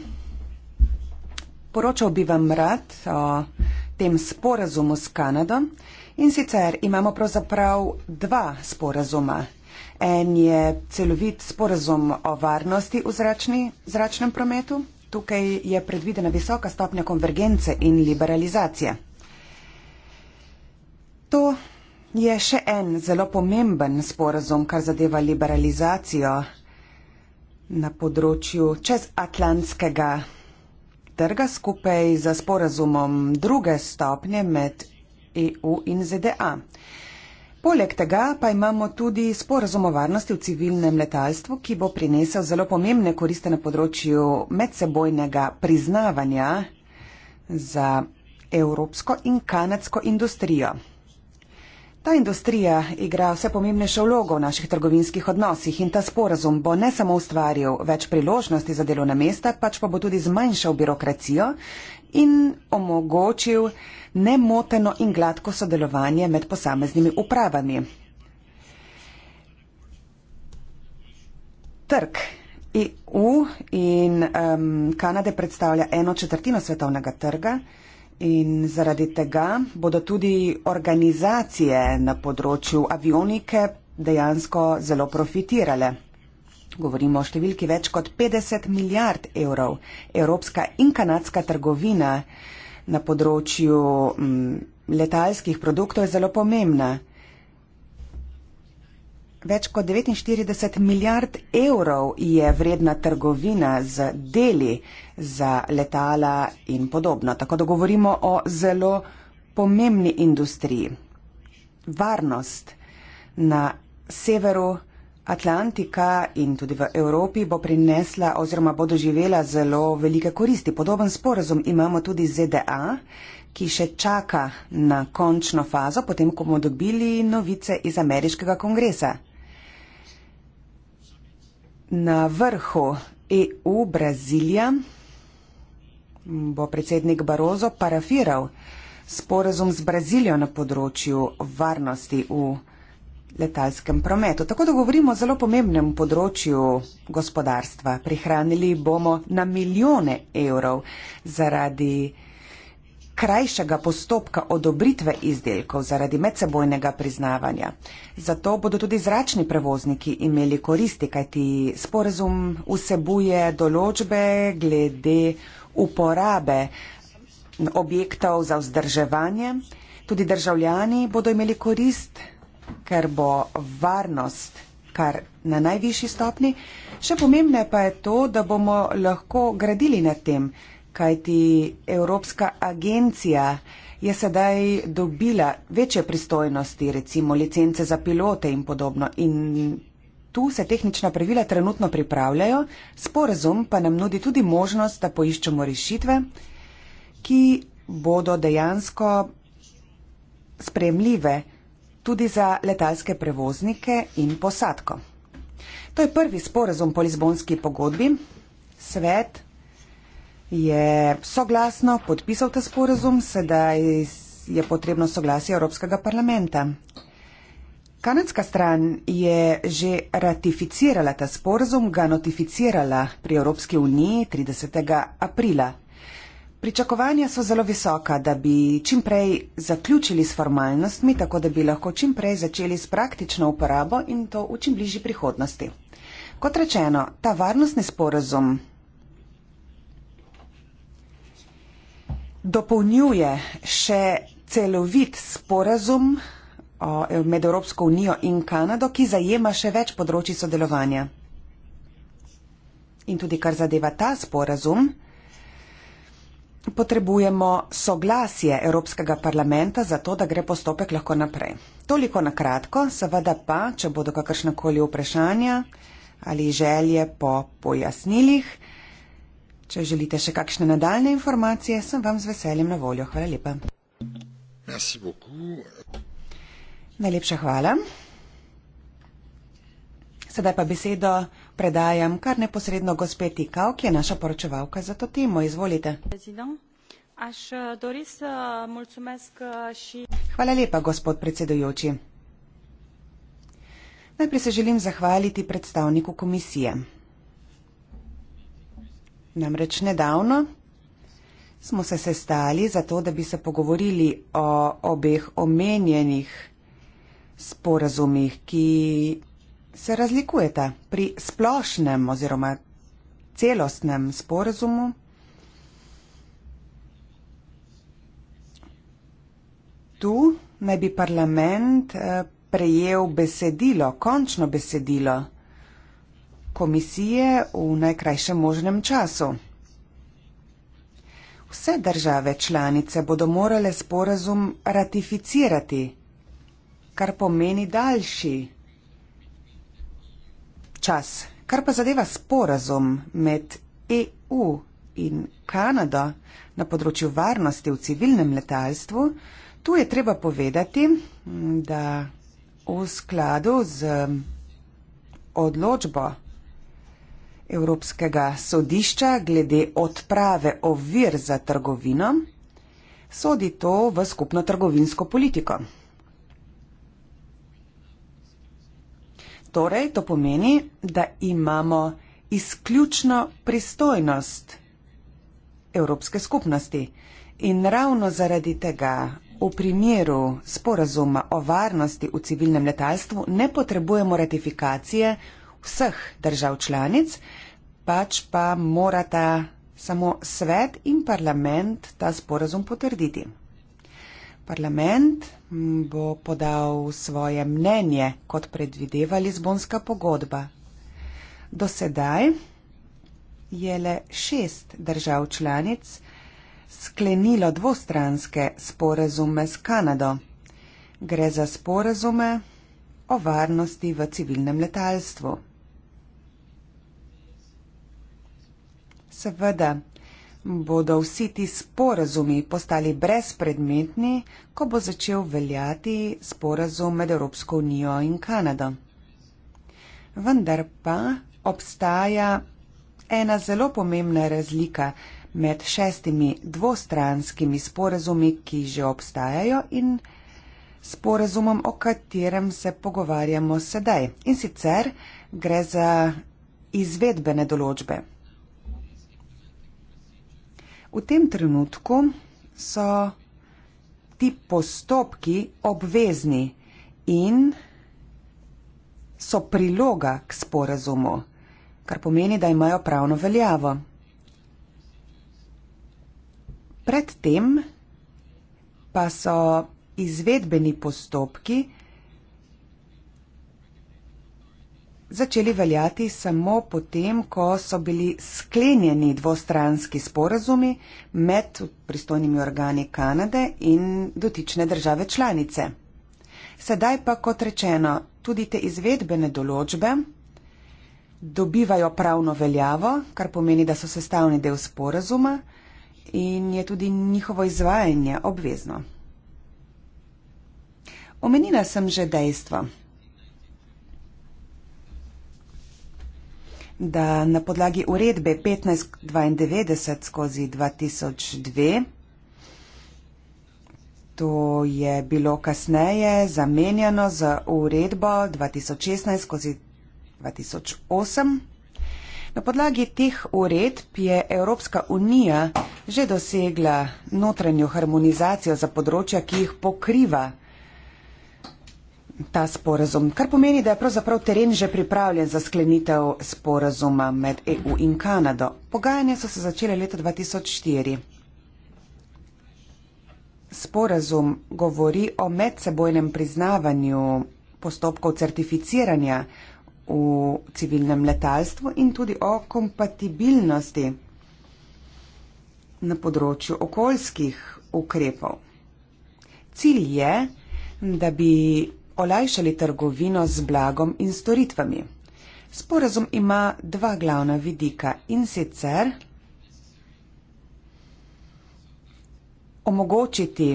Poročal bi vam rad o tem sporazumu s Kanado in sicer imamo pravzaprav dva sporazuma. En je celovit sporazum o varnosti v zračni, zračnem prometu. Tukaj je predvidena visoka stopnja konvergence in liberalizacije. To je še en zelo pomemben sporazum, kar zadeva liberalizacijo na področju čezatlantskega trga skupaj za sporazumom druge stopnje med EU in ZDA. Poleg tega pa imamo tudi sporazum o varnosti v civilnem letalstvu, ki bo prinesel zelo pomembne koriste na področju medsebojnega priznavanja za evropsko in kanadsko industrijo. Ta industrija igra vse pomembnejšo vlogo v naših trgovinskih odnosih in ta sporazum bo ne samo ustvaril več priložnosti za delovna mesta, pač pa bo tudi zmanjšal birokracijo in omogočil nemoteno in gladko sodelovanje med posameznimi upravami. Trg EU in um, Kanade predstavlja eno četrtino svetovnega trga. In zaradi tega bodo tudi organizacije na področju avionike dejansko zelo profitirale. Govorimo o številki več kot 50 milijard evrov. Evropska in kanadska trgovina na področju m, mm, letalskih produktov je zelo pomembna. Več kot 49 milijard evrov je vredna trgovina z deli za letala in podobno. Tako da govorimo o zelo pomembni industriji. Varnost na severu Atlantika in tudi v Evropi bo prinesla oziroma bo doživela zelo velike koristi. Podoben sporazum imamo tudi ZDA, ki še čaka na končno fazo, potem ko bomo dobili novice iz ameriškega kongresa. Na vrhu EU Brazilija bo predsednik Barozo parafiral sporazum z Brazilijo na področju varnosti v letalskem prometu. Tako da govorimo o zelo pomembnem področju gospodarstva. Prihranili bomo na milijone evrov zaradi krajšega postopka odobritve izdelkov zaradi medsebojnega priznavanja. Zato bodo tudi zračni prevozniki imeli koristi, kajti sporazum vsebuje določbe glede uporabe objektov za vzdrževanje. Tudi državljani bodo imeli korist, ker bo varnost kar na najvišji stopni. Še pomembne pa je to, da bomo lahko gradili na tem, kajti Evropska agencija je sedaj dobila večje pristojnosti, recimo licence za pilote in podobno. In Tu se tehnična pravila trenutno pripravljajo, sporazum pa nam nudi tudi možnost, da poiščemo rešitve, ki bodo dejansko spremljive tudi za letalske prevoznike in posadko. To je prvi sporazum po Lizbonski pogodbi. Svet je soglasno podpisal ta sporazum, sedaj je potrebno soglasje Evropskega parlamenta. Kanadska stran je že ratificirala ta sporozum, ga notificirala pri Evropski uniji 30. aprila. Pričakovanja so zelo visoka, da bi čim prej zaključili s formalnostmi, tako da bi lahko čim prej začeli s praktično uporabo in to v čim bližji prihodnosti. Kot rečeno, ta varnostni sporozum dopolnjuje še celovit sporozum, med Evropsko unijo in Kanado, ki zajema še več področji sodelovanja. In tudi kar zadeva ta sporazum, potrebujemo soglasje Evropskega parlamenta za to, da gre postopek lahko naprej. Toliko na kratko, seveda pa, če bodo kakršnakoli vprašanja ali želje po pojasnilih, če želite še kakšne nadaljne informacije, sem vam z veseljem na voljo. Hvala lepa. Merci beaucoup. Uh... Najlepša hvala. Sedaj pa besedo predajam kar neposredno gospe Tikao, ki je naša poročevalka za to temo. Izvolite. Hvala lepa, gospod predsedujoči. Najprej se želim zahvaliti predstavniku komisije. Namreč nedavno smo se sestali zato, da bi se pogovorili o obeh omenjenih sporazumih, ki se razlikujeta pri splošnem oziroma celostnem sporazumu. Tu naj bi parlament eh, prejel besedilo, končno besedilo komisije v najkrajšem možnem času. Vse države članice bodo morale sporazum ratificirati kar pomeni daljši čas. Kar pa zadeva sporazum med EU in Kanado na področju varnosti v civilnem letalstvu, tu je treba povedati, da v skladu z odločbo Evropskega sodišča glede odprave ovir za trgovino, sodi to v skupno trgovinsko politiko. Torej, to pomeni, da imamo izključno pristojnost Evropske skupnosti. In ravno zaradi tega v primeru sporazuma o varnosti v civilnem letalstvu ne potrebujemo ratifikacije vseh držav članic, pač pa morata samo svet in parlament ta sporazum potrditi. Parlament bo podal svoje mnenje, kot predvideva Lizbonska pogodba. Do sedaj je le šest držav članic sklenilo dvostranske sporazume s Kanado. Gre za sporazume o varnosti v civilnem letalstvu. Seveda, bodo vsi ti sporazumi postali brezpredmetni, ko bo začel veljati sporazum med Evropsko unijo in Kanado. Vendar pa obstaja ena zelo pomembna razlika med šestimi dvostranskimi sporazumi, ki že obstajajo in sporazumom, o katerem se pogovarjamo sedaj. In sicer gre za izvedbene določbe. V tem trenutku so ti postopki obvezni in so priloga k sporazumu, kar pomeni, da imajo pravno veljavo. Predtem pa so izvedbeni postopki, začeli veljati samo potem, ko so bili sklenjeni dvostranski sporazumi med pristojnimi organi Kanade in dotične države članice. Sedaj pa, kot rečeno, tudi te izvedbene določbe dobivajo pravno veljavo, kar pomeni, da so sestavni del sporazuma in je tudi njihovo izvajanje obvezno. Omenila sem že dejstvo. da na podlagi uredbe 1592 skozi 2002, to je bilo kasneje zamenjano z uredbo 2016 skozi 2008. Na podlagi teh uredb je Evropska unija že dosegla notranjo harmonizacijo za področja, ki jih pokriva ta sporazum, kar pomeni, da je pravzaprav teren že pripravljen za sklenitev sporazuma med EU in Kanado. Pogajanja so se začele leta 2004. Sporazum govori o medsebojnem priznavanju postopkov certificiranja v civilnem letalstvu in tudi o kompatibilnosti na področju okoljskih ukrepov. Cilj je, da bi olajšali trgovino z blagom in storitvami. Sporazum ima dva glavna vidika in sicer omogočiti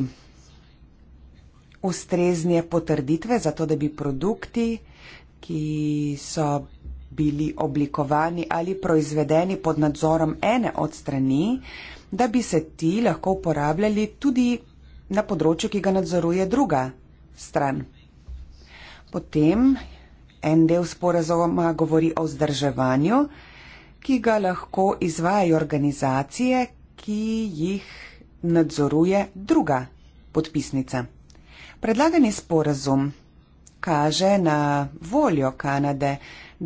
ustreznje potrditve za to, da bi produkti, ki so bili oblikovani ali proizvedeni pod nadzorom ene od strani, da bi se ti lahko uporabljali tudi na področju, ki ga nadzoruje druga stran. Potem en del sporazuma govori o vzdrževanju, ki ga lahko izvajajo organizacije, ki jih nadzoruje druga podpisnica. Predlagani sporazum kaže na voljo Kanade,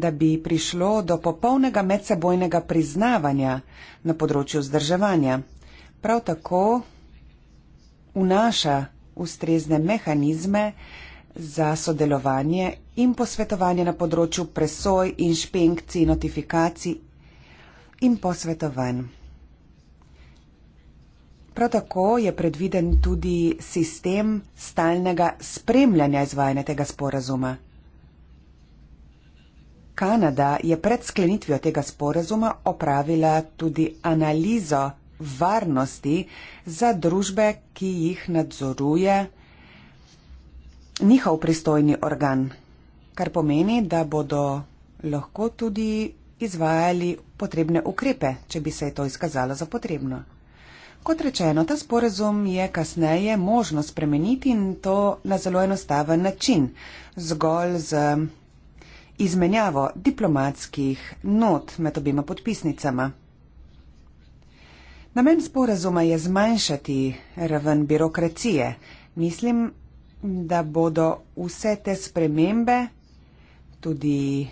da bi prišlo do popolnega medsebojnega priznavanja na področju vzdrževanja. Prav tako vnaša ustrezne mehanizme, za sodelovanje in posvetovanje na področju presoj, inšpekcij, notifikacij in posvetovanj. Prav tako je predviden tudi sistem stalnega spremljanja izvajanja tega sporazuma. Kanada je pred sklenitvijo tega sporazuma opravila tudi analizo varnosti za družbe, ki jih nadzoruje njihov pristojni organ, kar pomeni, da bodo lahko tudi izvajali potrebne ukrepe, če bi se je to izkazalo za potrebno. Kot rečeno, ta sporazum je kasneje možno spremeniti in to na zelo enostaven način, zgolj z izmenjavo diplomatskih not med obima podpisnicama. Namen sporazuma je zmanjšati raven birokracije. Mislim, da bodo vse te spremembe tudi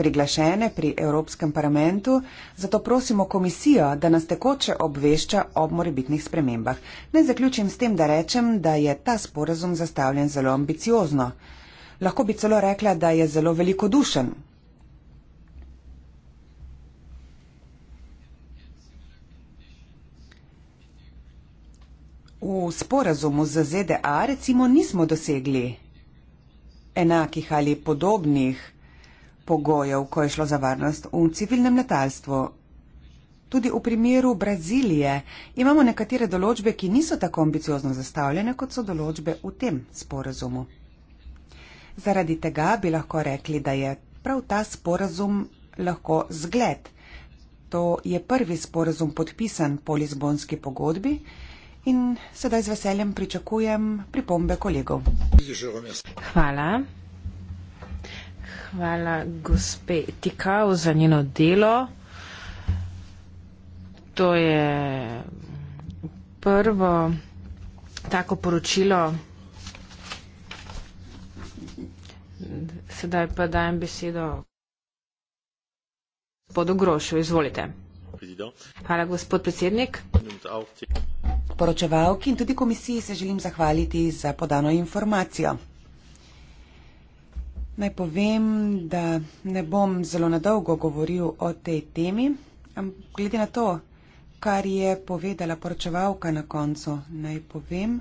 priglašene pri Evropskem parlamentu, zato prosimo komisijo, da nas tekoče obvešča ob morebitnih spremembah. Naj zaključim s tem, da rečem, da je ta sporazum zastavljen zelo ambiciozno. Lahko bi celo rekla, da je zelo velikodušen. v sporazumu z ZDA recimo nismo dosegli enakih ali podobnih pogojev, ko je šlo za varnost v civilnem letalstvu. Tudi v primeru Brazilije imamo nekatere določbe, ki niso tako ambiciozno zastavljene, kot so določbe v tem sporazumu. Zaradi tega bi lahko rekli, da je prav ta sporazum lahko zgled. To je prvi sporazum podpisan po Lizbonski pogodbi in sedaj z veseljem pričakujem pripombe kolegov. Hvala. Hvala gospe Tikau za njeno delo. To je prvo tako poročilo. Sedaj pa dajem besedo gospodu Grošu. Izvolite. Hvala, gospod predsednik poročevalki in tudi komisiji se želim zahvaliti za podano informacijo. Naj povem, da ne bom zelo nadolgo govoril o tej temi, ampak glede na to, kar je povedala poročevalka na koncu, naj povem,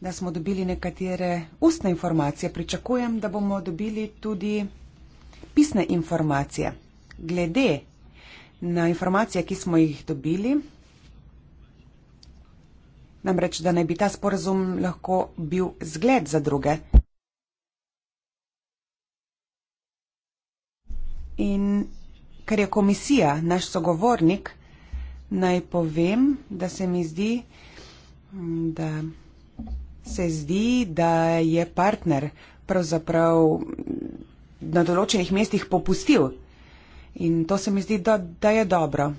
da smo dobili nekatere ustne informacije. Pričakujem, da bomo dobili tudi pisne informacije. Glede na informacije, ki smo jih dobili, namreč da ne bi ta sporazum lahko bil zgled za druge. In ker je komisija naš sogovornik, naj povem, da se mi zdi, da se zdi, da je partner pravzaprav na določenih mestih popustil. In to se mi zdi, da, da je dobro.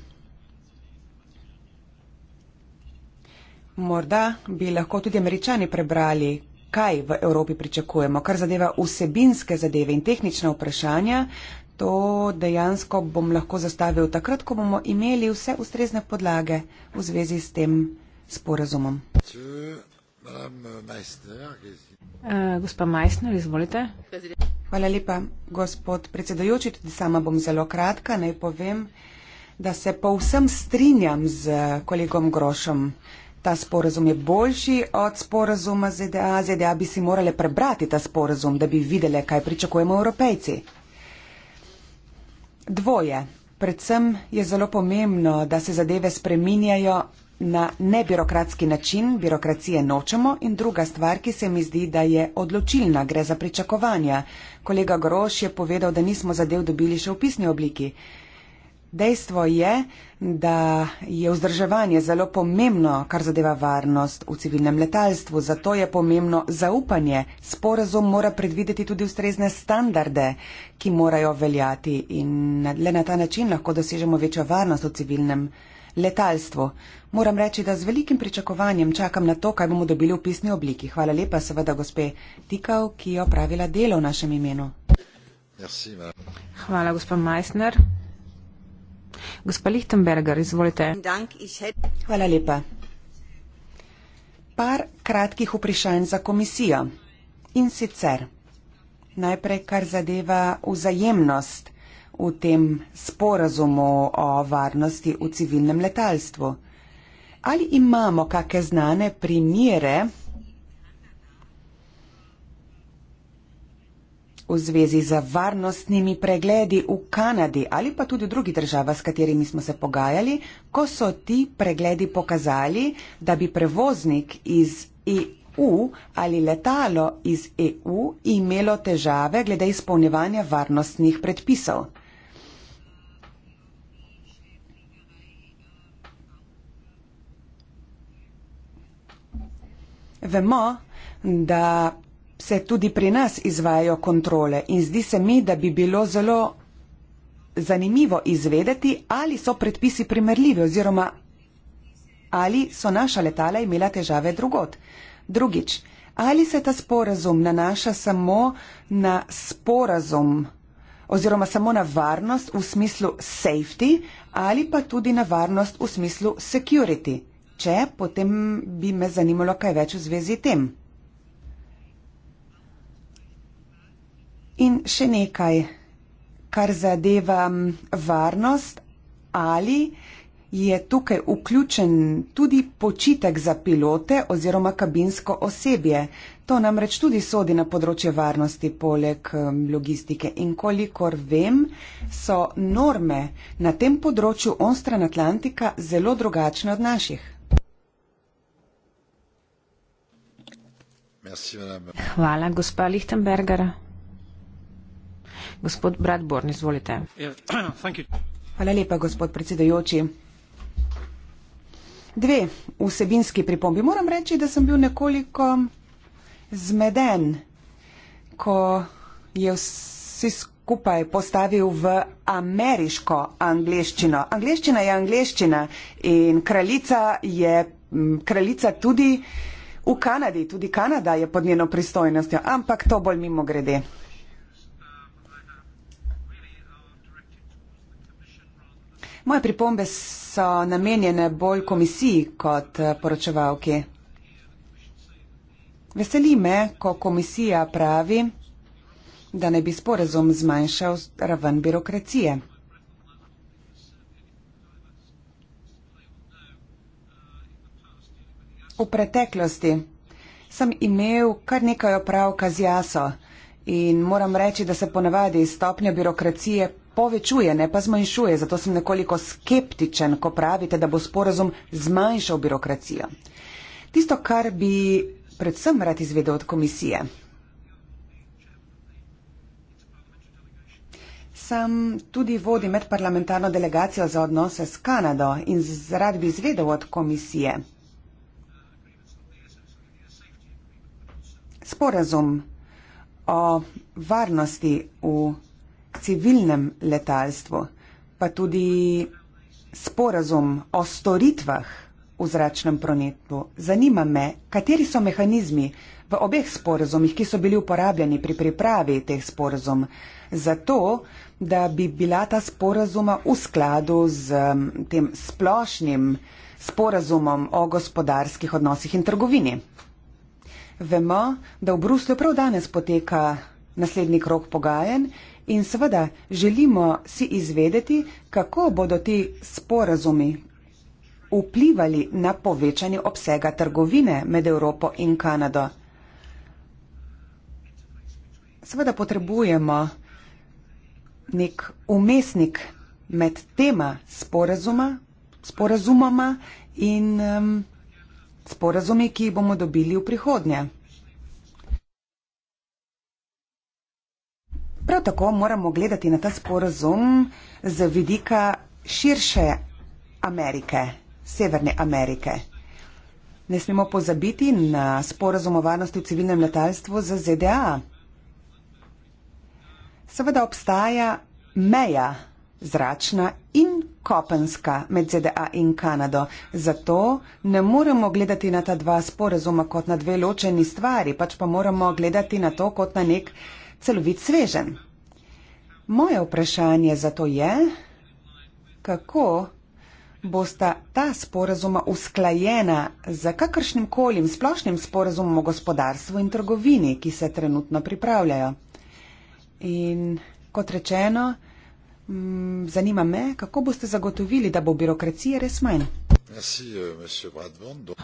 morda bi lahko tudi američani prebrali, kaj v Evropi pričakujemo, kar zadeva vsebinske zadeve in tehnične vprašanja. To dejansko bom lahko zastavil takrat, ko bomo imeli vse ustrezne podlage v zvezi s tem sporazumom. Eh, gospa Majsner, izvolite. Hvala lepa, gospod predsedojoči. Tudi sama bom zelo kratka. Naj povem, da se povsem strinjam z kolegom Grošom ta sporazum je boljši od sporazuma ZDA. ZDA bi si morale prebrati ta sporazum, da bi videle, kaj pričakujemo evropejci. Dvoje. Predvsem je zelo pomembno, da se zadeve spreminjajo na nebirokratski način, birokracije nočemo in druga stvar, ki se mi zdi, da je odločilna, gre za pričakovanja. Kolega Groš je povedal, da nismo zadev dobili še v pisni obliki. Dejstvo je, da je vzdrževanje zelo pomembno, kar zadeva varnost v civilnem letalstvu, zato je pomembno zaupanje. Sporazum mora predvideti tudi ustrezne standarde, ki morajo veljati in le na ta način lahko dosežemo večjo varnost v civilnem letalstvu. Moram reči, da z velikim pričakovanjem čakam na to, kaj bomo dobili v pisni obliki. Hvala lepa seveda gospe Tikal, ki je opravila delo v našem imenu. Merci, Hvala, gospod Meissner. Gospa Lichtenberger, izvolite. Hvala lepa. Par kratkih vprašanj za komisijo. In sicer najprej, kar zadeva vzajemnost v tem sporazumu o varnosti v civilnem letalstvu. Ali imamo kakšne znane primere, v zvezi z varnostnimi pregledi v Kanadi ali pa tudi v drugih državah, s katerimi smo se pogajali, ko so ti pregledi pokazali, da bi prevoznik iz EU ali letalo iz EU imelo težave glede izpolnjevanja varnostnih predpisov. Vemo, da se tudi pri nas izvajajo kontrole in zdi se mi, da bi bilo zelo zanimivo izvedeti, ali so predpisi primerljivi oziroma ali so naša letala imela težave drugot. Drugič, ali se ta sporazum nanaša samo na sporazum oziroma samo na varnost v smislu safety ali pa tudi na varnost v smislu security. Če, potem bi me zanimalo kaj več v zvezi s tem. In še nekaj, kar zadeva varnost, ali je tukaj vključen tudi počitek za pilote oziroma kabinsko osebje. To namreč tudi sodi na področje varnosti poleg logistike. In kolikor vem, so norme na tem področju onstran Atlantika zelo drugačne od naših. Hvala, gospa Lichtenberger. Gospod Bradborn, izvolite. Ja, Hvala lepa, gospod predsedajoči. Dve vsebinski pripombi. Moram reči, da sem bil nekoliko zmeden, ko je vsi skupaj postavil v ameriško angleščino. Angleščina je angleščina in kraljica je kraljica tudi v Kanadi. Tudi Kanada je pod njeno pristojnostjo, ampak to bolj mimo grede. Moje pripombe so namenjene bolj komisiji kot eh, poročevalki. Veseli me, ko komisija pravi, da ne bi sporezum zmanjšal raven birokracije. V preteklosti sem imel kar nekaj opravka z jaso in moram reči, da se ponavadi stopnja birokracije povečuje, ne pa zmanjšuje. Zato sem nekoliko skeptičen, ko pravite, da bo sporazum zmanjšal birokracijo. Tisto, kar bi predvsem rad izvedel od komisije. Sam tudi vodi medparlamentarno delegacijo za odnose s Kanado in rad bi izvedel od komisije. Sporazum o varnosti v civilnem letalstvu, pa tudi sporazum o storitvah v zračnem prometu. Zanima me, kateri so mehanizmi v obeh sporazumih, ki so bili uporabljeni pri pripravi teh sporazum, zato, da bi bila ta sporazuma v skladu z tem splošnim sporazumom o gospodarskih odnosih in trgovini. Vemo, da v Bruslju prav danes poteka naslednji krok pogajen in seveda želimo si izvedeti, kako bodo ti sporazumi vplivali na povečanje obsega trgovine med Evropo in Kanado. Seveda potrebujemo nek umestnik med tema sporazuma, sporazumoma in um, sporazumi, ki jih bomo dobili v prihodnje. Prav tako moramo gledati na ta sporazum z vidika širše Amerike, Severne Amerike. Ne smemo pozabiti na sporazum o varnosti v civilnem letalstvu z ZDA. Seveda obstaja meja zračna in kopenska med ZDA in Kanado. Zato ne moremo gledati na ta dva sporazuma kot na dve ločeni stvari, pač pa moramo gledati na to kot na nek celovit svežen. Moje vprašanje zato je, kako bosta ta sporazuma usklajena z kakršnim kolim splošnim sporazumom o gospodarstvu in trgovini, ki se trenutno pripravljajo. In kot rečeno, mm, zanima me, kako boste zagotovili, da bo birokracije res manj. Euh,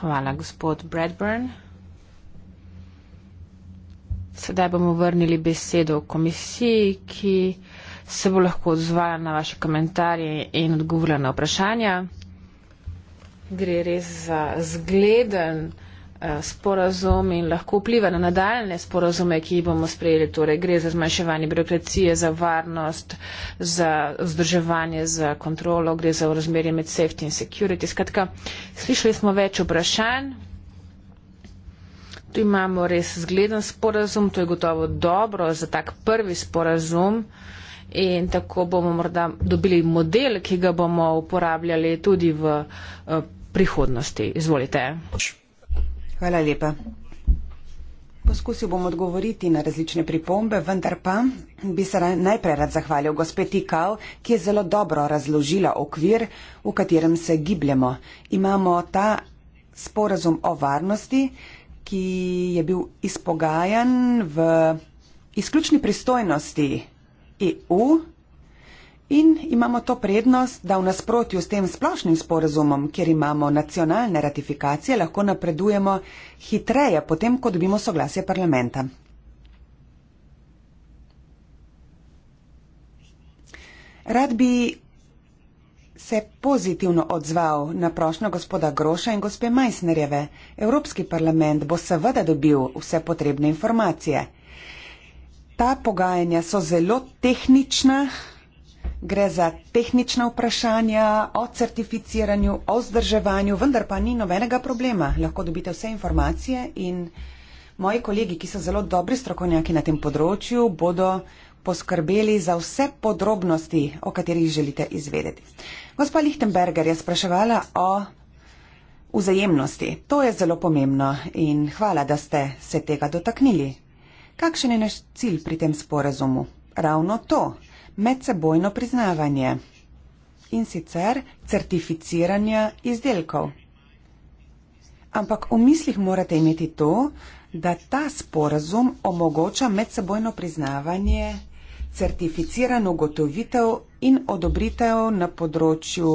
Hvala, gospod Bradburn. Sedaj bomo vrnili besedo komisiji, ki se bo lahko odzvala na vaše komentarje in odgovorila na vprašanja. Gre res za zgleden eh, sporazum in lahko vpliva na nadaljne sporazume, ki jih bomo sprejeli. Torej, gre za zmanjševanje birokracije, za varnost, za vzdrževanje, za kontrolo, gre za razmerje med safety in security. Skratka, slišali smo več vprašanj. Tu imamo res zgleden sporazum, to je gotovo dobro za tak prvi sporazum in tako bomo morda dobili model, ki ga bomo uporabljali tudi v eh, prihodnosti. Izvolite. Hvala lepa. Poskusil bom odgovoriti na različne pripombe, vendar pa bi se najprej rad zahvalil gospeti Kau, ki je zelo dobro razložila okvir, v katerem se gibljemo. Imamo ta sporazum o varnosti, ki je bil izpogajan v izključni pristojnosti EU in imamo to prednost, da v nasprotju s tem splošnim sporazumom, kjer imamo nacionalne ratifikacije, lahko napredujemo hitreje, potem, ko dobimo soglasje parlamenta. Rad bi se pozitivno odzval na prošnjo gospoda Groša in gospe Majsnerjeve. Evropski parlament bo seveda dobil vse potrebne informacije. Ta pogajanja so zelo tehnična, gre za tehnična vprašanja o certificiranju, o vzdrževanju, vendar pa ni nobenega problema. Lahko dobite vse informacije in moji kolegi, ki so zelo dobri strokovnjaki na tem področju, bodo poskrbeli za vse podrobnosti, o katerih želite izvedeti. Gospa Lichtenberger je spraševala o vzajemnosti. To je zelo pomembno in hvala, da ste se tega dotaknili. Kakšen je naš cilj pri tem sporazumu? Ravno to, medsebojno priznavanje in sicer certificiranja izdelkov. Ampak v mislih morate imeti to, da ta sporazum omogoča medsebojno priznavanje certificiran ugotovitev in odobritev na področju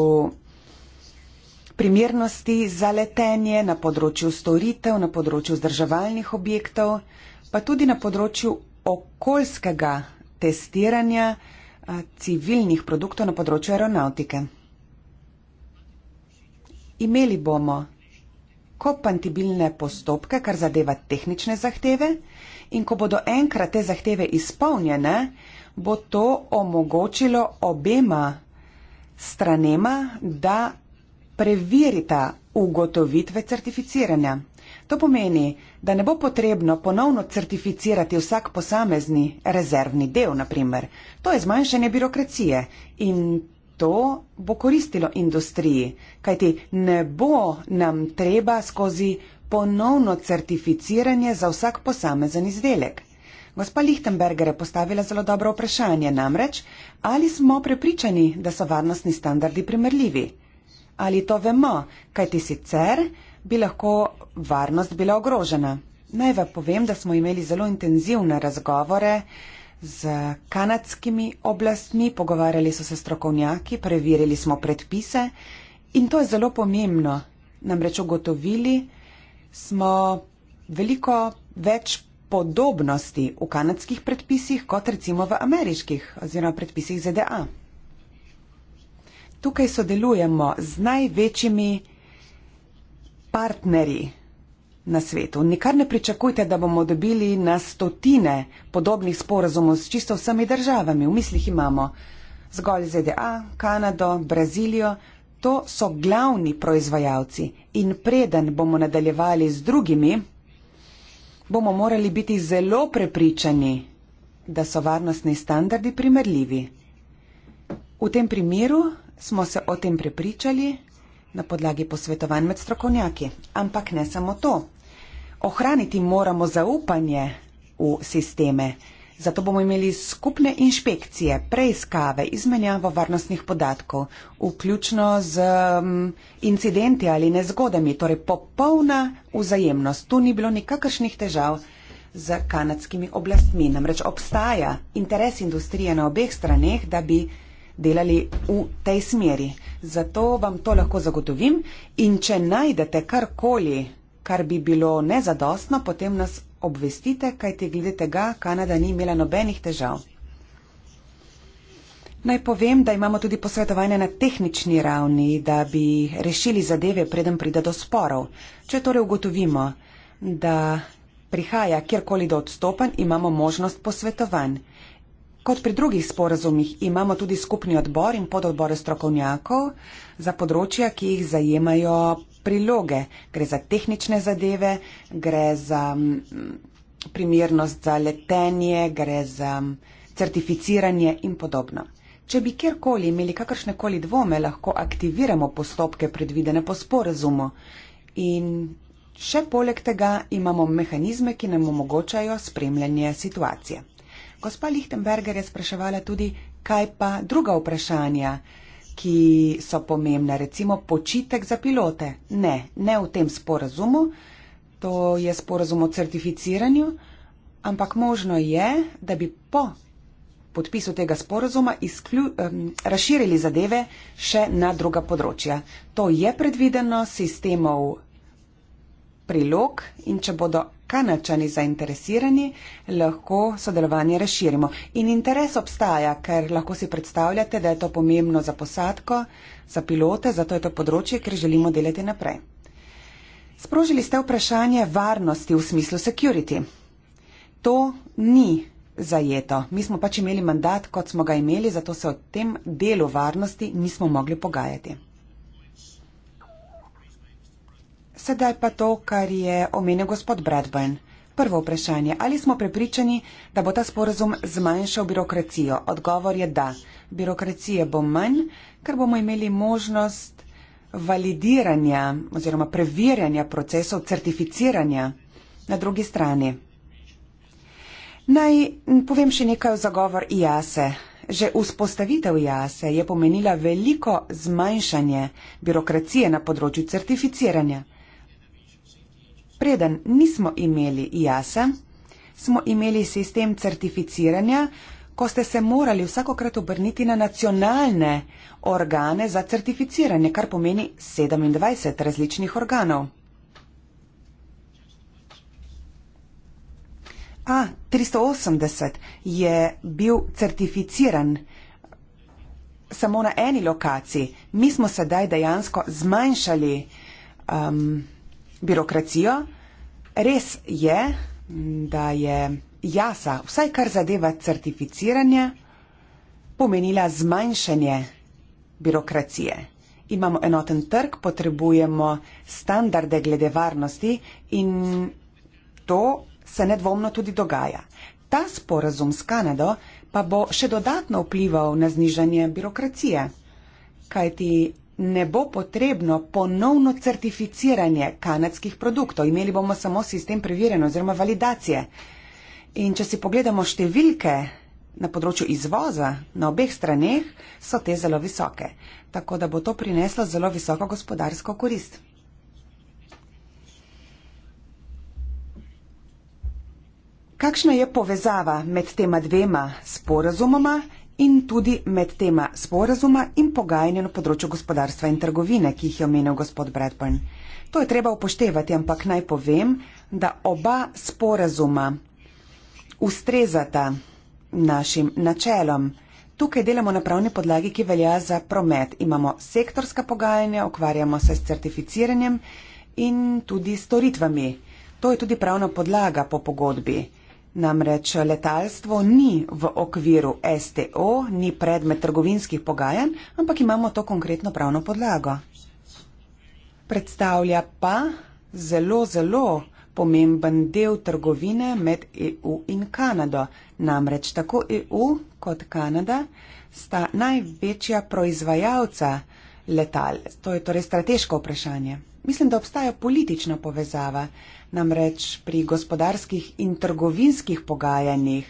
primernosti za letenje, na področju storitev, na področju vzdrževalnih objektov, pa tudi na področju okoljskega testiranja eh, civilnih produktov na področju aeronautike. Imeli bomo kompatibilne postopke, kar zadeva tehnične zahteve, in ko bodo enkrat te zahteve izpolnjene, bo to omogočilo obema stranema, da preverita ugotovitve certificiranja. To pomeni, da ne bo potrebno ponovno certificirati vsak posamezni rezervni del, naprimer. To je zmanjšanje birokracije in to bo koristilo industriji, kajti ne bo nam treba skozi ponovno certificiranje za vsak posamezen izdelek. Gospa Lichtenberger je postavila zelo dobro vprašanje, namreč, ali smo prepričani, da so varnostni standardi primerljivi? Ali to vemo, kaj ti sicer bi lahko varnost bila ogrožena? Naj vam povem, da smo imeli zelo intenzivne razgovore z kanadskimi oblastmi, pogovarjali so se strokovnjaki, preverili smo predpise in to je zelo pomembno. Namreč ugotovili smo veliko več podobnosti v kanadskih predpisih kot recimo v ameriških oziroma predpisih ZDA. Tukaj sodelujemo z največjimi partnerji na svetu. Nikar ne pričakujte, da bomo dobili na stotine podobnih sporazumov s čisto vsemi državami. V mislih imamo zgolj ZDA, Kanado, Brazilijo. To so glavni proizvajalci in preden bomo nadaljevali z drugimi, bomo morali biti zelo prepričani, da so varnostni standardi primerljivi. V tem primeru smo se o tem prepričali na podlagi posvetovanj med strokovnjaki. Ampak ne samo to. Ohraniti moramo zaupanje v sisteme. Zato bomo imeli skupne inšpekcije, preiskave, izmenjavo varnostnih podatkov, vključno z um, incidenti ali nezgodami, torej popolna vzajemnost. Tu ni bilo nikakršnih težav z kanadskimi oblastmi. Namreč obstaja interes industrije na obeh straneh, da bi delali v tej smeri. Zato vam to lahko zagotovim in če najdete karkoli, kar bi bilo nezadostno, potem nas obvestite, kaj te glede tega Kanada ni imela nobenih težav. Naj povem, da imamo tudi posvetovanje na tehnični ravni, da bi rešili zadeve, preden pride do sporov. Če torej ugotovimo, da prihaja kjerkoli do odstopanj, imamo možnost posvetovanj. Kot pri drugih sporazumih imamo tudi skupni odbor in pododbore strokovnjakov za področja, ki jih zajemajo priloge. Gre za tehnične zadeve, gre za primernost za letenje, gre za certificiranje in podobno. Če bi kjerkoli imeli kakršnekoli dvome, lahko aktiviramo postopke predvidene po sporazumu. In še poleg tega imamo mehanizme, ki nam omogočajo spremljanje situacije. Gospa Lichtenberger je spraševala tudi, kaj pa druga vprašanja, ki so pomembna, recimo počitek za pilote. Ne, ne v tem sporazumu, to je sporazum o certificiranju, ampak možno je, da bi po podpisu tega sporazuma izklju, um, razširili zadeve še na druga področja. To je predvideno sistemov prilog in če bodo kanačani zainteresirani, lahko sodelovanje razširimo. In interes obstaja, ker lahko si predstavljate, da je to pomembno za posadko, za pilote, zato je to področje, ker želimo delati naprej. Sprožili ste vprašanje varnosti v smislu security. To ni zajeto. Mi smo pač imeli mandat, kot smo ga imeli, zato se o tem delu varnosti nismo mogli pogajati. sedaj pa to, kar je omenil gospod Bradburn. Prvo vprašanje, ali smo prepričani, da bo ta sporazum zmanjšal birokracijo? Odgovor je da. Birokracije bo manj, ker bomo imeli možnost validiranja oziroma preverjanja procesov certificiranja na drugi strani. Naj povem še nekaj o zagovor IASE. Že vzpostavitev IASE je pomenila veliko zmanjšanje birokracije na področju certificiranja preden nismo imeli jase, smo imeli sistem certificiranja, ko ste se morali vsakokrat obrniti na nacionalne organe za certificiranje, kar pomeni 27 različnih organov. A380 je bil certificiran samo na eni lokaciji. Mi smo sedaj dejansko zmanjšali um, birokracijo. Res je, da je jasa, vsaj kar zadeva certificiranje, pomenila zmanjšanje birokracije. Imamo enoten trg, potrebujemo standarde glede varnosti in to se nedvomno tudi dogaja. Ta sporazum s Kanado pa bo še dodatno vplival na znižanje birokracije, kajti ne bo potrebno ponovno certificiranje kanadskih produktov. Imeli bomo samo sistem preverjeno oziroma validacije. In če si pogledamo številke na področju izvoza na obeh straneh, so te zelo visoke. Tako da bo to prineslo zelo visoko gospodarsko korist. Kakšna je povezava med tema dvema sporazumoma in tudi med tema sporazuma in pogajanja na področju gospodarstva in trgovine, ki jih je omenil gospod Bradburn. To je treba upoštevati, ampak naj povem, da oba sporazuma ustrezata našim načelom. Tukaj delamo na pravni podlagi, ki velja za promet. Imamo sektorska pogajanja, ukvarjamo se s certificiranjem in tudi storitvami. To je tudi pravna podlaga po pogodbi. Namreč letalstvo ni v okviru STO, ni predmet trgovinskih pogajanj, ampak imamo to konkretno pravno podlago. Predstavlja pa zelo, zelo pomemben del trgovine med EU in Kanado. Namreč tako EU kot Kanada sta največja proizvajalca letal. To je torej strateško vprašanje. Mislim, da obstaja politična povezava. Namreč pri gospodarskih in trgovinskih pogajanjih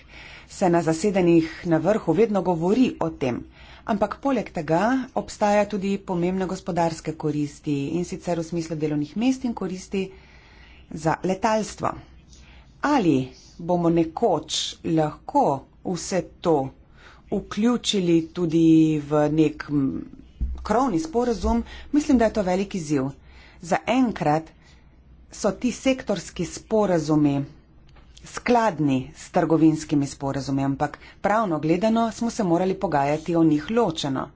se na zasedanjih na vrhu vedno govori o tem. Ampak poleg tega obstaja tudi pomembne gospodarske koristi in sicer v smislu delovnih mest in koristi za letalstvo. Ali bomo nekoč lahko vse to vključili tudi v nek krovni sporazum, mislim, da je to veliki ziv. Za enkrat so ti sektorski sporazumi skladni s trgovinskimi sporazumi, ampak pravno gledano smo se morali pogajati o njih ločeno.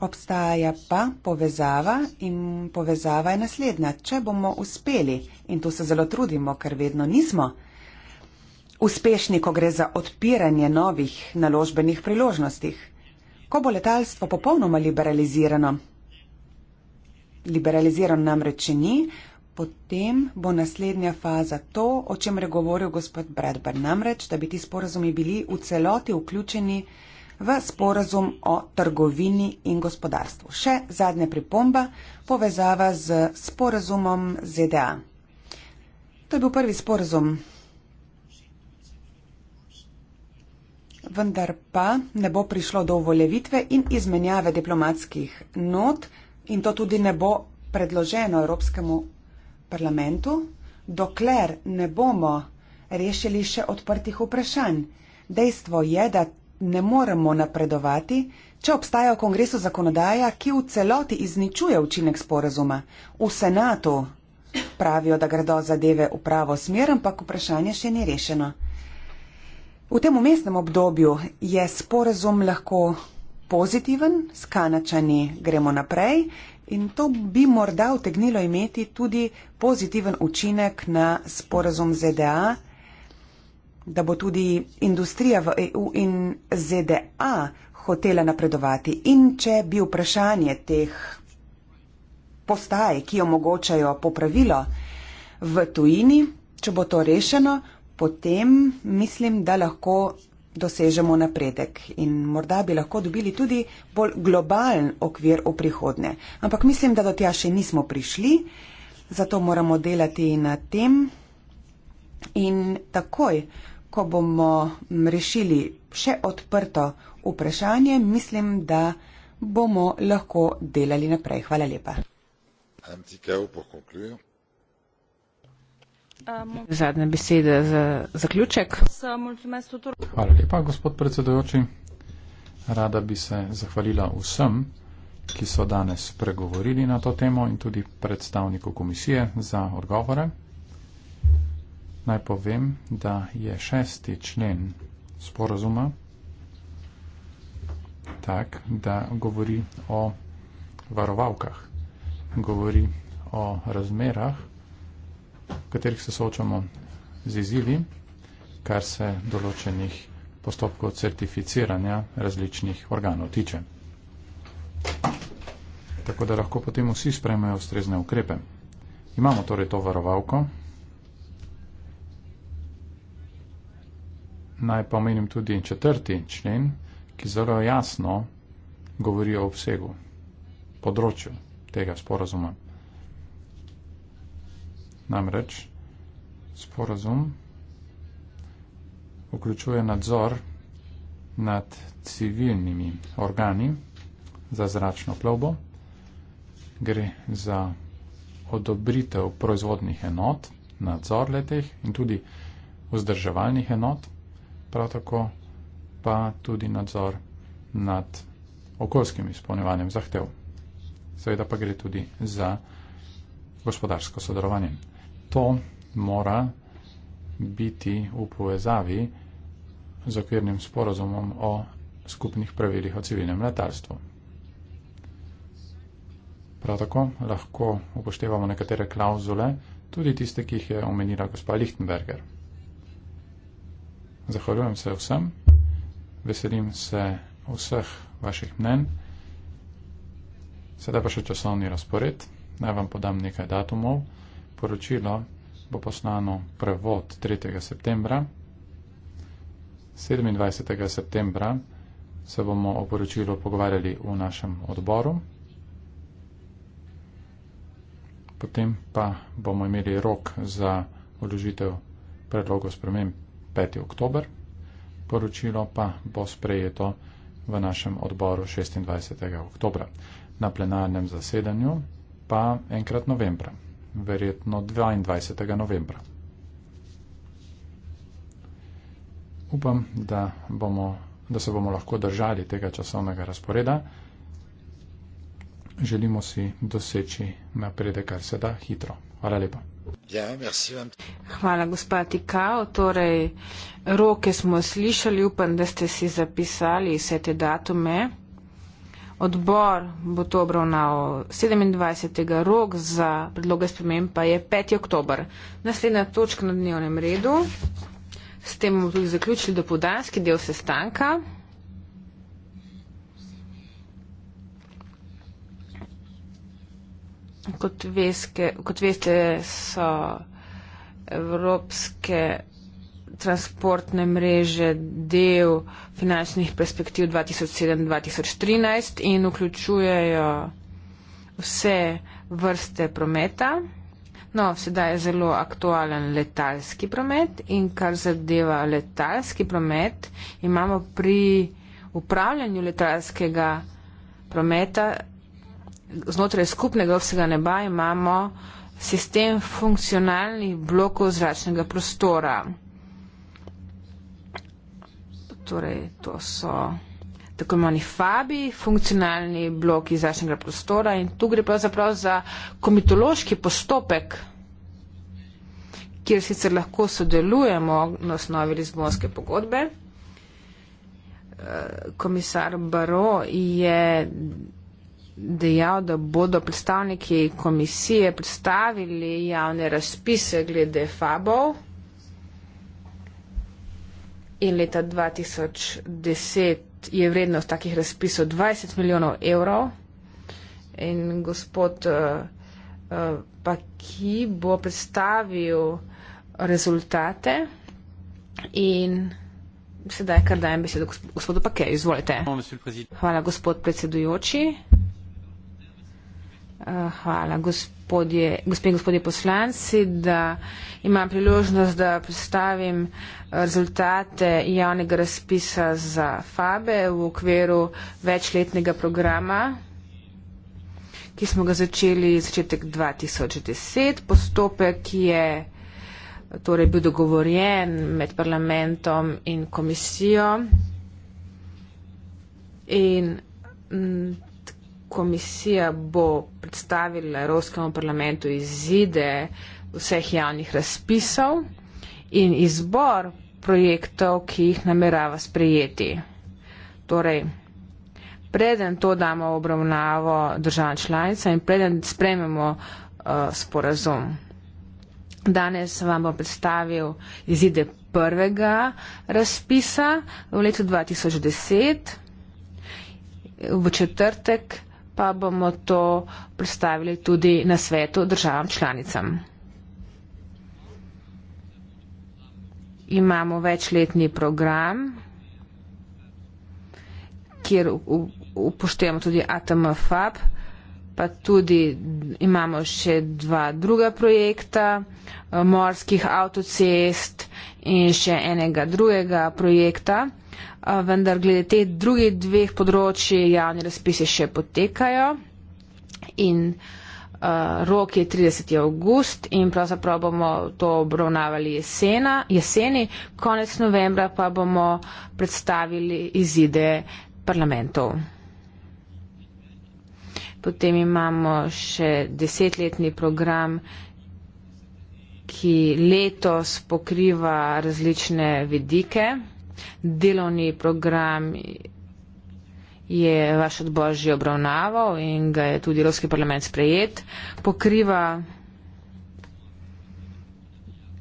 Obstaja pa povezava in povezava je naslednja. Če bomo uspeli, in to se zelo trudimo, ker vedno nismo, uspešni, ko gre za odpiranje novih naložbenih priložnostih, ko bo letalstvo popolnoma liberalizirano, liberalizirano namreč ni, potem bo naslednja faza to, o čem je govoril gospod Bradburn, namreč, da bi ti sporazumi bili v celoti vključeni v sporazum o trgovini in gospodarstvu. Še zadnja pripomba povezava z sporazumom ZDA. To je bil prvi sporazum. Vendar pa ne bo prišlo do uvolevitve in izmenjave diplomatskih not in to tudi ne bo predloženo Evropskemu parlamentu, dokler ne bomo rešili še odprtih vprašanj. Dejstvo je, da ne moremo napredovati, če obstaja v kongresu zakonodaja, ki v celoti izničuje učinek sporazuma. V senatu pravijo, da gredo zadeve v pravo smer, ampak vprašanje še ni rešeno. V tem umestnem obdobju je sporazum lahko pozitiven, s kanačani gremo naprej, In to bi morda utegnilo imeti tudi pozitiven učinek na sporazum ZDA, da bo tudi industrija v EU in ZDA hotela napredovati. In če bi vprašanje teh postaj, ki omogočajo popravilo v tujini, če bo to rešeno, potem mislim, da lahko dosežemo napredek in morda bi lahko dobili tudi bolj globalen okvir v prihodnje. Ampak mislim, da do tja še nismo prišli, zato moramo delati na tem in takoj, ko bomo rešili še odprto vprašanje, mislim, da bomo lahko delali naprej. Hvala lepa. Antikev po konkluju. Zadnje besede za zaključek. Hvala lepa, gospod predsedojoči. Rada bi se zahvalila vsem, ki so danes pregovorili na to temo in tudi predstavniku komisije za odgovore. Naj povem, da je šesti člen sporozuma tak, da govori o varovalkah, govori o razmerah, v katerih se soočamo z izzivi, kar se določenih postopkov certificiranja različnih organov tiče. Tako da lahko potem vsi sprejmejo ustrezne ukrepe. Imamo torej to varovalko. Naj pa omenim tudi četrti člen, ki zelo jasno govori o obsegu področju tega sporazuma. Namreč sporazum vključuje nadzor nad civilnimi organi za zračno plovbo, gre za odobritev proizvodnih enot, nadzor letih in tudi vzdrževalnih enot, prav tako pa tudi nadzor nad okoljskim izpolnjevanjem zahtev. Seveda pa gre tudi za gospodarsko sodelovanje to mora biti v povezavi z okvirnim sporozumom o skupnih pravilih o civilnem letarstvu. Prav tako lahko upoštevamo nekatere klauzule, tudi tiste, ki jih je omenila gospa Lichtenberger. Zahvaljujem se vsem, veselim se vseh vaših mnen. Sedaj pa še časovni razpored. Naj vam podam nekaj datumov poročilo bo poslano prevod 3. septembra. 27. septembra se bomo o poročilu pogovarjali v našem odboru. Potem pa bomo imeli rok za odložitev predlogo spremem 5. oktober. Poročilo pa bo sprejeto v našem odboru 26. oktober. Na plenarnem zasedanju pa enkrat novembra verjetno 22. novembra. Upam, da, bomo, da se bomo lahko držali tega časovnega razporeda. Želimo si doseči napredek, kar se da hitro. Hvala lepa. Ja, merci vam. Hvala, gospa Tikao. Torej, roke smo slišali, upam, da ste si zapisali vse te datume. Odbor bo to obravnaval 27. rok za predloge spremem, pa je 5. oktober. Naslednja točka na dnevnem redu. S tem bomo tudi zaključili dopodanski del sestanka. Kot, veske, kot veste, so evropske transportne mreže del finančnih perspektiv 2007-2013 in vključujejo vse vrste prometa. No, sedaj je zelo aktualen letalski promet in kar zadeva letalski promet, imamo pri upravljanju letalskega prometa znotraj skupnega vsega neba imamo sistem funkcionalnih blokov zračnega prostora torej to so tako imenovani fabi, funkcionalni bloki zračnega prostora in tu gre pravzaprav za komitološki postopek, kjer sicer lahko sodelujemo na osnovi Lizbonske pogodbe. Eh, komisar Baro je dejal, da bodo predstavniki komisije predstavili javne razpise glede fabov in leta 2010 je vrednost takih razpisov 20 milijonov evrov in gospod uh, eh, uh, eh, pa ki bo predstavil rezultate in sedaj kar dajem besedo gospodu Pake, izvolite. Hvala gospod predsedujoči. Uh, hvala gospod gospodje, gospe in gospodje poslanci, da imam priložnost, da predstavim eh, rezultate javnega razpisa za FABE v okviru večletnega programa, ki smo ga začeli začetek 2010. Postopek je torej bil dogovorjen med parlamentom in komisijo in komisija bo predstavila Evropskemu parlamentu izide vseh javnih razpisov in izbor projektov, ki jih namerava sprejeti. Torej, preden to damo v obravnavo državam članica in preden sprememo uh, sporazum. Danes vam bom predstavil izide prvega razpisa v letu 2010. V četrtek pa bomo to predstavili tudi na svetu državam članicam. Imamo večletni program, kjer upoštevamo tudi ATMFAB, pa tudi imamo še dva druga projekta eh, morskih avtocest in še enega drugega projekta vendar glede teh drugih dveh področji javni razpisi še potekajo in rok je 30. august in pravzaprav bomo to obravnavali jesena, jeseni, konec novembra pa bomo predstavili izide parlamentov. Potem imamo še desetletni program ki letos pokriva različne vidike. Delovni program je vaš odbor že obravnaval in ga je tudi Evropski parlament sprejet. Pokriva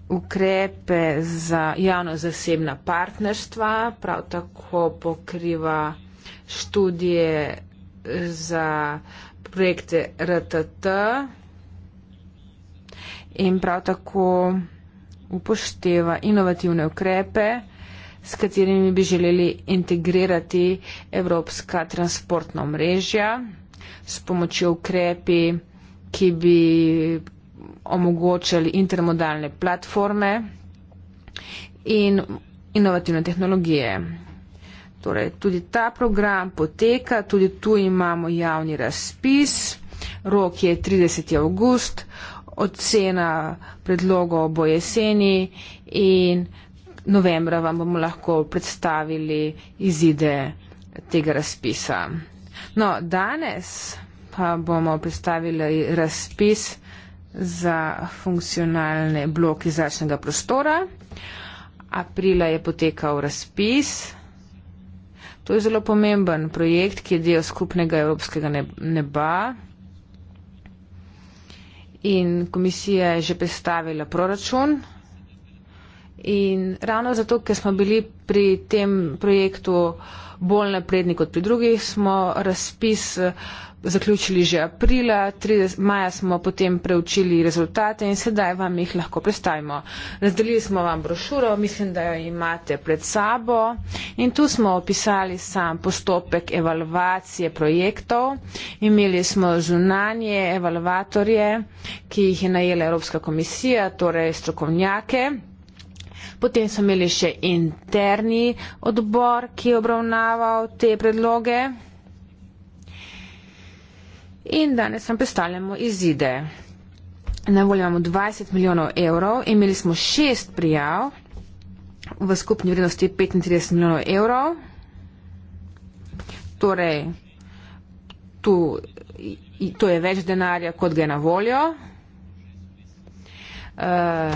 ukrepe za javno-zasebna partnerstva, prav tako pokriva študije za projekte RTT in prav tako upošteva inovativne ukrepe s katerimi bi želeli integrirati evropska transportna mrežja s pomočjo ukrepi, ki bi omogočali intermodalne platforme in inovativne tehnologije. Torej, tudi ta program poteka, tudi tu imamo javni razpis, rok je 30. august, ocena predlogov bo jeseni in novembra vam bomo lahko predstavili izide tega razpisa. No, danes pa bomo predstavili razpis za funkcionalne bloki zračnega prostora. Aprila je potekal razpis. To je zelo pomemben projekt, ki je del skupnega evropskega neba. In komisija je že predstavila proračun In ravno zato, ker smo bili pri tem projektu bolj napredni kot pri drugih, smo razpis eh, zaključili že aprila, 30. maja smo potem preučili rezultate in sedaj vam jih lahko predstavimo. Razdelili smo vam brošuro, mislim, da jo imate pred sabo in tu smo opisali sam postopek evalvacije projektov. Imeli smo zunanje evalvatorje, ki jih je najela Evropska komisija, torej strokovnjake. Potem so imeli še interni odbor, ki je obravnaval te predloge. In danes vam predstavljamo izide. Na voljo imamo 20 milijonov evrov, imeli smo šest prijav v skupni vrednosti 35 milijonov evrov. Torej, tu, to je več denarja, kot ga je na voljo. Uh,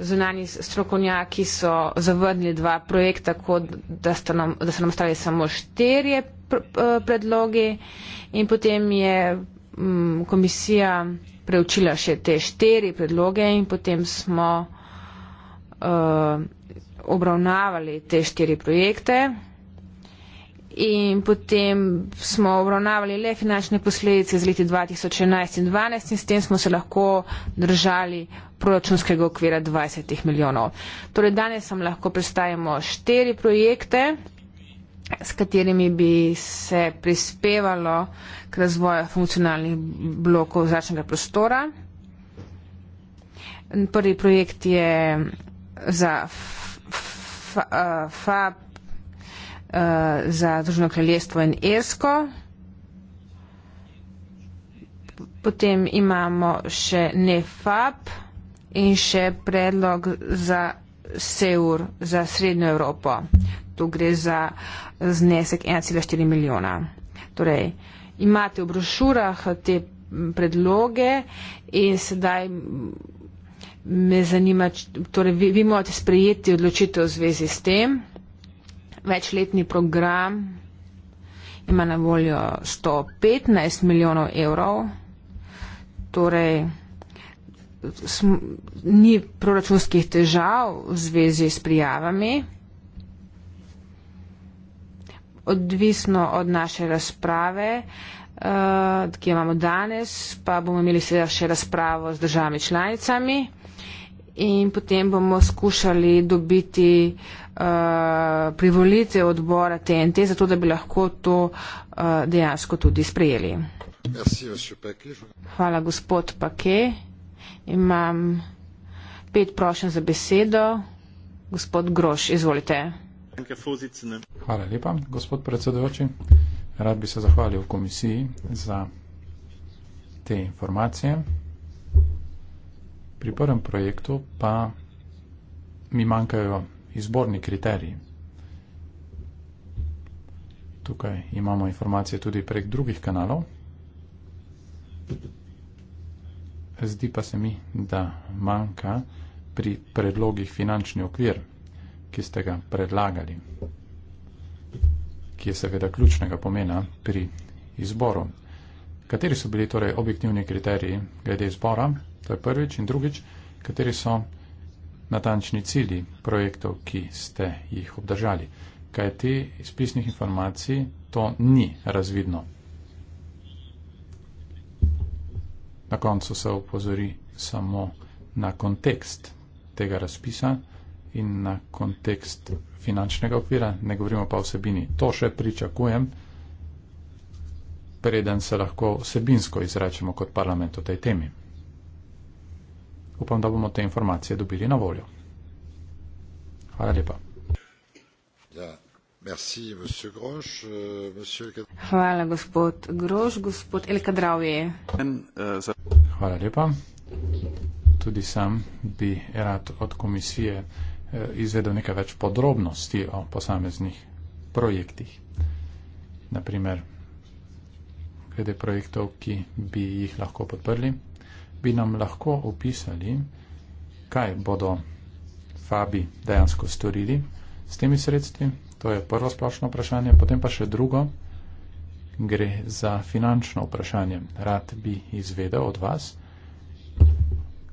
zunani strokovnjaki so zavrnili dva projekta, kot da, nam, da so nam ostali samo štirje pr predlogi in potem je m, mm, komisija preučila še te štiri predloge in potem smo uh, obravnavali te štiri projekte in potem smo obravnavali le finančne posledice z leti 2011 in 2012 in s tem smo se lahko držali proračunskega okvira 20 milijonov. Torej danes nam lahko predstavimo štiri projekte, s katerimi bi se prispevalo k razvoju funkcionalnih blokov zračnega prostora. Prvi projekt je za FAP Eh, za Združeno kraljestvo in Irsko. Potem imamo še NEFAP in še predlog za SEUR za Srednjo Evropo. Tu gre za znesek 1,4 milijona. Torej, imate v brošurah te predloge in sedaj me zanima, torej vi, vi morate sprejeti odločitev v zvezi s tem večletni program ima na voljo 115 milijonov evrov, torej sm, ni proračunskih težav v zvezi s prijavami. Odvisno od naše razprave, uh, ki jo imamo danes, pa bomo imeli seveda še razpravo z državami članicami in potem bomo skušali dobiti uh, Eh, privolitev odbora TNT, zato da bi lahko to uh, dejansko tudi sprejeli. Hvala, gospod Pake. Imam pet prošen za besedo. Gospod Groš, izvolite. Hvala lepa, gospod predsedujoči. Rad bi se zahvalil komisiji za te informacije. Pri prvem projektu pa mi manjkajo izborni kriteriji. Tukaj imamo informacije tudi prek drugih kanalov. Zdi pa se mi, da manjka pri predlogih finančni okvir, ki ste ga predlagali, ki je seveda ključnega pomena pri izboru. Kateri so bili torej objektivni kriteriji glede izbora? To je prvič. In drugič, kateri so natančni cilji projektov, ki ste jih obdržali. Kaj te iz pisnih informacij to ni razvidno? Na koncu se upozori samo na kontekst tega razpisa in na kontekst finančnega okvira, ne govorimo pa o vsebini. To še pričakujem, preden se lahko vsebinsko izračimo kot parlament o tej temi. Upam, da bomo te informacije dobili na voljo. Hvala lepa. Ja, euh, Hvala, gospod Grož. Gospod Elkadrav je. Eh, Hvala lepa. Tudi sam bi rad od komisije eh, izvedel nekaj več podrobnosti o posameznih projektih. Naprimer, glede projektov, ki bi jih lahko podprli bi nam lahko opisali, kaj bodo Fabi dejansko storili s temi sredstvi? To je prvo splošno vprašanje, potem pa še drugo. Gre za finančno vprašanje. Rad bi izvedel od vas,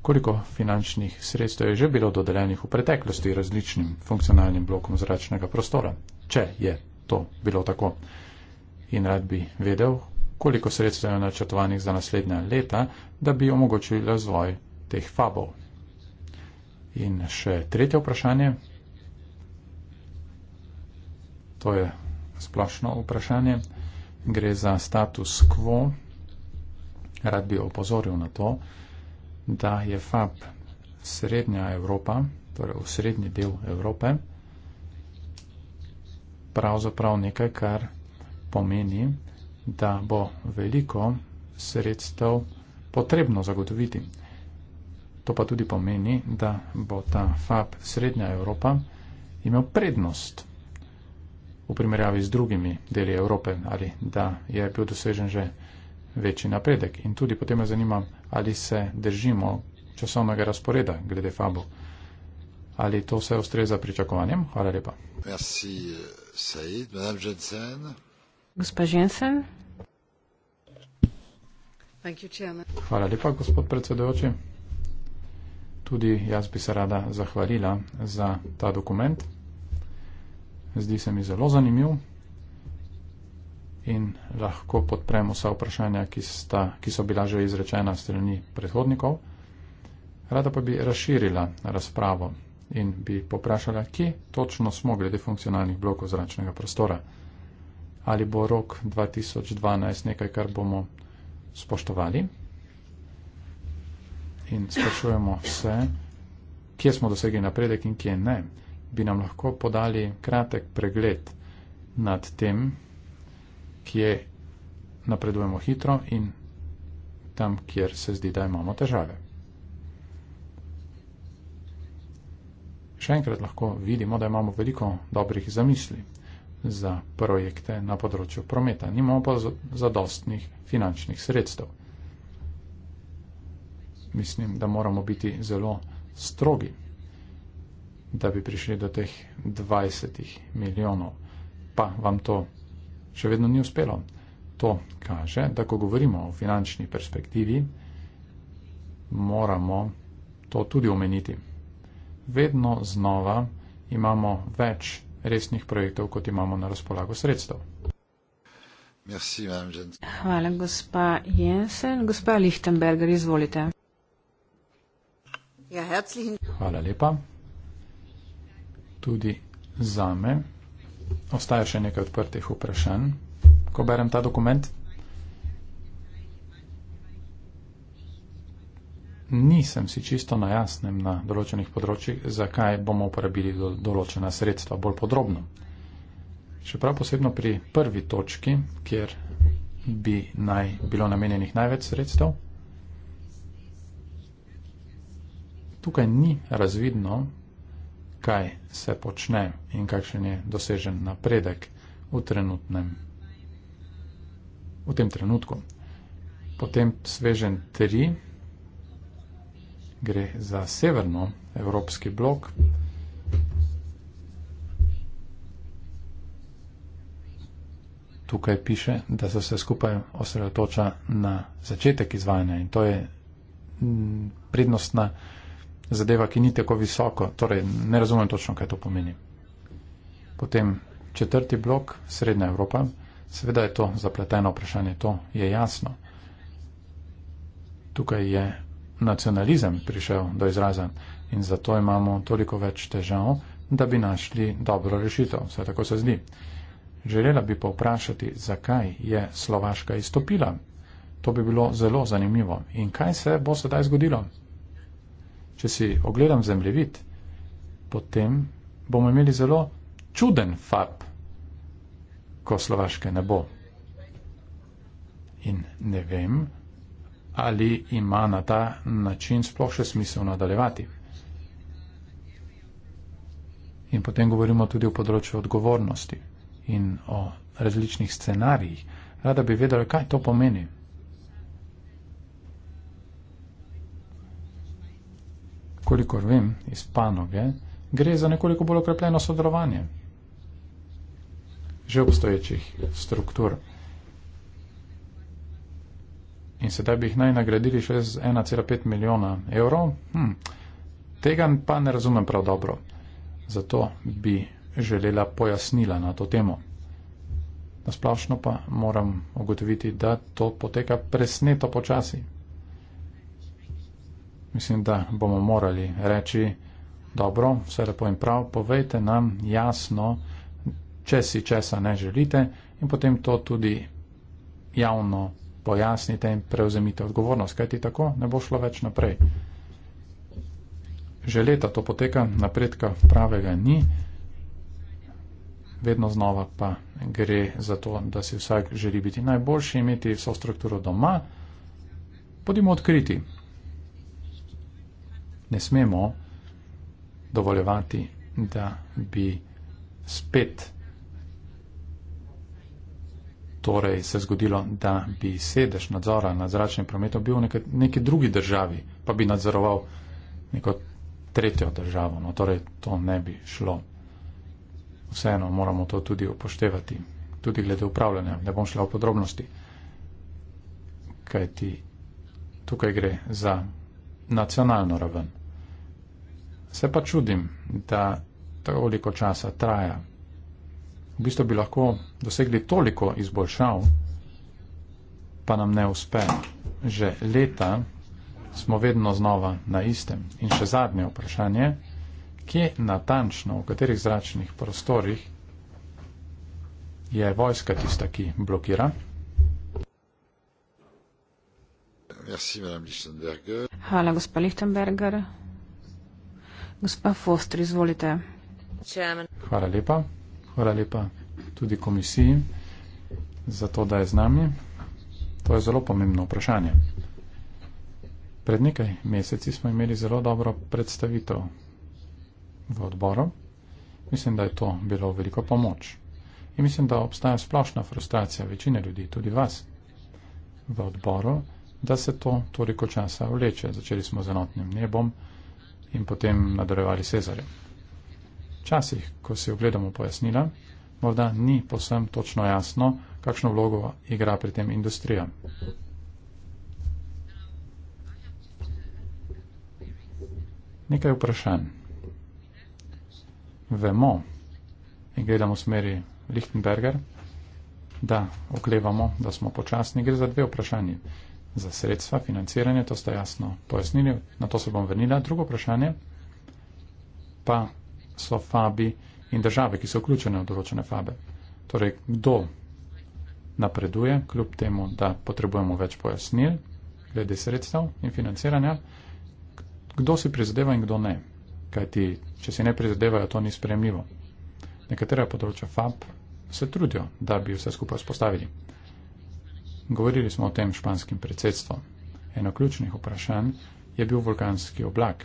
koliko finančnih sredstev je že bilo dodeljenih v preteklosti različnim funkcionalnim blokom zračnega prostora, če je to bilo tako. In rad bi vedel, koliko sredstev je načrtovanih za naslednja leta, da bi omogočili razvoj teh fabov. In še tretje vprašanje. To je splošno vprašanje. Gre za status quo. Rad bi opozoril na to, da je fab srednja Evropa, torej osrednji del Evrope, pravzaprav nekaj, kar pomeni, da bo veliko sredstev potrebno zagotoviti. To pa tudi pomeni, da bo ta FAB Srednja Evropa imel prednost v primerjavi z drugimi deli Evrope ali da je bil dosežen že večji napredek. In tudi potem me zanima, ali se držimo časovnega razporeda glede FABO. Ali to vse ustreza pričakovanjem? Hvala lepa. Merci, Said. Madame Jensen. Gospa Žensen. Hvala lepa, gospod predsedujoči. Tudi jaz bi se rada zahvalila za ta dokument. Zdi se mi zelo zanimiv in lahko podprem vsa vprašanja, ki, sta, ki so bila že izrečena strani predhodnikov. Rada pa bi razširila razpravo in bi poprašala, kje točno smo glede funkcionalnih blokov zračnega prostora ali bo rok 2012 nekaj, kar bomo spoštovali. In sprašujemo se, kje smo dosegli napredek in kje ne. Bi nam lahko podali kratek pregled nad tem, kje napredujemo hitro in tam, kjer se zdi, da imamo težave. Še enkrat lahko vidimo, da imamo veliko dobrih zamisli za projekte na področju prometa, nimamo pa zadostnih finančnih sredstev. Mislim, da moramo biti zelo strogi, da bi prišli do teh 20 milijonov. Pa vam to še vedno ni uspelo. To kaže, da ko govorimo o finančni perspektivi, moramo to tudi omeniti. Vedno znova imamo več resnih projektov, kot imamo na razpolago sredstev. Merci, Hvala, gospa Jensen. Gospa Lichtenberger, izvolite. Ja, Hvala lepa. Tudi zame ostaja še nekaj odprtih vprašanj. Ko berem ta dokument, nisem si čisto na jasnem na določenih področjih, zakaj bomo uporabili določena sredstva bolj podrobno. Še prav posebno pri prvi točki, kjer bi naj bilo namenjenih največ sredstev, tukaj ni razvidno, kaj se počne in kakšen je dosežen napredek v, trenutnem, v tem trenutku. Potem svežen 3 gre za severno evropski blok. Tukaj piše, da se vse skupaj osredotoča na začetek izvajanja in to je mm, prednostna zadeva, ki ni tako visoko. Torej, ne razumem točno, kaj to pomeni. Potem četrti blok, Srednja Evropa. Seveda je to zapleteno vprašanje, to je jasno. Tukaj je nacionalizem prišel do izraza in zato imamo toliko več težav, da bi našli dobro rešitev. Vse tako se zdi. Želela bi pa vprašati, zakaj je Slovaška izstopila. To bi bilo zelo zanimivo. In kaj se bo sedaj zgodilo? Če si ogledam zemljevid, potem bomo imeli zelo čuden fab, ko Slovaške ne bo. In ne vem, ali ima na ta način sploh še smisel nadaljevati. In potem govorimo tudi o področju odgovornosti in o različnih scenarijih. Rada bi vedela, kaj to pomeni. Kolikor vem iz panoge, gre za nekoliko bolj okrepljeno sodelovanje že obstoječih struktur in sedaj bi jih naj nagradili še z 1,5 milijona evrov. Hm. Tega pa ne razumem prav dobro. Zato bi želela pojasnila na to temo. Nasplošno pa moram ugotoviti, da to poteka presneto počasi. Mislim, da bomo morali reči, dobro, vse lepo in prav, povejte nam jasno, če si česa ne želite in potem to tudi javno pojasnite in prevzemite odgovornost, kajti tako ne bo šlo več naprej. Že leta to poteka, napredka pravega ni, vedno znova pa gre za to, da si vsak želi biti najboljši, imeti vso strukturo doma. Podimo odkriti. Ne smemo dovoljevati, da bi spet torej se zgodilo, da bi sedež nadzora nad zračnim prometom bil v neke, neki drugi državi, pa bi nadzoroval neko tretjo državo. No, torej, to ne bi šlo. Vseeno moramo to tudi upoštevati, tudi glede upravljanja. Ne bom šla v podrobnosti, kaj ti tukaj gre za nacionalno raven. Se pa čudim, da toliko časa traja v bistvu bi lahko dosegli toliko izboljšav, pa nam ne uspe. Že leta smo vedno znova na istem. In še zadnje vprašanje, kje natančno, v katerih zračnih prostorih je vojska tista, ki blokira? Merci, Hvala, gospa Lichtenberger. Gospa Foster, izvolite. Hvala lepa. Hvala lepa tudi komisiji za to, da je z nami. To je zelo pomembno vprašanje. Pred nekaj meseci smo imeli zelo dobro predstavitev v odboru. Mislim, da je to bilo veliko pomoč. In mislim, da obstaja splošna frustracija večine ljudi, tudi vas, v odboru, da se to toliko časa vleče. Začeli smo z enotnim nebom in potem nadaljevali Cezarjem. Včasih, ko si ogledamo pojasnila, morda ni posem točno jasno, kakšno vlogo igra pri tem industrija. Nekaj vprašanj. Vemo in gledamo v smeri Lichtenberger, da oklevamo, da smo počasni. Gre za dve vprašanje. Za sredstva, financiranje, to ste jasno pojasnili, na to se bom vrnila. Drugo vprašanje pa so fabi in države, ki so vključene v določene fabe. Torej, kdo napreduje, kljub temu, da potrebujemo več pojasnil glede sredstev in financiranja, kdo si prizadeva in kdo ne. Kaj ti, če si ne prizadevajo, to ni sprejemljivo. Nekatera področja fab se trudijo, da bi vse skupaj spostavili. Govorili smo o tem španskim predsedstvom. Eno ključnih vprašanj je bil vulkanski oblak,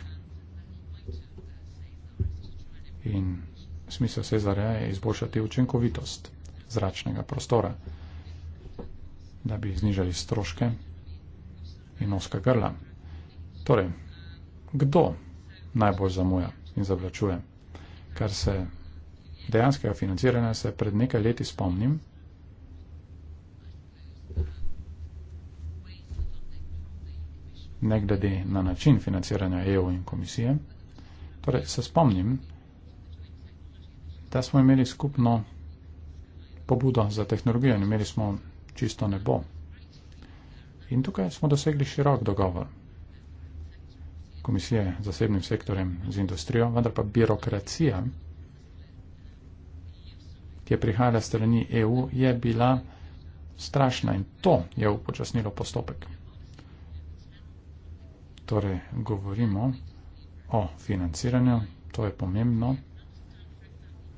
in smisel Sezara je izboljšati učinkovitost zračnega prostora, da bi znižali stroške in oska grla. Torej, kdo najbolj zamuja in zavlačuje? Kar se dejanskega financiranja se pred nekaj leti spomnim, ne glede na način financiranja EU in komisije, torej se spomnim, da smo imeli skupno pobudo za tehnologijo in imeli smo čisto nebo. In tukaj smo dosegli širok dogovor komisije z zasebnim sektorjem, z industrijo, vendar pa birokracija, ki je prihajala strani EU, je bila strašna in to je upočasnilo postopek. Torej, govorimo o financiranju, to je pomembno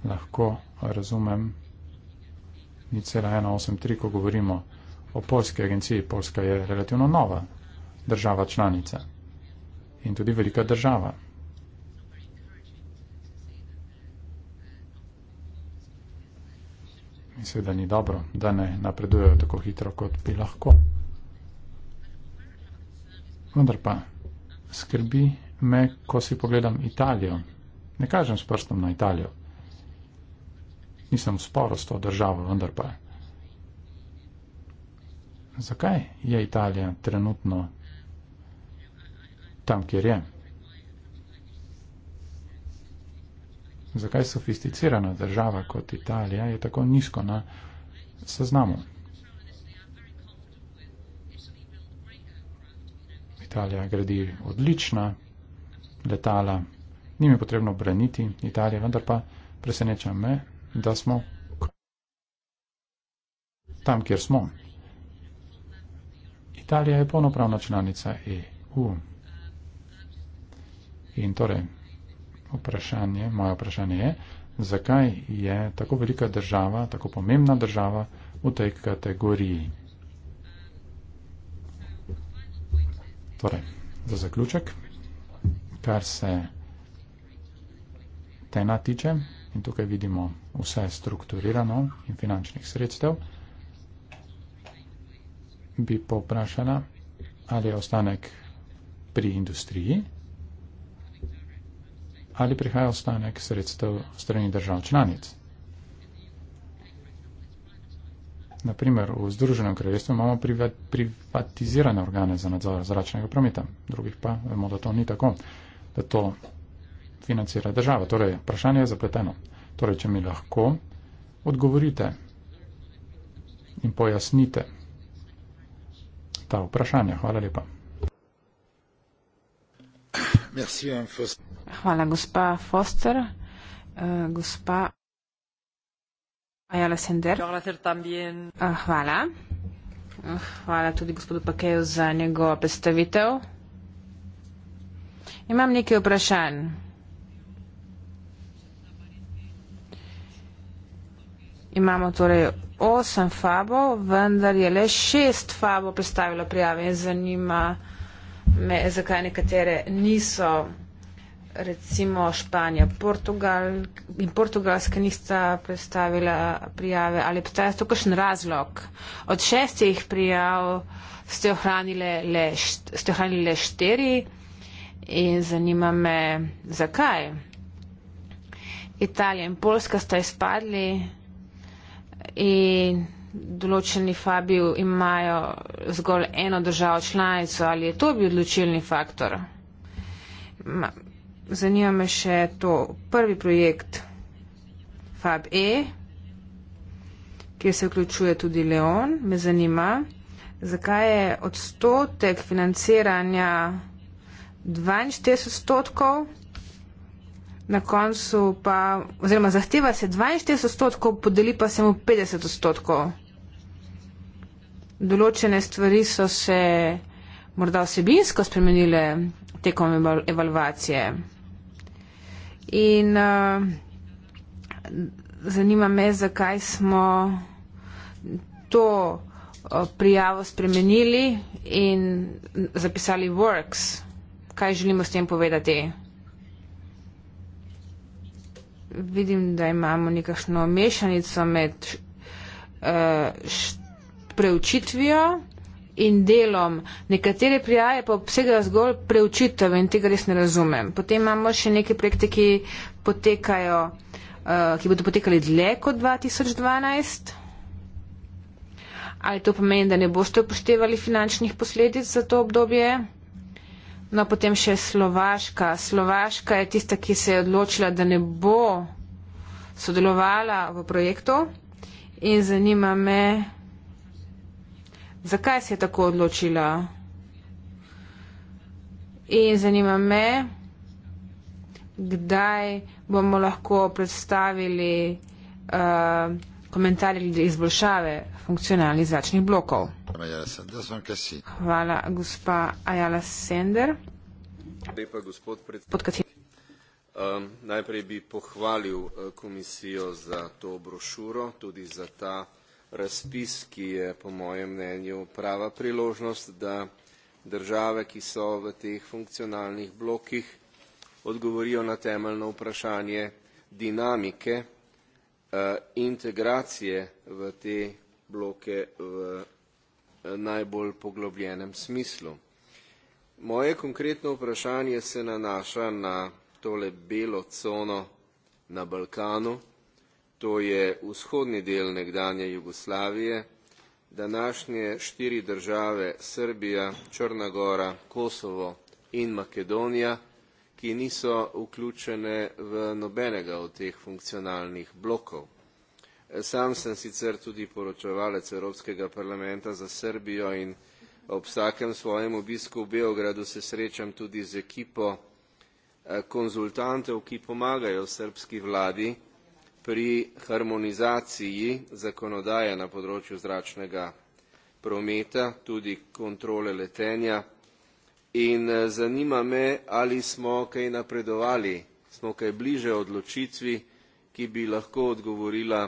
lahko razumem. Ni cela 183, ko govorimo o Polski agenciji. Polska je relativno nova država članica in tudi velika država. Mislim, da ni dobro, da ne napredujejo tako hitro, kot bi lahko. Vendar pa skrbi me, ko si pogledam Italijo. Ne kažem s prstom na Italijo, nisem v sporu s to državo, vendar pa. Zakaj je Italija trenutno tam, kjer je? Zakaj sofisticirana država kot Italija je tako nizko na seznamu? Italija gradi odlična letala, ni mi potrebno braniti Italije, vendar pa preseneča me, da smo tam, kjer smo. Italija je polnopravna članica EU. In torej, vprašanje, moje vprašanje je, zakaj je tako velika država, tako pomembna država v tej kategoriji. Torej, za zaključek, kar se tena tiče, In tukaj vidimo vse strukturirano in finančnih sredstev. Bi pa vprašala, ali je ostanek pri industriji, ali prihaja ostanek sredstev strani držav članic. Naprimer, v Združenem kraljestvu imamo privatizirane organe za nadzor zračnega prometa, drugih pa vemo, da to ni tako, da to financira država. Torej, vprašanje je zapleteno. Torej, če mi lahko odgovorite in pojasnite ta vprašanja. Hvala lepa. Hvala, gospa Foster. Eh, gospa Ajala Sender. Eh, hvala. Eh, hvala tudi gospodu Pakeju za njegovo predstavitev. Imam nekaj vprašanj. Imamo torej osem fabov, vendar je le šest fabov predstavilo prijave in zanima me, zakaj nekatere niso, recimo Španija, Portugal in Portugalska nista predstavila prijave ali pa je to kakšen razlog. Od šestih prijav ste ohranili le, št ste ohranili le štiri in zanima me, zakaj. Italija in Poljska sta izpadli in določeni fabi imajo zgolj eno državo članico, ali je to bil odločilni faktor? Zanima me še to prvi projekt Fab E, kjer se vključuje tudi Leon. Me zanima, zakaj je odstotek financiranja 42 odstotkov? na koncu pa, oziroma zahteva se 42 odstotkov, podeli pa se mu 50 odstotkov. Določene stvari so se morda osebinsko spremenile tekom evalvacije. In uh, zanima me, zakaj smo to uh, prijavo spremenili in zapisali works. Kaj želimo s tem povedati? vidim, da imamo nekakšno mešanico med uh, preučitvijo in delom. Nekatere prijave pa obsega zgolj preučitev in tega res ne razumem. Potem imamo še neke projekte, ki, potekajo, uh, ki bodo potekali dlje kot 2012. Ali to pomeni, da ne boste upoštevali finančnih posledic za to obdobje? No, potem še Slovaška. Slovaška je tista, ki se je odločila, da ne bo sodelovala v projektu. In zanima me, zakaj se je tako odločila. In zanima me, kdaj bomo lahko predstavili. Uh, komentarje glede izboljšave funkcionalnih zračnih blokov. Hvala, gospa Ajala Sender. Lepa, gospod predsednik. Um, najprej bi pohvalil uh, komisijo za to brošuro, tudi za ta razpis, ki je po mojem mnenju prava priložnost, da države, ki so v teh funkcionalnih blokih, odgovorijo na temeljno vprašanje dinamike Eh, integracije v te bloke v eh, najbolj poglobljenem smislu. Moje konkretno vprašanje se nanaša na tole belo cono na Balkanu, to je vzhodni del nekdanje Jugoslavije, današnje štiri države Srbija, Črna gora, Kosovo in Makedonija, ki niso vključene v nobenega od teh funkcionalnih blokov. Sam sem sicer tudi poročevalec Evropskega parlamenta za Srbijo in ob vsakem svojem obisku v Beogradu se srečam tudi z ekipo eh, konzultantov, ki pomagajo srbski vladi pri harmonizaciji zakonodaje na področju zračnega prometa, tudi kontrole letenja, In eh, zanima me, ali smo kaj napredovali, smo kaj bliže odločitvi, ki bi lahko odgovorila,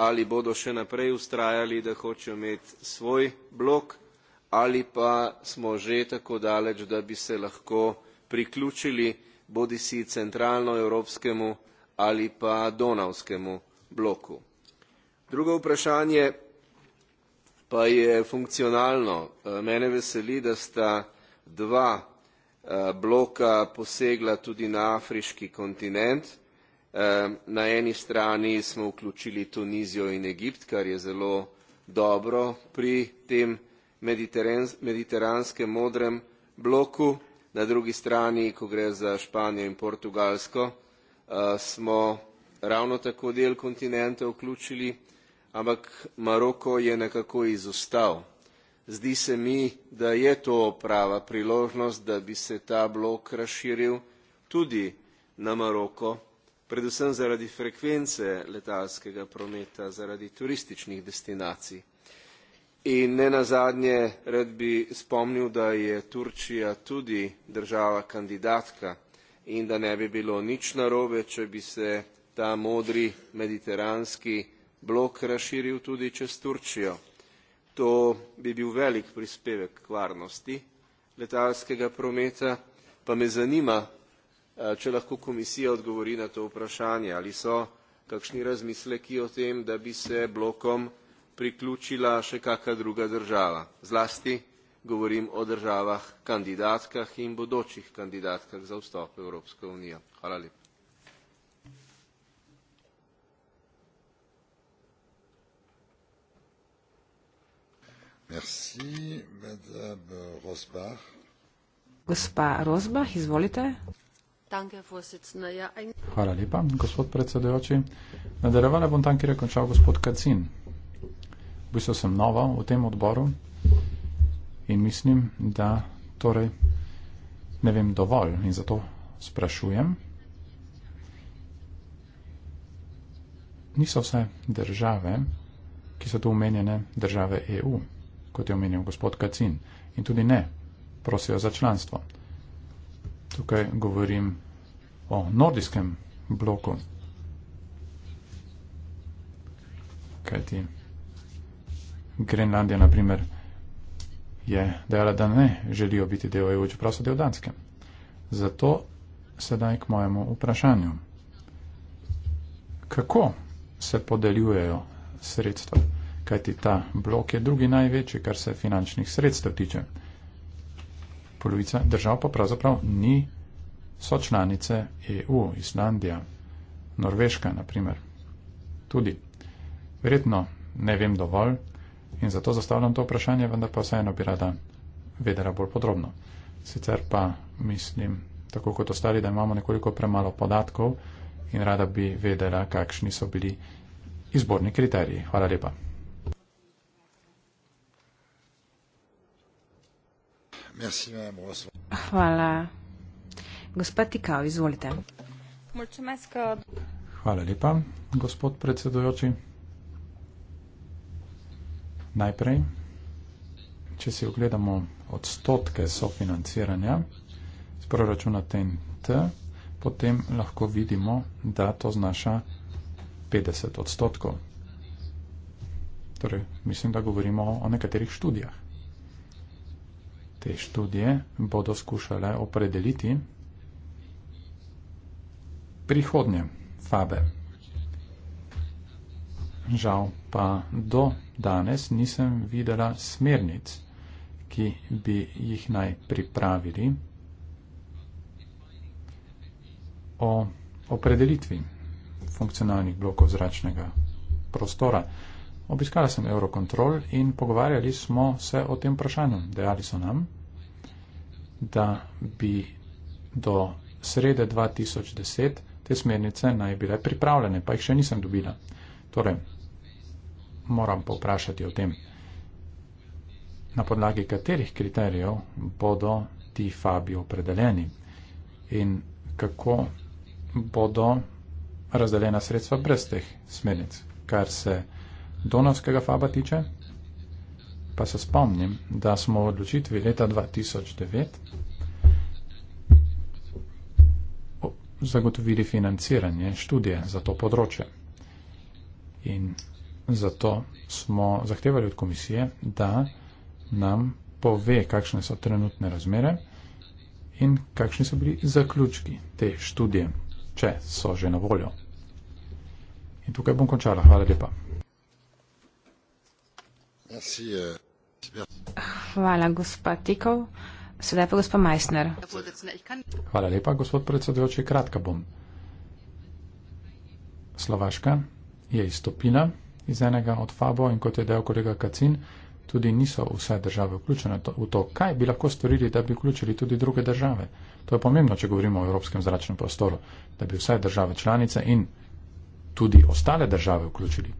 ali bodo še naprej ustrajali, da hočejo imeti svoj blok, ali pa smo že tako daleč, da bi se lahko priključili bodi si centralno-evropskemu ali pa donavskemu bloku. Drugo vprašanje pa je funkcionalno. Eh, mene veseli, da sta vprašanje, dva eh, bloka posegla tudi na afriški kontinent. Eh, na eni strani smo vključili Tunizijo in Egipt, kar je zelo dobro pri tem mediteranskem modrem bloku. Na drugi strani, ko gre za Španijo in Portugalsko, eh, smo ravno tako del kontinenta vključili, ampak Maroko je nekako izostal zdi se mi da je to prava priložnost da bi se ta blok razširil tudi na maroko predvsem zaradi frekvence letalskega prometa zaradi turističnih destinacij in nenazadnje rad bi spomnil da je turčija tudi država kandidatka in da ne bi bilo nič narobe če bi se ta modri mediteranski blok razširil tudi čez turčijo. To bi bil velik prispevek k varnosti letalskega prometa, pa me zanima, če lahko komisija odgovori na to vprašanje, ali so kakšni razmisleki o tem, da bi se blokom priključila še kakšna druga država. Zlasti govorim o državah kandidatkah in bodočih kandidatkah za vstop v Evropsko unijo. Hvala lepa. Gospa Rosbach, izvolite. Ja, Hvala lepa, gospod predsedojoči. Nadaljevala bom tam, kjer je končal gospod Kacin. V bistvu sem nova v tem odboru in mislim, da torej ne vem dovolj in zato sprašujem. Niso vse države, ki so tu umenjene, države EU kot je omenil gospod Kacin, in tudi ne, prosijo za članstvo. Tukaj govorim o nordijskem bloku, kajti Grenlandija, naprimer, je dejala, da ne želijo biti del EU, čeprav so del Danske. Zato sedaj k mojemu vprašanju. Kako se podeljujejo sredstva? kajti ta blok je drugi največji, kar se finančnih sredstev tiče. Polovica držav pa pravzaprav ni sočlanice EU, Islandija, Norveška naprimer. Tudi. Verjetno ne vem dovolj in zato zastavljam to vprašanje, vendar pa vseeno bi rada vedela bolj podrobno. Sicer pa mislim, tako kot ostali, da imamo nekoliko premalo podatkov in rada bi vedela, kakšni so bili izborni kriteriji. Hvala lepa. Hvala. Gospod Tikal, izvolite. Hvala lepa, gospod predsedujoči. Najprej, če si ogledamo odstotke sofinanciranja z proračuna TNT, potem lahko vidimo, da to znaša 50 odstotkov. Torej, mislim, da govorimo o nekaterih študijah te študije bodo skušale opredeliti prihodnje fabe. Žal pa do danes nisem videla smernic, ki bi jih naj pripravili o opredelitvi funkcionalnih blokov zračnega prostora obiskala sem Eurocontrol in pogovarjali smo se o tem vprašanju. Dejali so nam, da bi do srede 2010 te smernice naj bile pripravljene, pa jih še nisem dobila. Torej, moram pa vprašati o tem, na podlagi katerih kriterijev bodo ti fabi opredeljeni in kako bodo razdeljena sredstva brez teh smernic, kar se donavskega faba tiče, pa se spomnim, da smo v odločitvi leta 2009 zagotovili financiranje študije za to področje. In zato smo zahtevali od komisije, da nam pove, kakšne so trenutne razmere in kakšni so bili zaključki te študije, če so že na voljo. In tukaj bom končala. Hvala lepa. Euh, Hvala, gospod Tikov. Sedaj pa gospod Meissner. Hvala lepa, gospod predsedujoči. Kratka bom. Slovaška je izstopila iz enega od FABO in kot je dejal kolega Kacin, tudi niso vse države vključene v to. Kaj bi lahko storili, da bi vključili tudi druge države? To je pomembno, če govorimo o evropskem zračnem prostoru, da bi vse države članice in tudi ostale države vključili.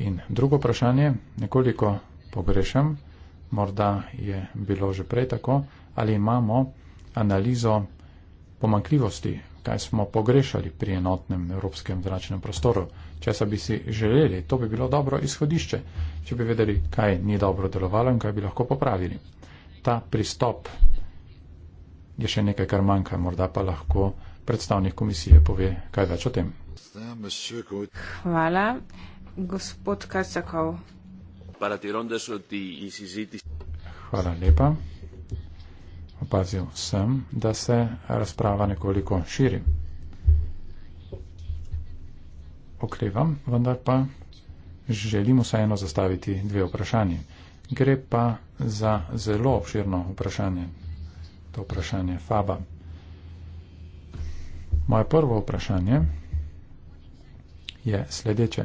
In drugo vprašanje, nekoliko pogrešam, morda je bilo že prej tako, ali imamo analizo pomankljivosti, kaj smo pogrešali pri enotnem evropskem zračnem prostoru. Če se bi si želeli, to bi bilo dobro izhodišče, če bi vedeli, kaj ni dobro delovalo in kaj bi lahko popravili. Ta pristop je še nekaj, kar manjka, morda pa lahko predstavnik komisije pove kaj več o tem. Hvala gospod Karcakov. Hvala lepa. Opazil sem, da se razprava nekoliko širi. Oklevam, vendar pa želim vseeno zastaviti dve vprašanje. Gre pa za zelo obširno vprašanje, to vprašanje Faba. Moje prvo vprašanje je sledeče.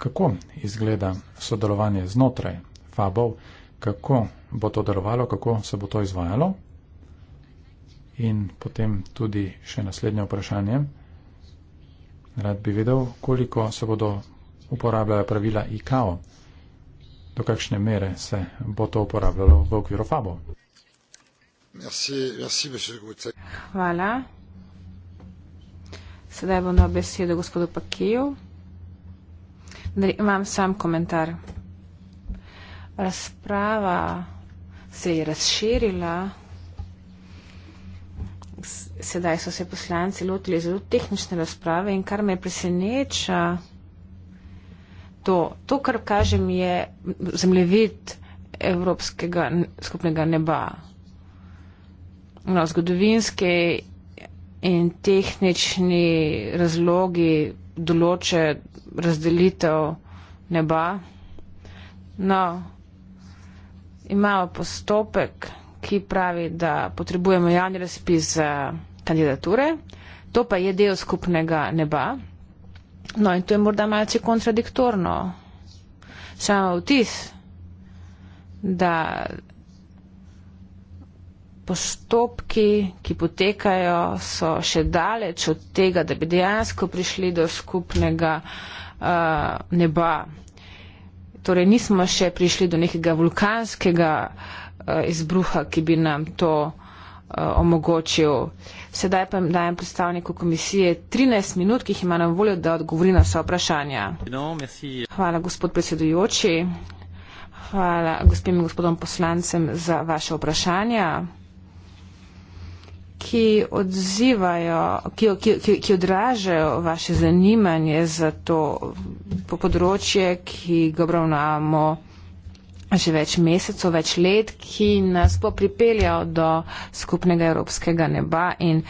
Kako izgleda sodelovanje znotraj FABOV, kako bo to delovalo, kako se bo to izvajalo? In potem tudi še naslednje vprašanje. Rad bi vedel, koliko se bodo uporabljala pravila ICAO, do kakšne mere se bo to uporabljalo v okviru FABO. Hvala. Sedaj bom na besedo gospodu Pakiju. Imam sam komentar. Razprava se je razširila. Sedaj so se poslanci lotili zelo tehnične razprave in kar me preseneča, to, to kar kažem, je zemljevid evropskega skupnega neba. No, zgodovinski in tehnični razlogi določe razdelitev neba. No, imamo postopek, ki pravi, da potrebujemo javni razpis za kandidature, to pa je del skupnega neba. No in to je morda malce kontradiktorno. Samo vtis, da postopki, ki potekajo, so še daleč od tega, da bi dejansko prišli do skupnega uh, neba. Torej, nismo še prišli do nekega vulkanskega uh, izbruha, ki bi nam to uh, omogočil. Sedaj pa dajem predstavniku komisije 13 minut, ki jih ima na voljo, da odgovori na vse vprašanja. No, Hvala, gospod predsedujoči. Hvala gospodom poslancem za vaše vprašanja ki odzivajo, ki, ki, ki, ki odražajo vaše zanimanje za to po področje, ki ga obravnavamo že več mesecev, več let, ki nas bo pripeljal do skupnega evropskega neba in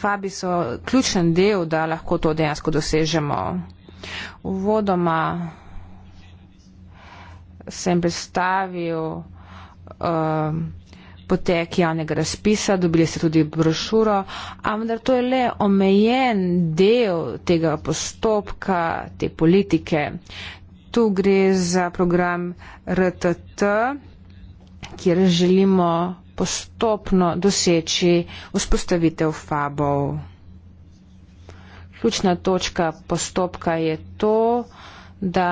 Fabi so ključen del, da lahko to dejansko dosežemo. Uvodoma sem predstavil um, potek javnega razpisa, dobili ste tudi brošuro, ampak to je le omejen del tega postopka, te politike. Tu gre za program RTT, kjer želimo postopno doseči vzpostavitev fabov. Ključna točka postopka je to, da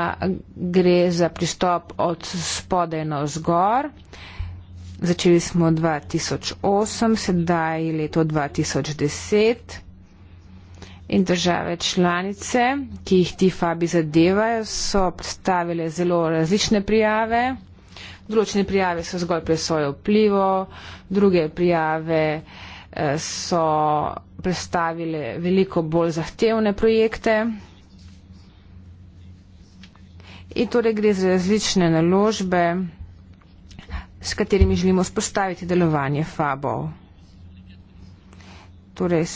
gre za pristop od spodaj na vzgor. Začeli smo 2008, sedaj je leto 2010 in države članice, ki jih ti fabi zadevajo, so predstavile zelo različne prijave. Določene prijave so zgolj presojo vplivo, druge prijave eh, so predstavile veliko bolj zahtevne projekte. In torej gre za različne naložbe s katerimi želimo spostaviti delovanje FABO-ov. Torej,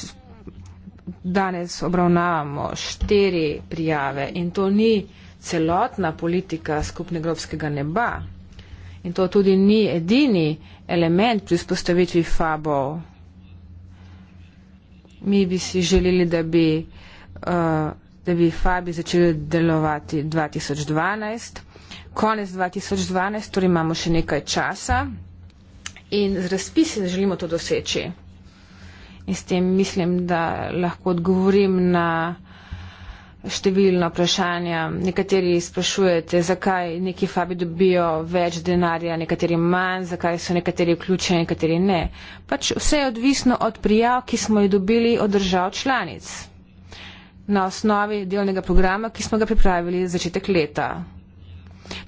danes obravnavamo štiri prijave in to ni celotna politika skupne evropskega neba in to tudi ni edini element pri spostavitvi FABO-ov. Mi bi si želeli, da bi, uh, da bi FABI e začeli delovati 2012, konec 2012, torej imamo še nekaj časa in z razpisi želimo to doseči. In s tem mislim, da lahko odgovorim na številna vprašanja. Nekateri sprašujete, zakaj neki fabi dobijo več denarja, nekateri manj, zakaj so nekateri vključeni, nekateri ne. Pač vse je odvisno od prijav, ki smo jih dobili od držav članic na osnovi delnega programa, ki smo ga pripravili začetek leta.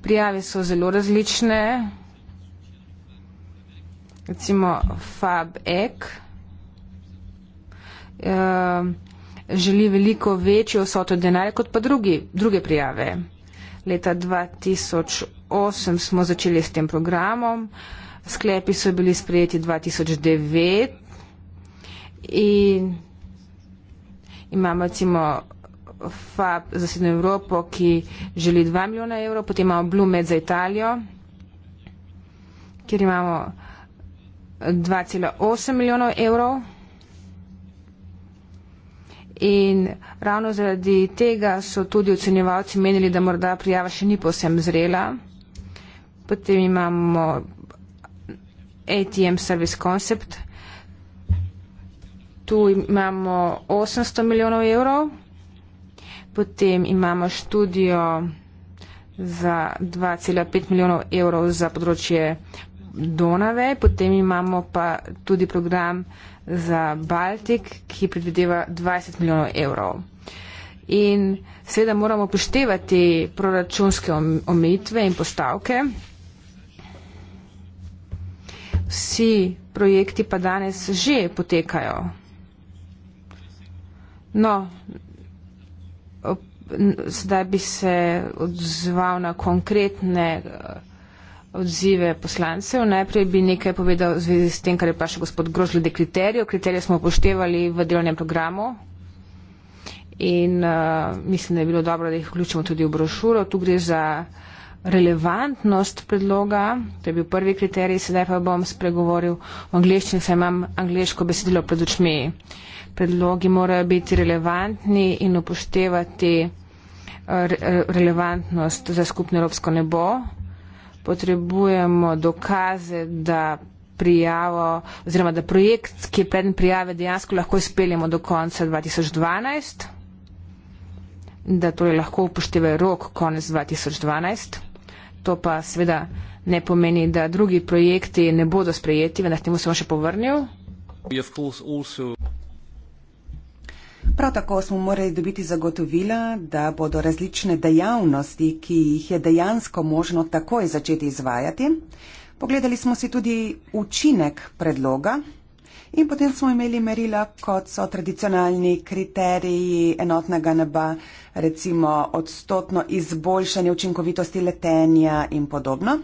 Prijave so zelo različne. Recimo FabEC. Uh, eh, želi veliko večjo vsoto denarja kot pa drugi, druge prijave. Leta 2008 smo začeli s tem programom, sklepi so bili sprejeti 2009 in imamo recimo FAB za Srednjo Evropo, ki želi 2 milijona evrov, potem imamo BlueMed za Italijo, kjer imamo 2,8 milijonov evrov. In ravno zaradi tega so tudi ocenjevalci menili, da morda prijava še ni posem zrela. Potem imamo ATM Service Concept. Tu imamo 800 milijonov evrov. Potem imamo študijo za 2,5 milijonov evrov za področje Donave, potem imamo pa tudi program za Baltik, ki predvideva 20 milijonov evrov. In seveda moramo poštevati proračunske omejitve in postavke. Vsi projekti pa danes že potekajo. No, zdaj bi se odzval na konkretne eh, odzive poslancev. Najprej bi nekaj povedal v zvezi s tem, kar je pa še gospod Grož glede kriterijev. Kriterije smo upoštevali v delovnem programu in uh, mislim, da je bilo dobro, da jih vključimo tudi v brošuro. Tu gre za relevantnost predloga, to je bil prvi kriterij, sedaj pa bom spregovoril v angliščini, saj imam angliško besedilo pred očmi. Uh, predlogi morajo biti relevantni in upoštevati relevantnost za skupno evropsko nebo. Potrebujemo dokaze, da prijavo oziroma da projekt, ki je predn prijave, dejansko lahko izpeljemo do konca 2012, da torej lahko upoštevajo rok konec 2012. To pa seveda ne pomeni, da drugi projekti ne bodo sprejeti, vendar temu se bom še povrnil. Prav tako smo morali dobiti zagotovila, da bodo različne dejavnosti, ki jih je dejansko možno takoj začeti izvajati. Pogledali smo si tudi učinek predloga in potem smo imeli merila, kot so tradicionalni kriteriji enotnega neba, recimo odstotno izboljšanje učinkovitosti letenja in podobno.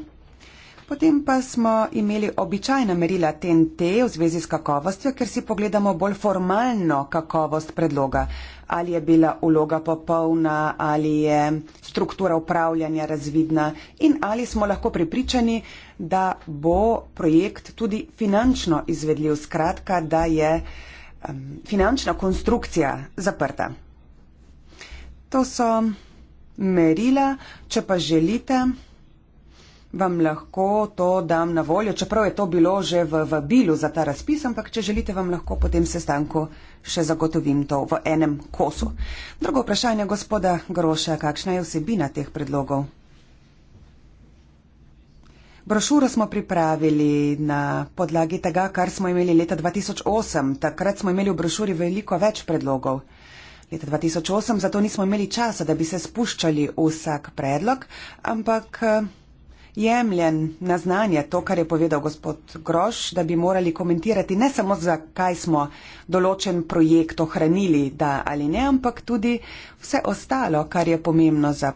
Potem pa smo imeli običajna merila TNT v zvezi s kakovostjo, ker si pogledamo bolj formalno kakovost predloga. Ali je bila uloga popolna, ali je struktura upravljanja razvidna in ali smo lahko prepričani, da bo projekt tudi finančno izvedljiv. Skratka, da je um, finančna konstrukcija zaprta. To so merila, če pa želite vam lahko to dam na voljo, čeprav je to bilo že v vabilu za ta razpis, ampak če želite, vam lahko po tem sestanku še zagotovim to v enem kosu. Drugo vprašanje, gospoda Groša, kakšna je vsebina teh predlogov? Brošuro smo pripravili na podlagi tega, kar smo imeli leta 2008. Takrat smo imeli v brošuri veliko več predlogov. Leta 2008 zato nismo imeli časa, da bi se spuščali vsak predlog, ampak eh, jemljen na znanje to, kar je povedal gospod Groš, da bi morali komentirati ne samo, zakaj smo določen projekt ohranili, da ali ne, ampak tudi vse ostalo, kar je pomembno za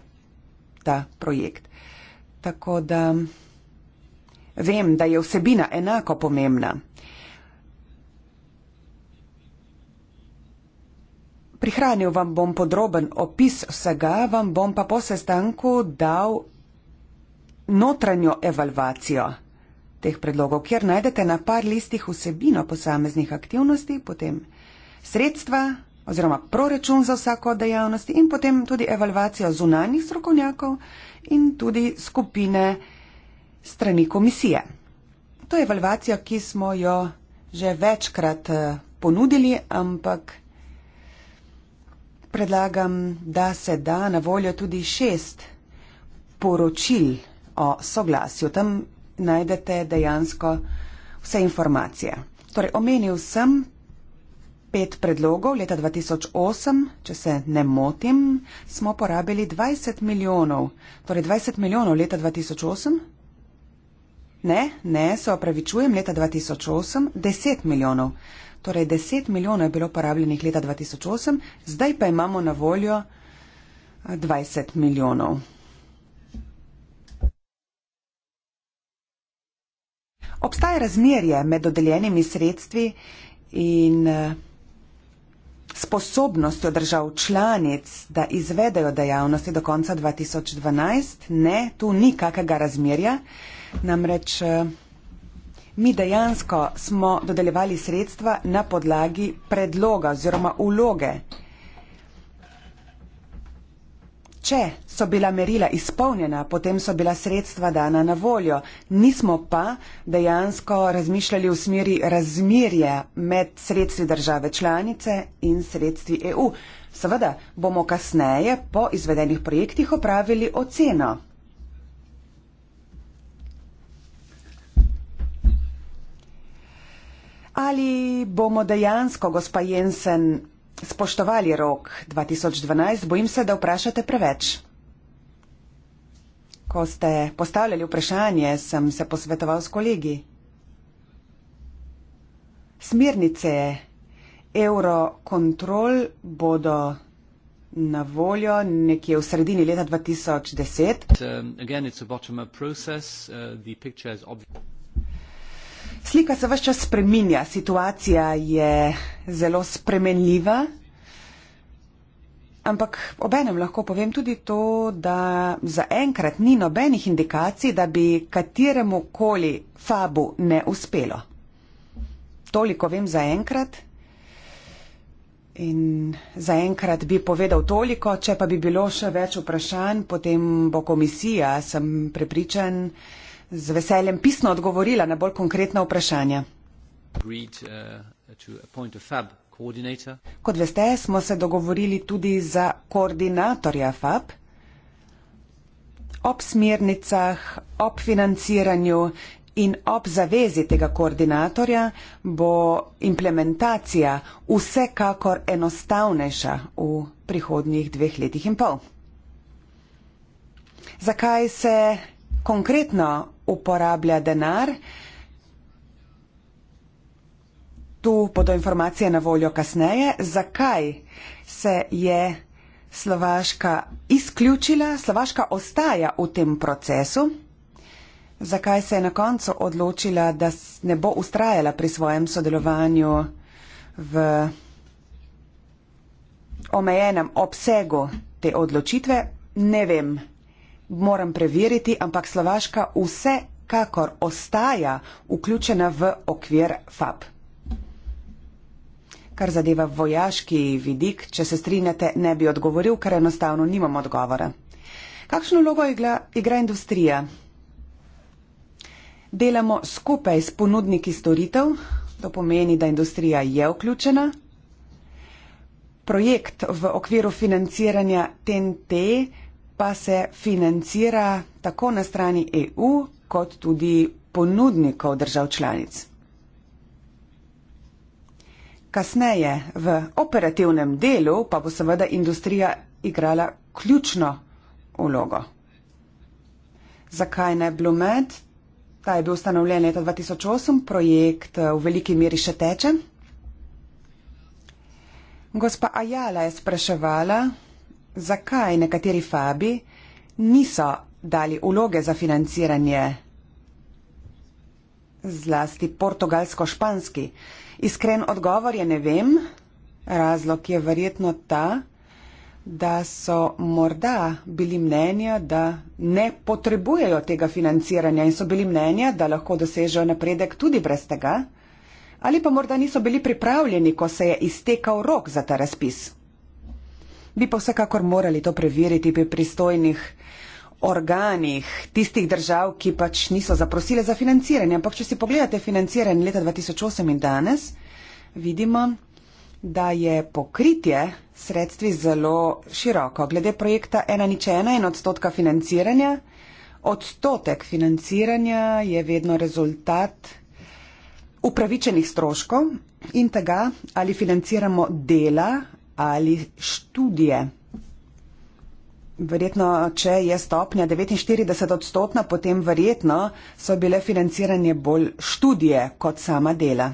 ta projekt. Tako da vem, da je vsebina enako pomembna. Prihranil vam bom podroben opis vsega, vam bom pa po sestanku dal notranjo evalvacijo teh predlogov, kjer najdete na par listih vsebino posameznih aktivnosti, potem sredstva oziroma proračun za vsako dejavnost in potem tudi evalvacijo zunanjih strokovnjakov in tudi skupine strani komisije. To je evalvacija, ki smo jo že večkrat eh, ponudili, ampak predlagam, da se da na voljo tudi šest poročil o soglasju. Tam najdete dejansko vse informacije. Torej, omenil sem pet predlogov. Leta 2008, če se ne motim, smo porabili 20 milijonov. Torej, 20 milijonov leta 2008. Ne, ne, se opravičujem, leta 2008 10 milijonov. Torej, 10 milijonov je bilo porabljenih leta 2008, zdaj pa imamo na voljo 20 milijonov. obstaja razmerje med dodeljenimi sredstvi in eh, sposobnostjo držav članic, da izvedejo dejavnosti do konca 2012. Ne, tu ni kakega razmerja. Namreč eh, mi dejansko smo dodeljevali sredstva na podlagi predloga oziroma uloge. Če so bila merila izpolnjena, potem so bila sredstva dana na voljo. Nismo pa dejansko razmišljali v smeri razmirja med sredstvi države članice in sredstvi EU. Seveda bomo kasneje po izvedenih projektih opravili oceno. Ali bomo dejansko, gospa Jensen, spoštovali rok 2012, bojim se, da vprašate preveč. Ko ste postavljali vprašanje, sem se posvetoval s kolegi. Smirnice Eurocontrol bodo na voljo nekje v sredini leta 2010. Slika se vse čas spreminja, situacija je zelo spremenljiva. Ampak obenem lahko povem tudi to, da zaenkrat ni nobenih indikacij, da bi kateremu koli fabu ne uspelo. Toliko vem zaenkrat. In zaenkrat bi povedal toliko, če pa bi bilo še več vprašanj, potem bo komisija, sem prepričan, z veseljem pisno odgovorila na bolj konkretna vprašanja. Uh, Kot veste, smo se dogovorili tudi za koordinatorja FAB ob smernicah, ob financiranju. In ob zavezi tega koordinatorja bo implementacija vsekakor enostavnejša v prihodnjih dveh letih in pol. Zakaj se konkretno uporablja denar. Tu bodo informacije na voljo kasneje, zakaj se je Slovaška izključila, Slovaška ostaja v tem procesu, zakaj se je na koncu odločila, da ne bo ustrajala pri svojem sodelovanju v omejenem obsegu te odločitve, ne vem moram preveriti, ampak Slovaška vse kakor ostaja vključena v okvir FAB. Kar zadeva vojaški vidik, če se strinjate, ne bi odgovoril, ker enostavno nimam odgovora. Kakšno logo igla, igra industrija? Delamo skupaj s ponudniki storitev, to pomeni, da industrija je vključena. Projekt v okviru financiranja TNT pa se financira tako na strani EU, kot tudi ponudnikov držav članic. Kasneje v operativnem delu pa bo seveda industrija igrala ključno vlogo. Zakaj ne Blumet? Ta je bil ustanovljen leta 2008, projekt eh, v veliki meri še teče. Gospa Ajala je spraševala, zakaj nekateri fabi niso dali vloge za financiranje, zlasti portugalsko-španski. Iskren odgovor je ne vem, razlog je verjetno ta, da so morda bili mnenja, da ne potrebujejo tega financiranja in so bili mnenja, da lahko dosežejo napredek tudi brez tega, ali pa morda niso bili pripravljeni, ko se je iztekal rok za ta razpis bi pa vsekakor morali to preveriti pri pristojnih organih tistih držav, ki pač niso zaprosile za financiranje. Ampak, če si pogledate financiranje leta 2008 in danes, vidimo, da je pokritje sredstvi zelo široko. Glede projekta 1 nič 1 in odstotka financiranja, odstotek financiranja je vedno rezultat upravičenih stroškov in tega, ali financiramo dela ali študije. Verjetno, če je stopnja 49 odstotna, potem verjetno so bile financiranje bolj študije kot sama dela.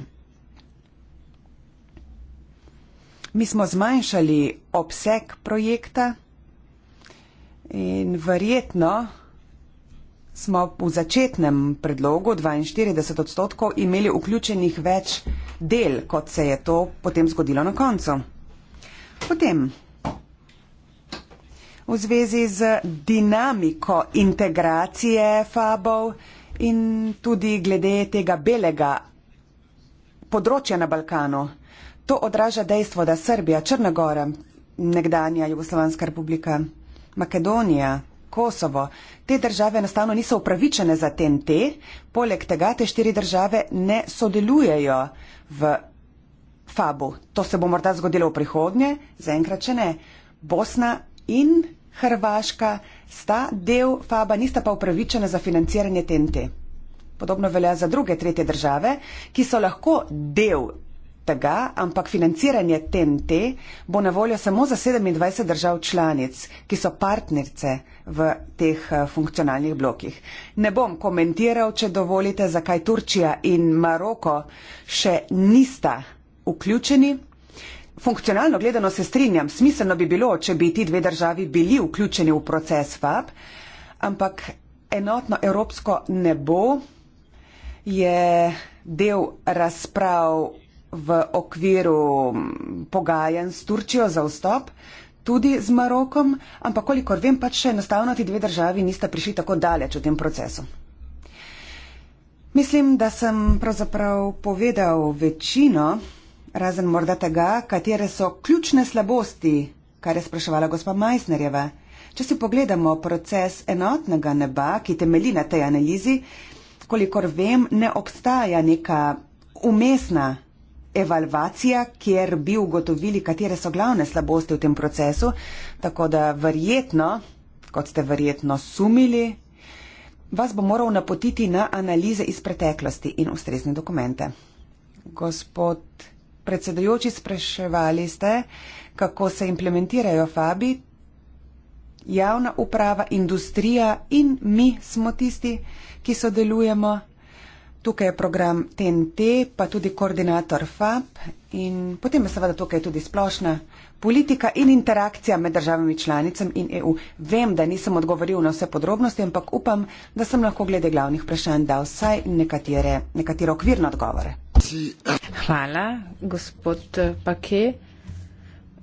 Mi smo zmanjšali obseg projekta in verjetno smo v začetnem predlogu 42 odstotkov imeli vključenih več del, kot se je to potem zgodilo na koncu. Potem. V zvezi z dinamiko integracije fabov in tudi glede tega belega področja na Balkanu, to odraža dejstvo, da Srbija, Črnagora, nekdanja Jugoslovanska republika, Makedonija, Kosovo, te države enostavno niso upravičene za TNT, poleg tega te štiri države ne sodelujejo v Fabu. To se bo morda zgodilo v prihodnje, zaenkrat še ne. Bosna in Hrvaška sta del Faba, nista pa upravičena za financiranje TNT. Podobno velja za druge tretje države, ki so lahko del tega, ampak financiranje TNT bo na voljo samo za 27 držav članic, ki so partnerce v teh eh, funkcionalnih blokih. Ne bom komentiral, če dovolite, zakaj Turčija in Maroko še nista vključeni. Funkcionalno gledano se strinjam, smiselno bi bilo, če bi ti dve državi bili vključeni v proces FAB, ampak enotno evropsko nebo je del razprav v okviru pogajanj s Turčijo za vstop, tudi z Marokom, ampak kolikor vem, pač še enostavno ti dve državi nista prišli tako daleč v tem procesu. Mislim, da sem pravzaprav povedal večino razen morda tega, katere so ključne slabosti, kar je spraševala gospa Majsnerjeva. Če si pogledamo proces enotnega neba, ki temelji na tej analizi, kolikor vem, ne obstaja neka umestna evalvacija, kjer bi ugotovili, katere so glavne slabosti v tem procesu, tako da verjetno, kot ste verjetno sumili, vas bo moral napotiti na analize iz preteklosti in ustrezne dokumente. Gospod predsedujoči, spraševali ste, kako se implementirajo fabi, javna uprava, industrija in mi smo tisti, ki sodelujemo. Tukaj je program TNT, pa tudi koordinator FAB in potem je seveda tukaj tudi splošna politika in interakcija med državami članicam in EU. Vem, da nisem odgovoril na vse podrobnosti, ampak upam, da sem lahko glede glavnih vprašanj dal vsaj nekatere, nekatere okvirne odgovore. Hvala, gospod Pake.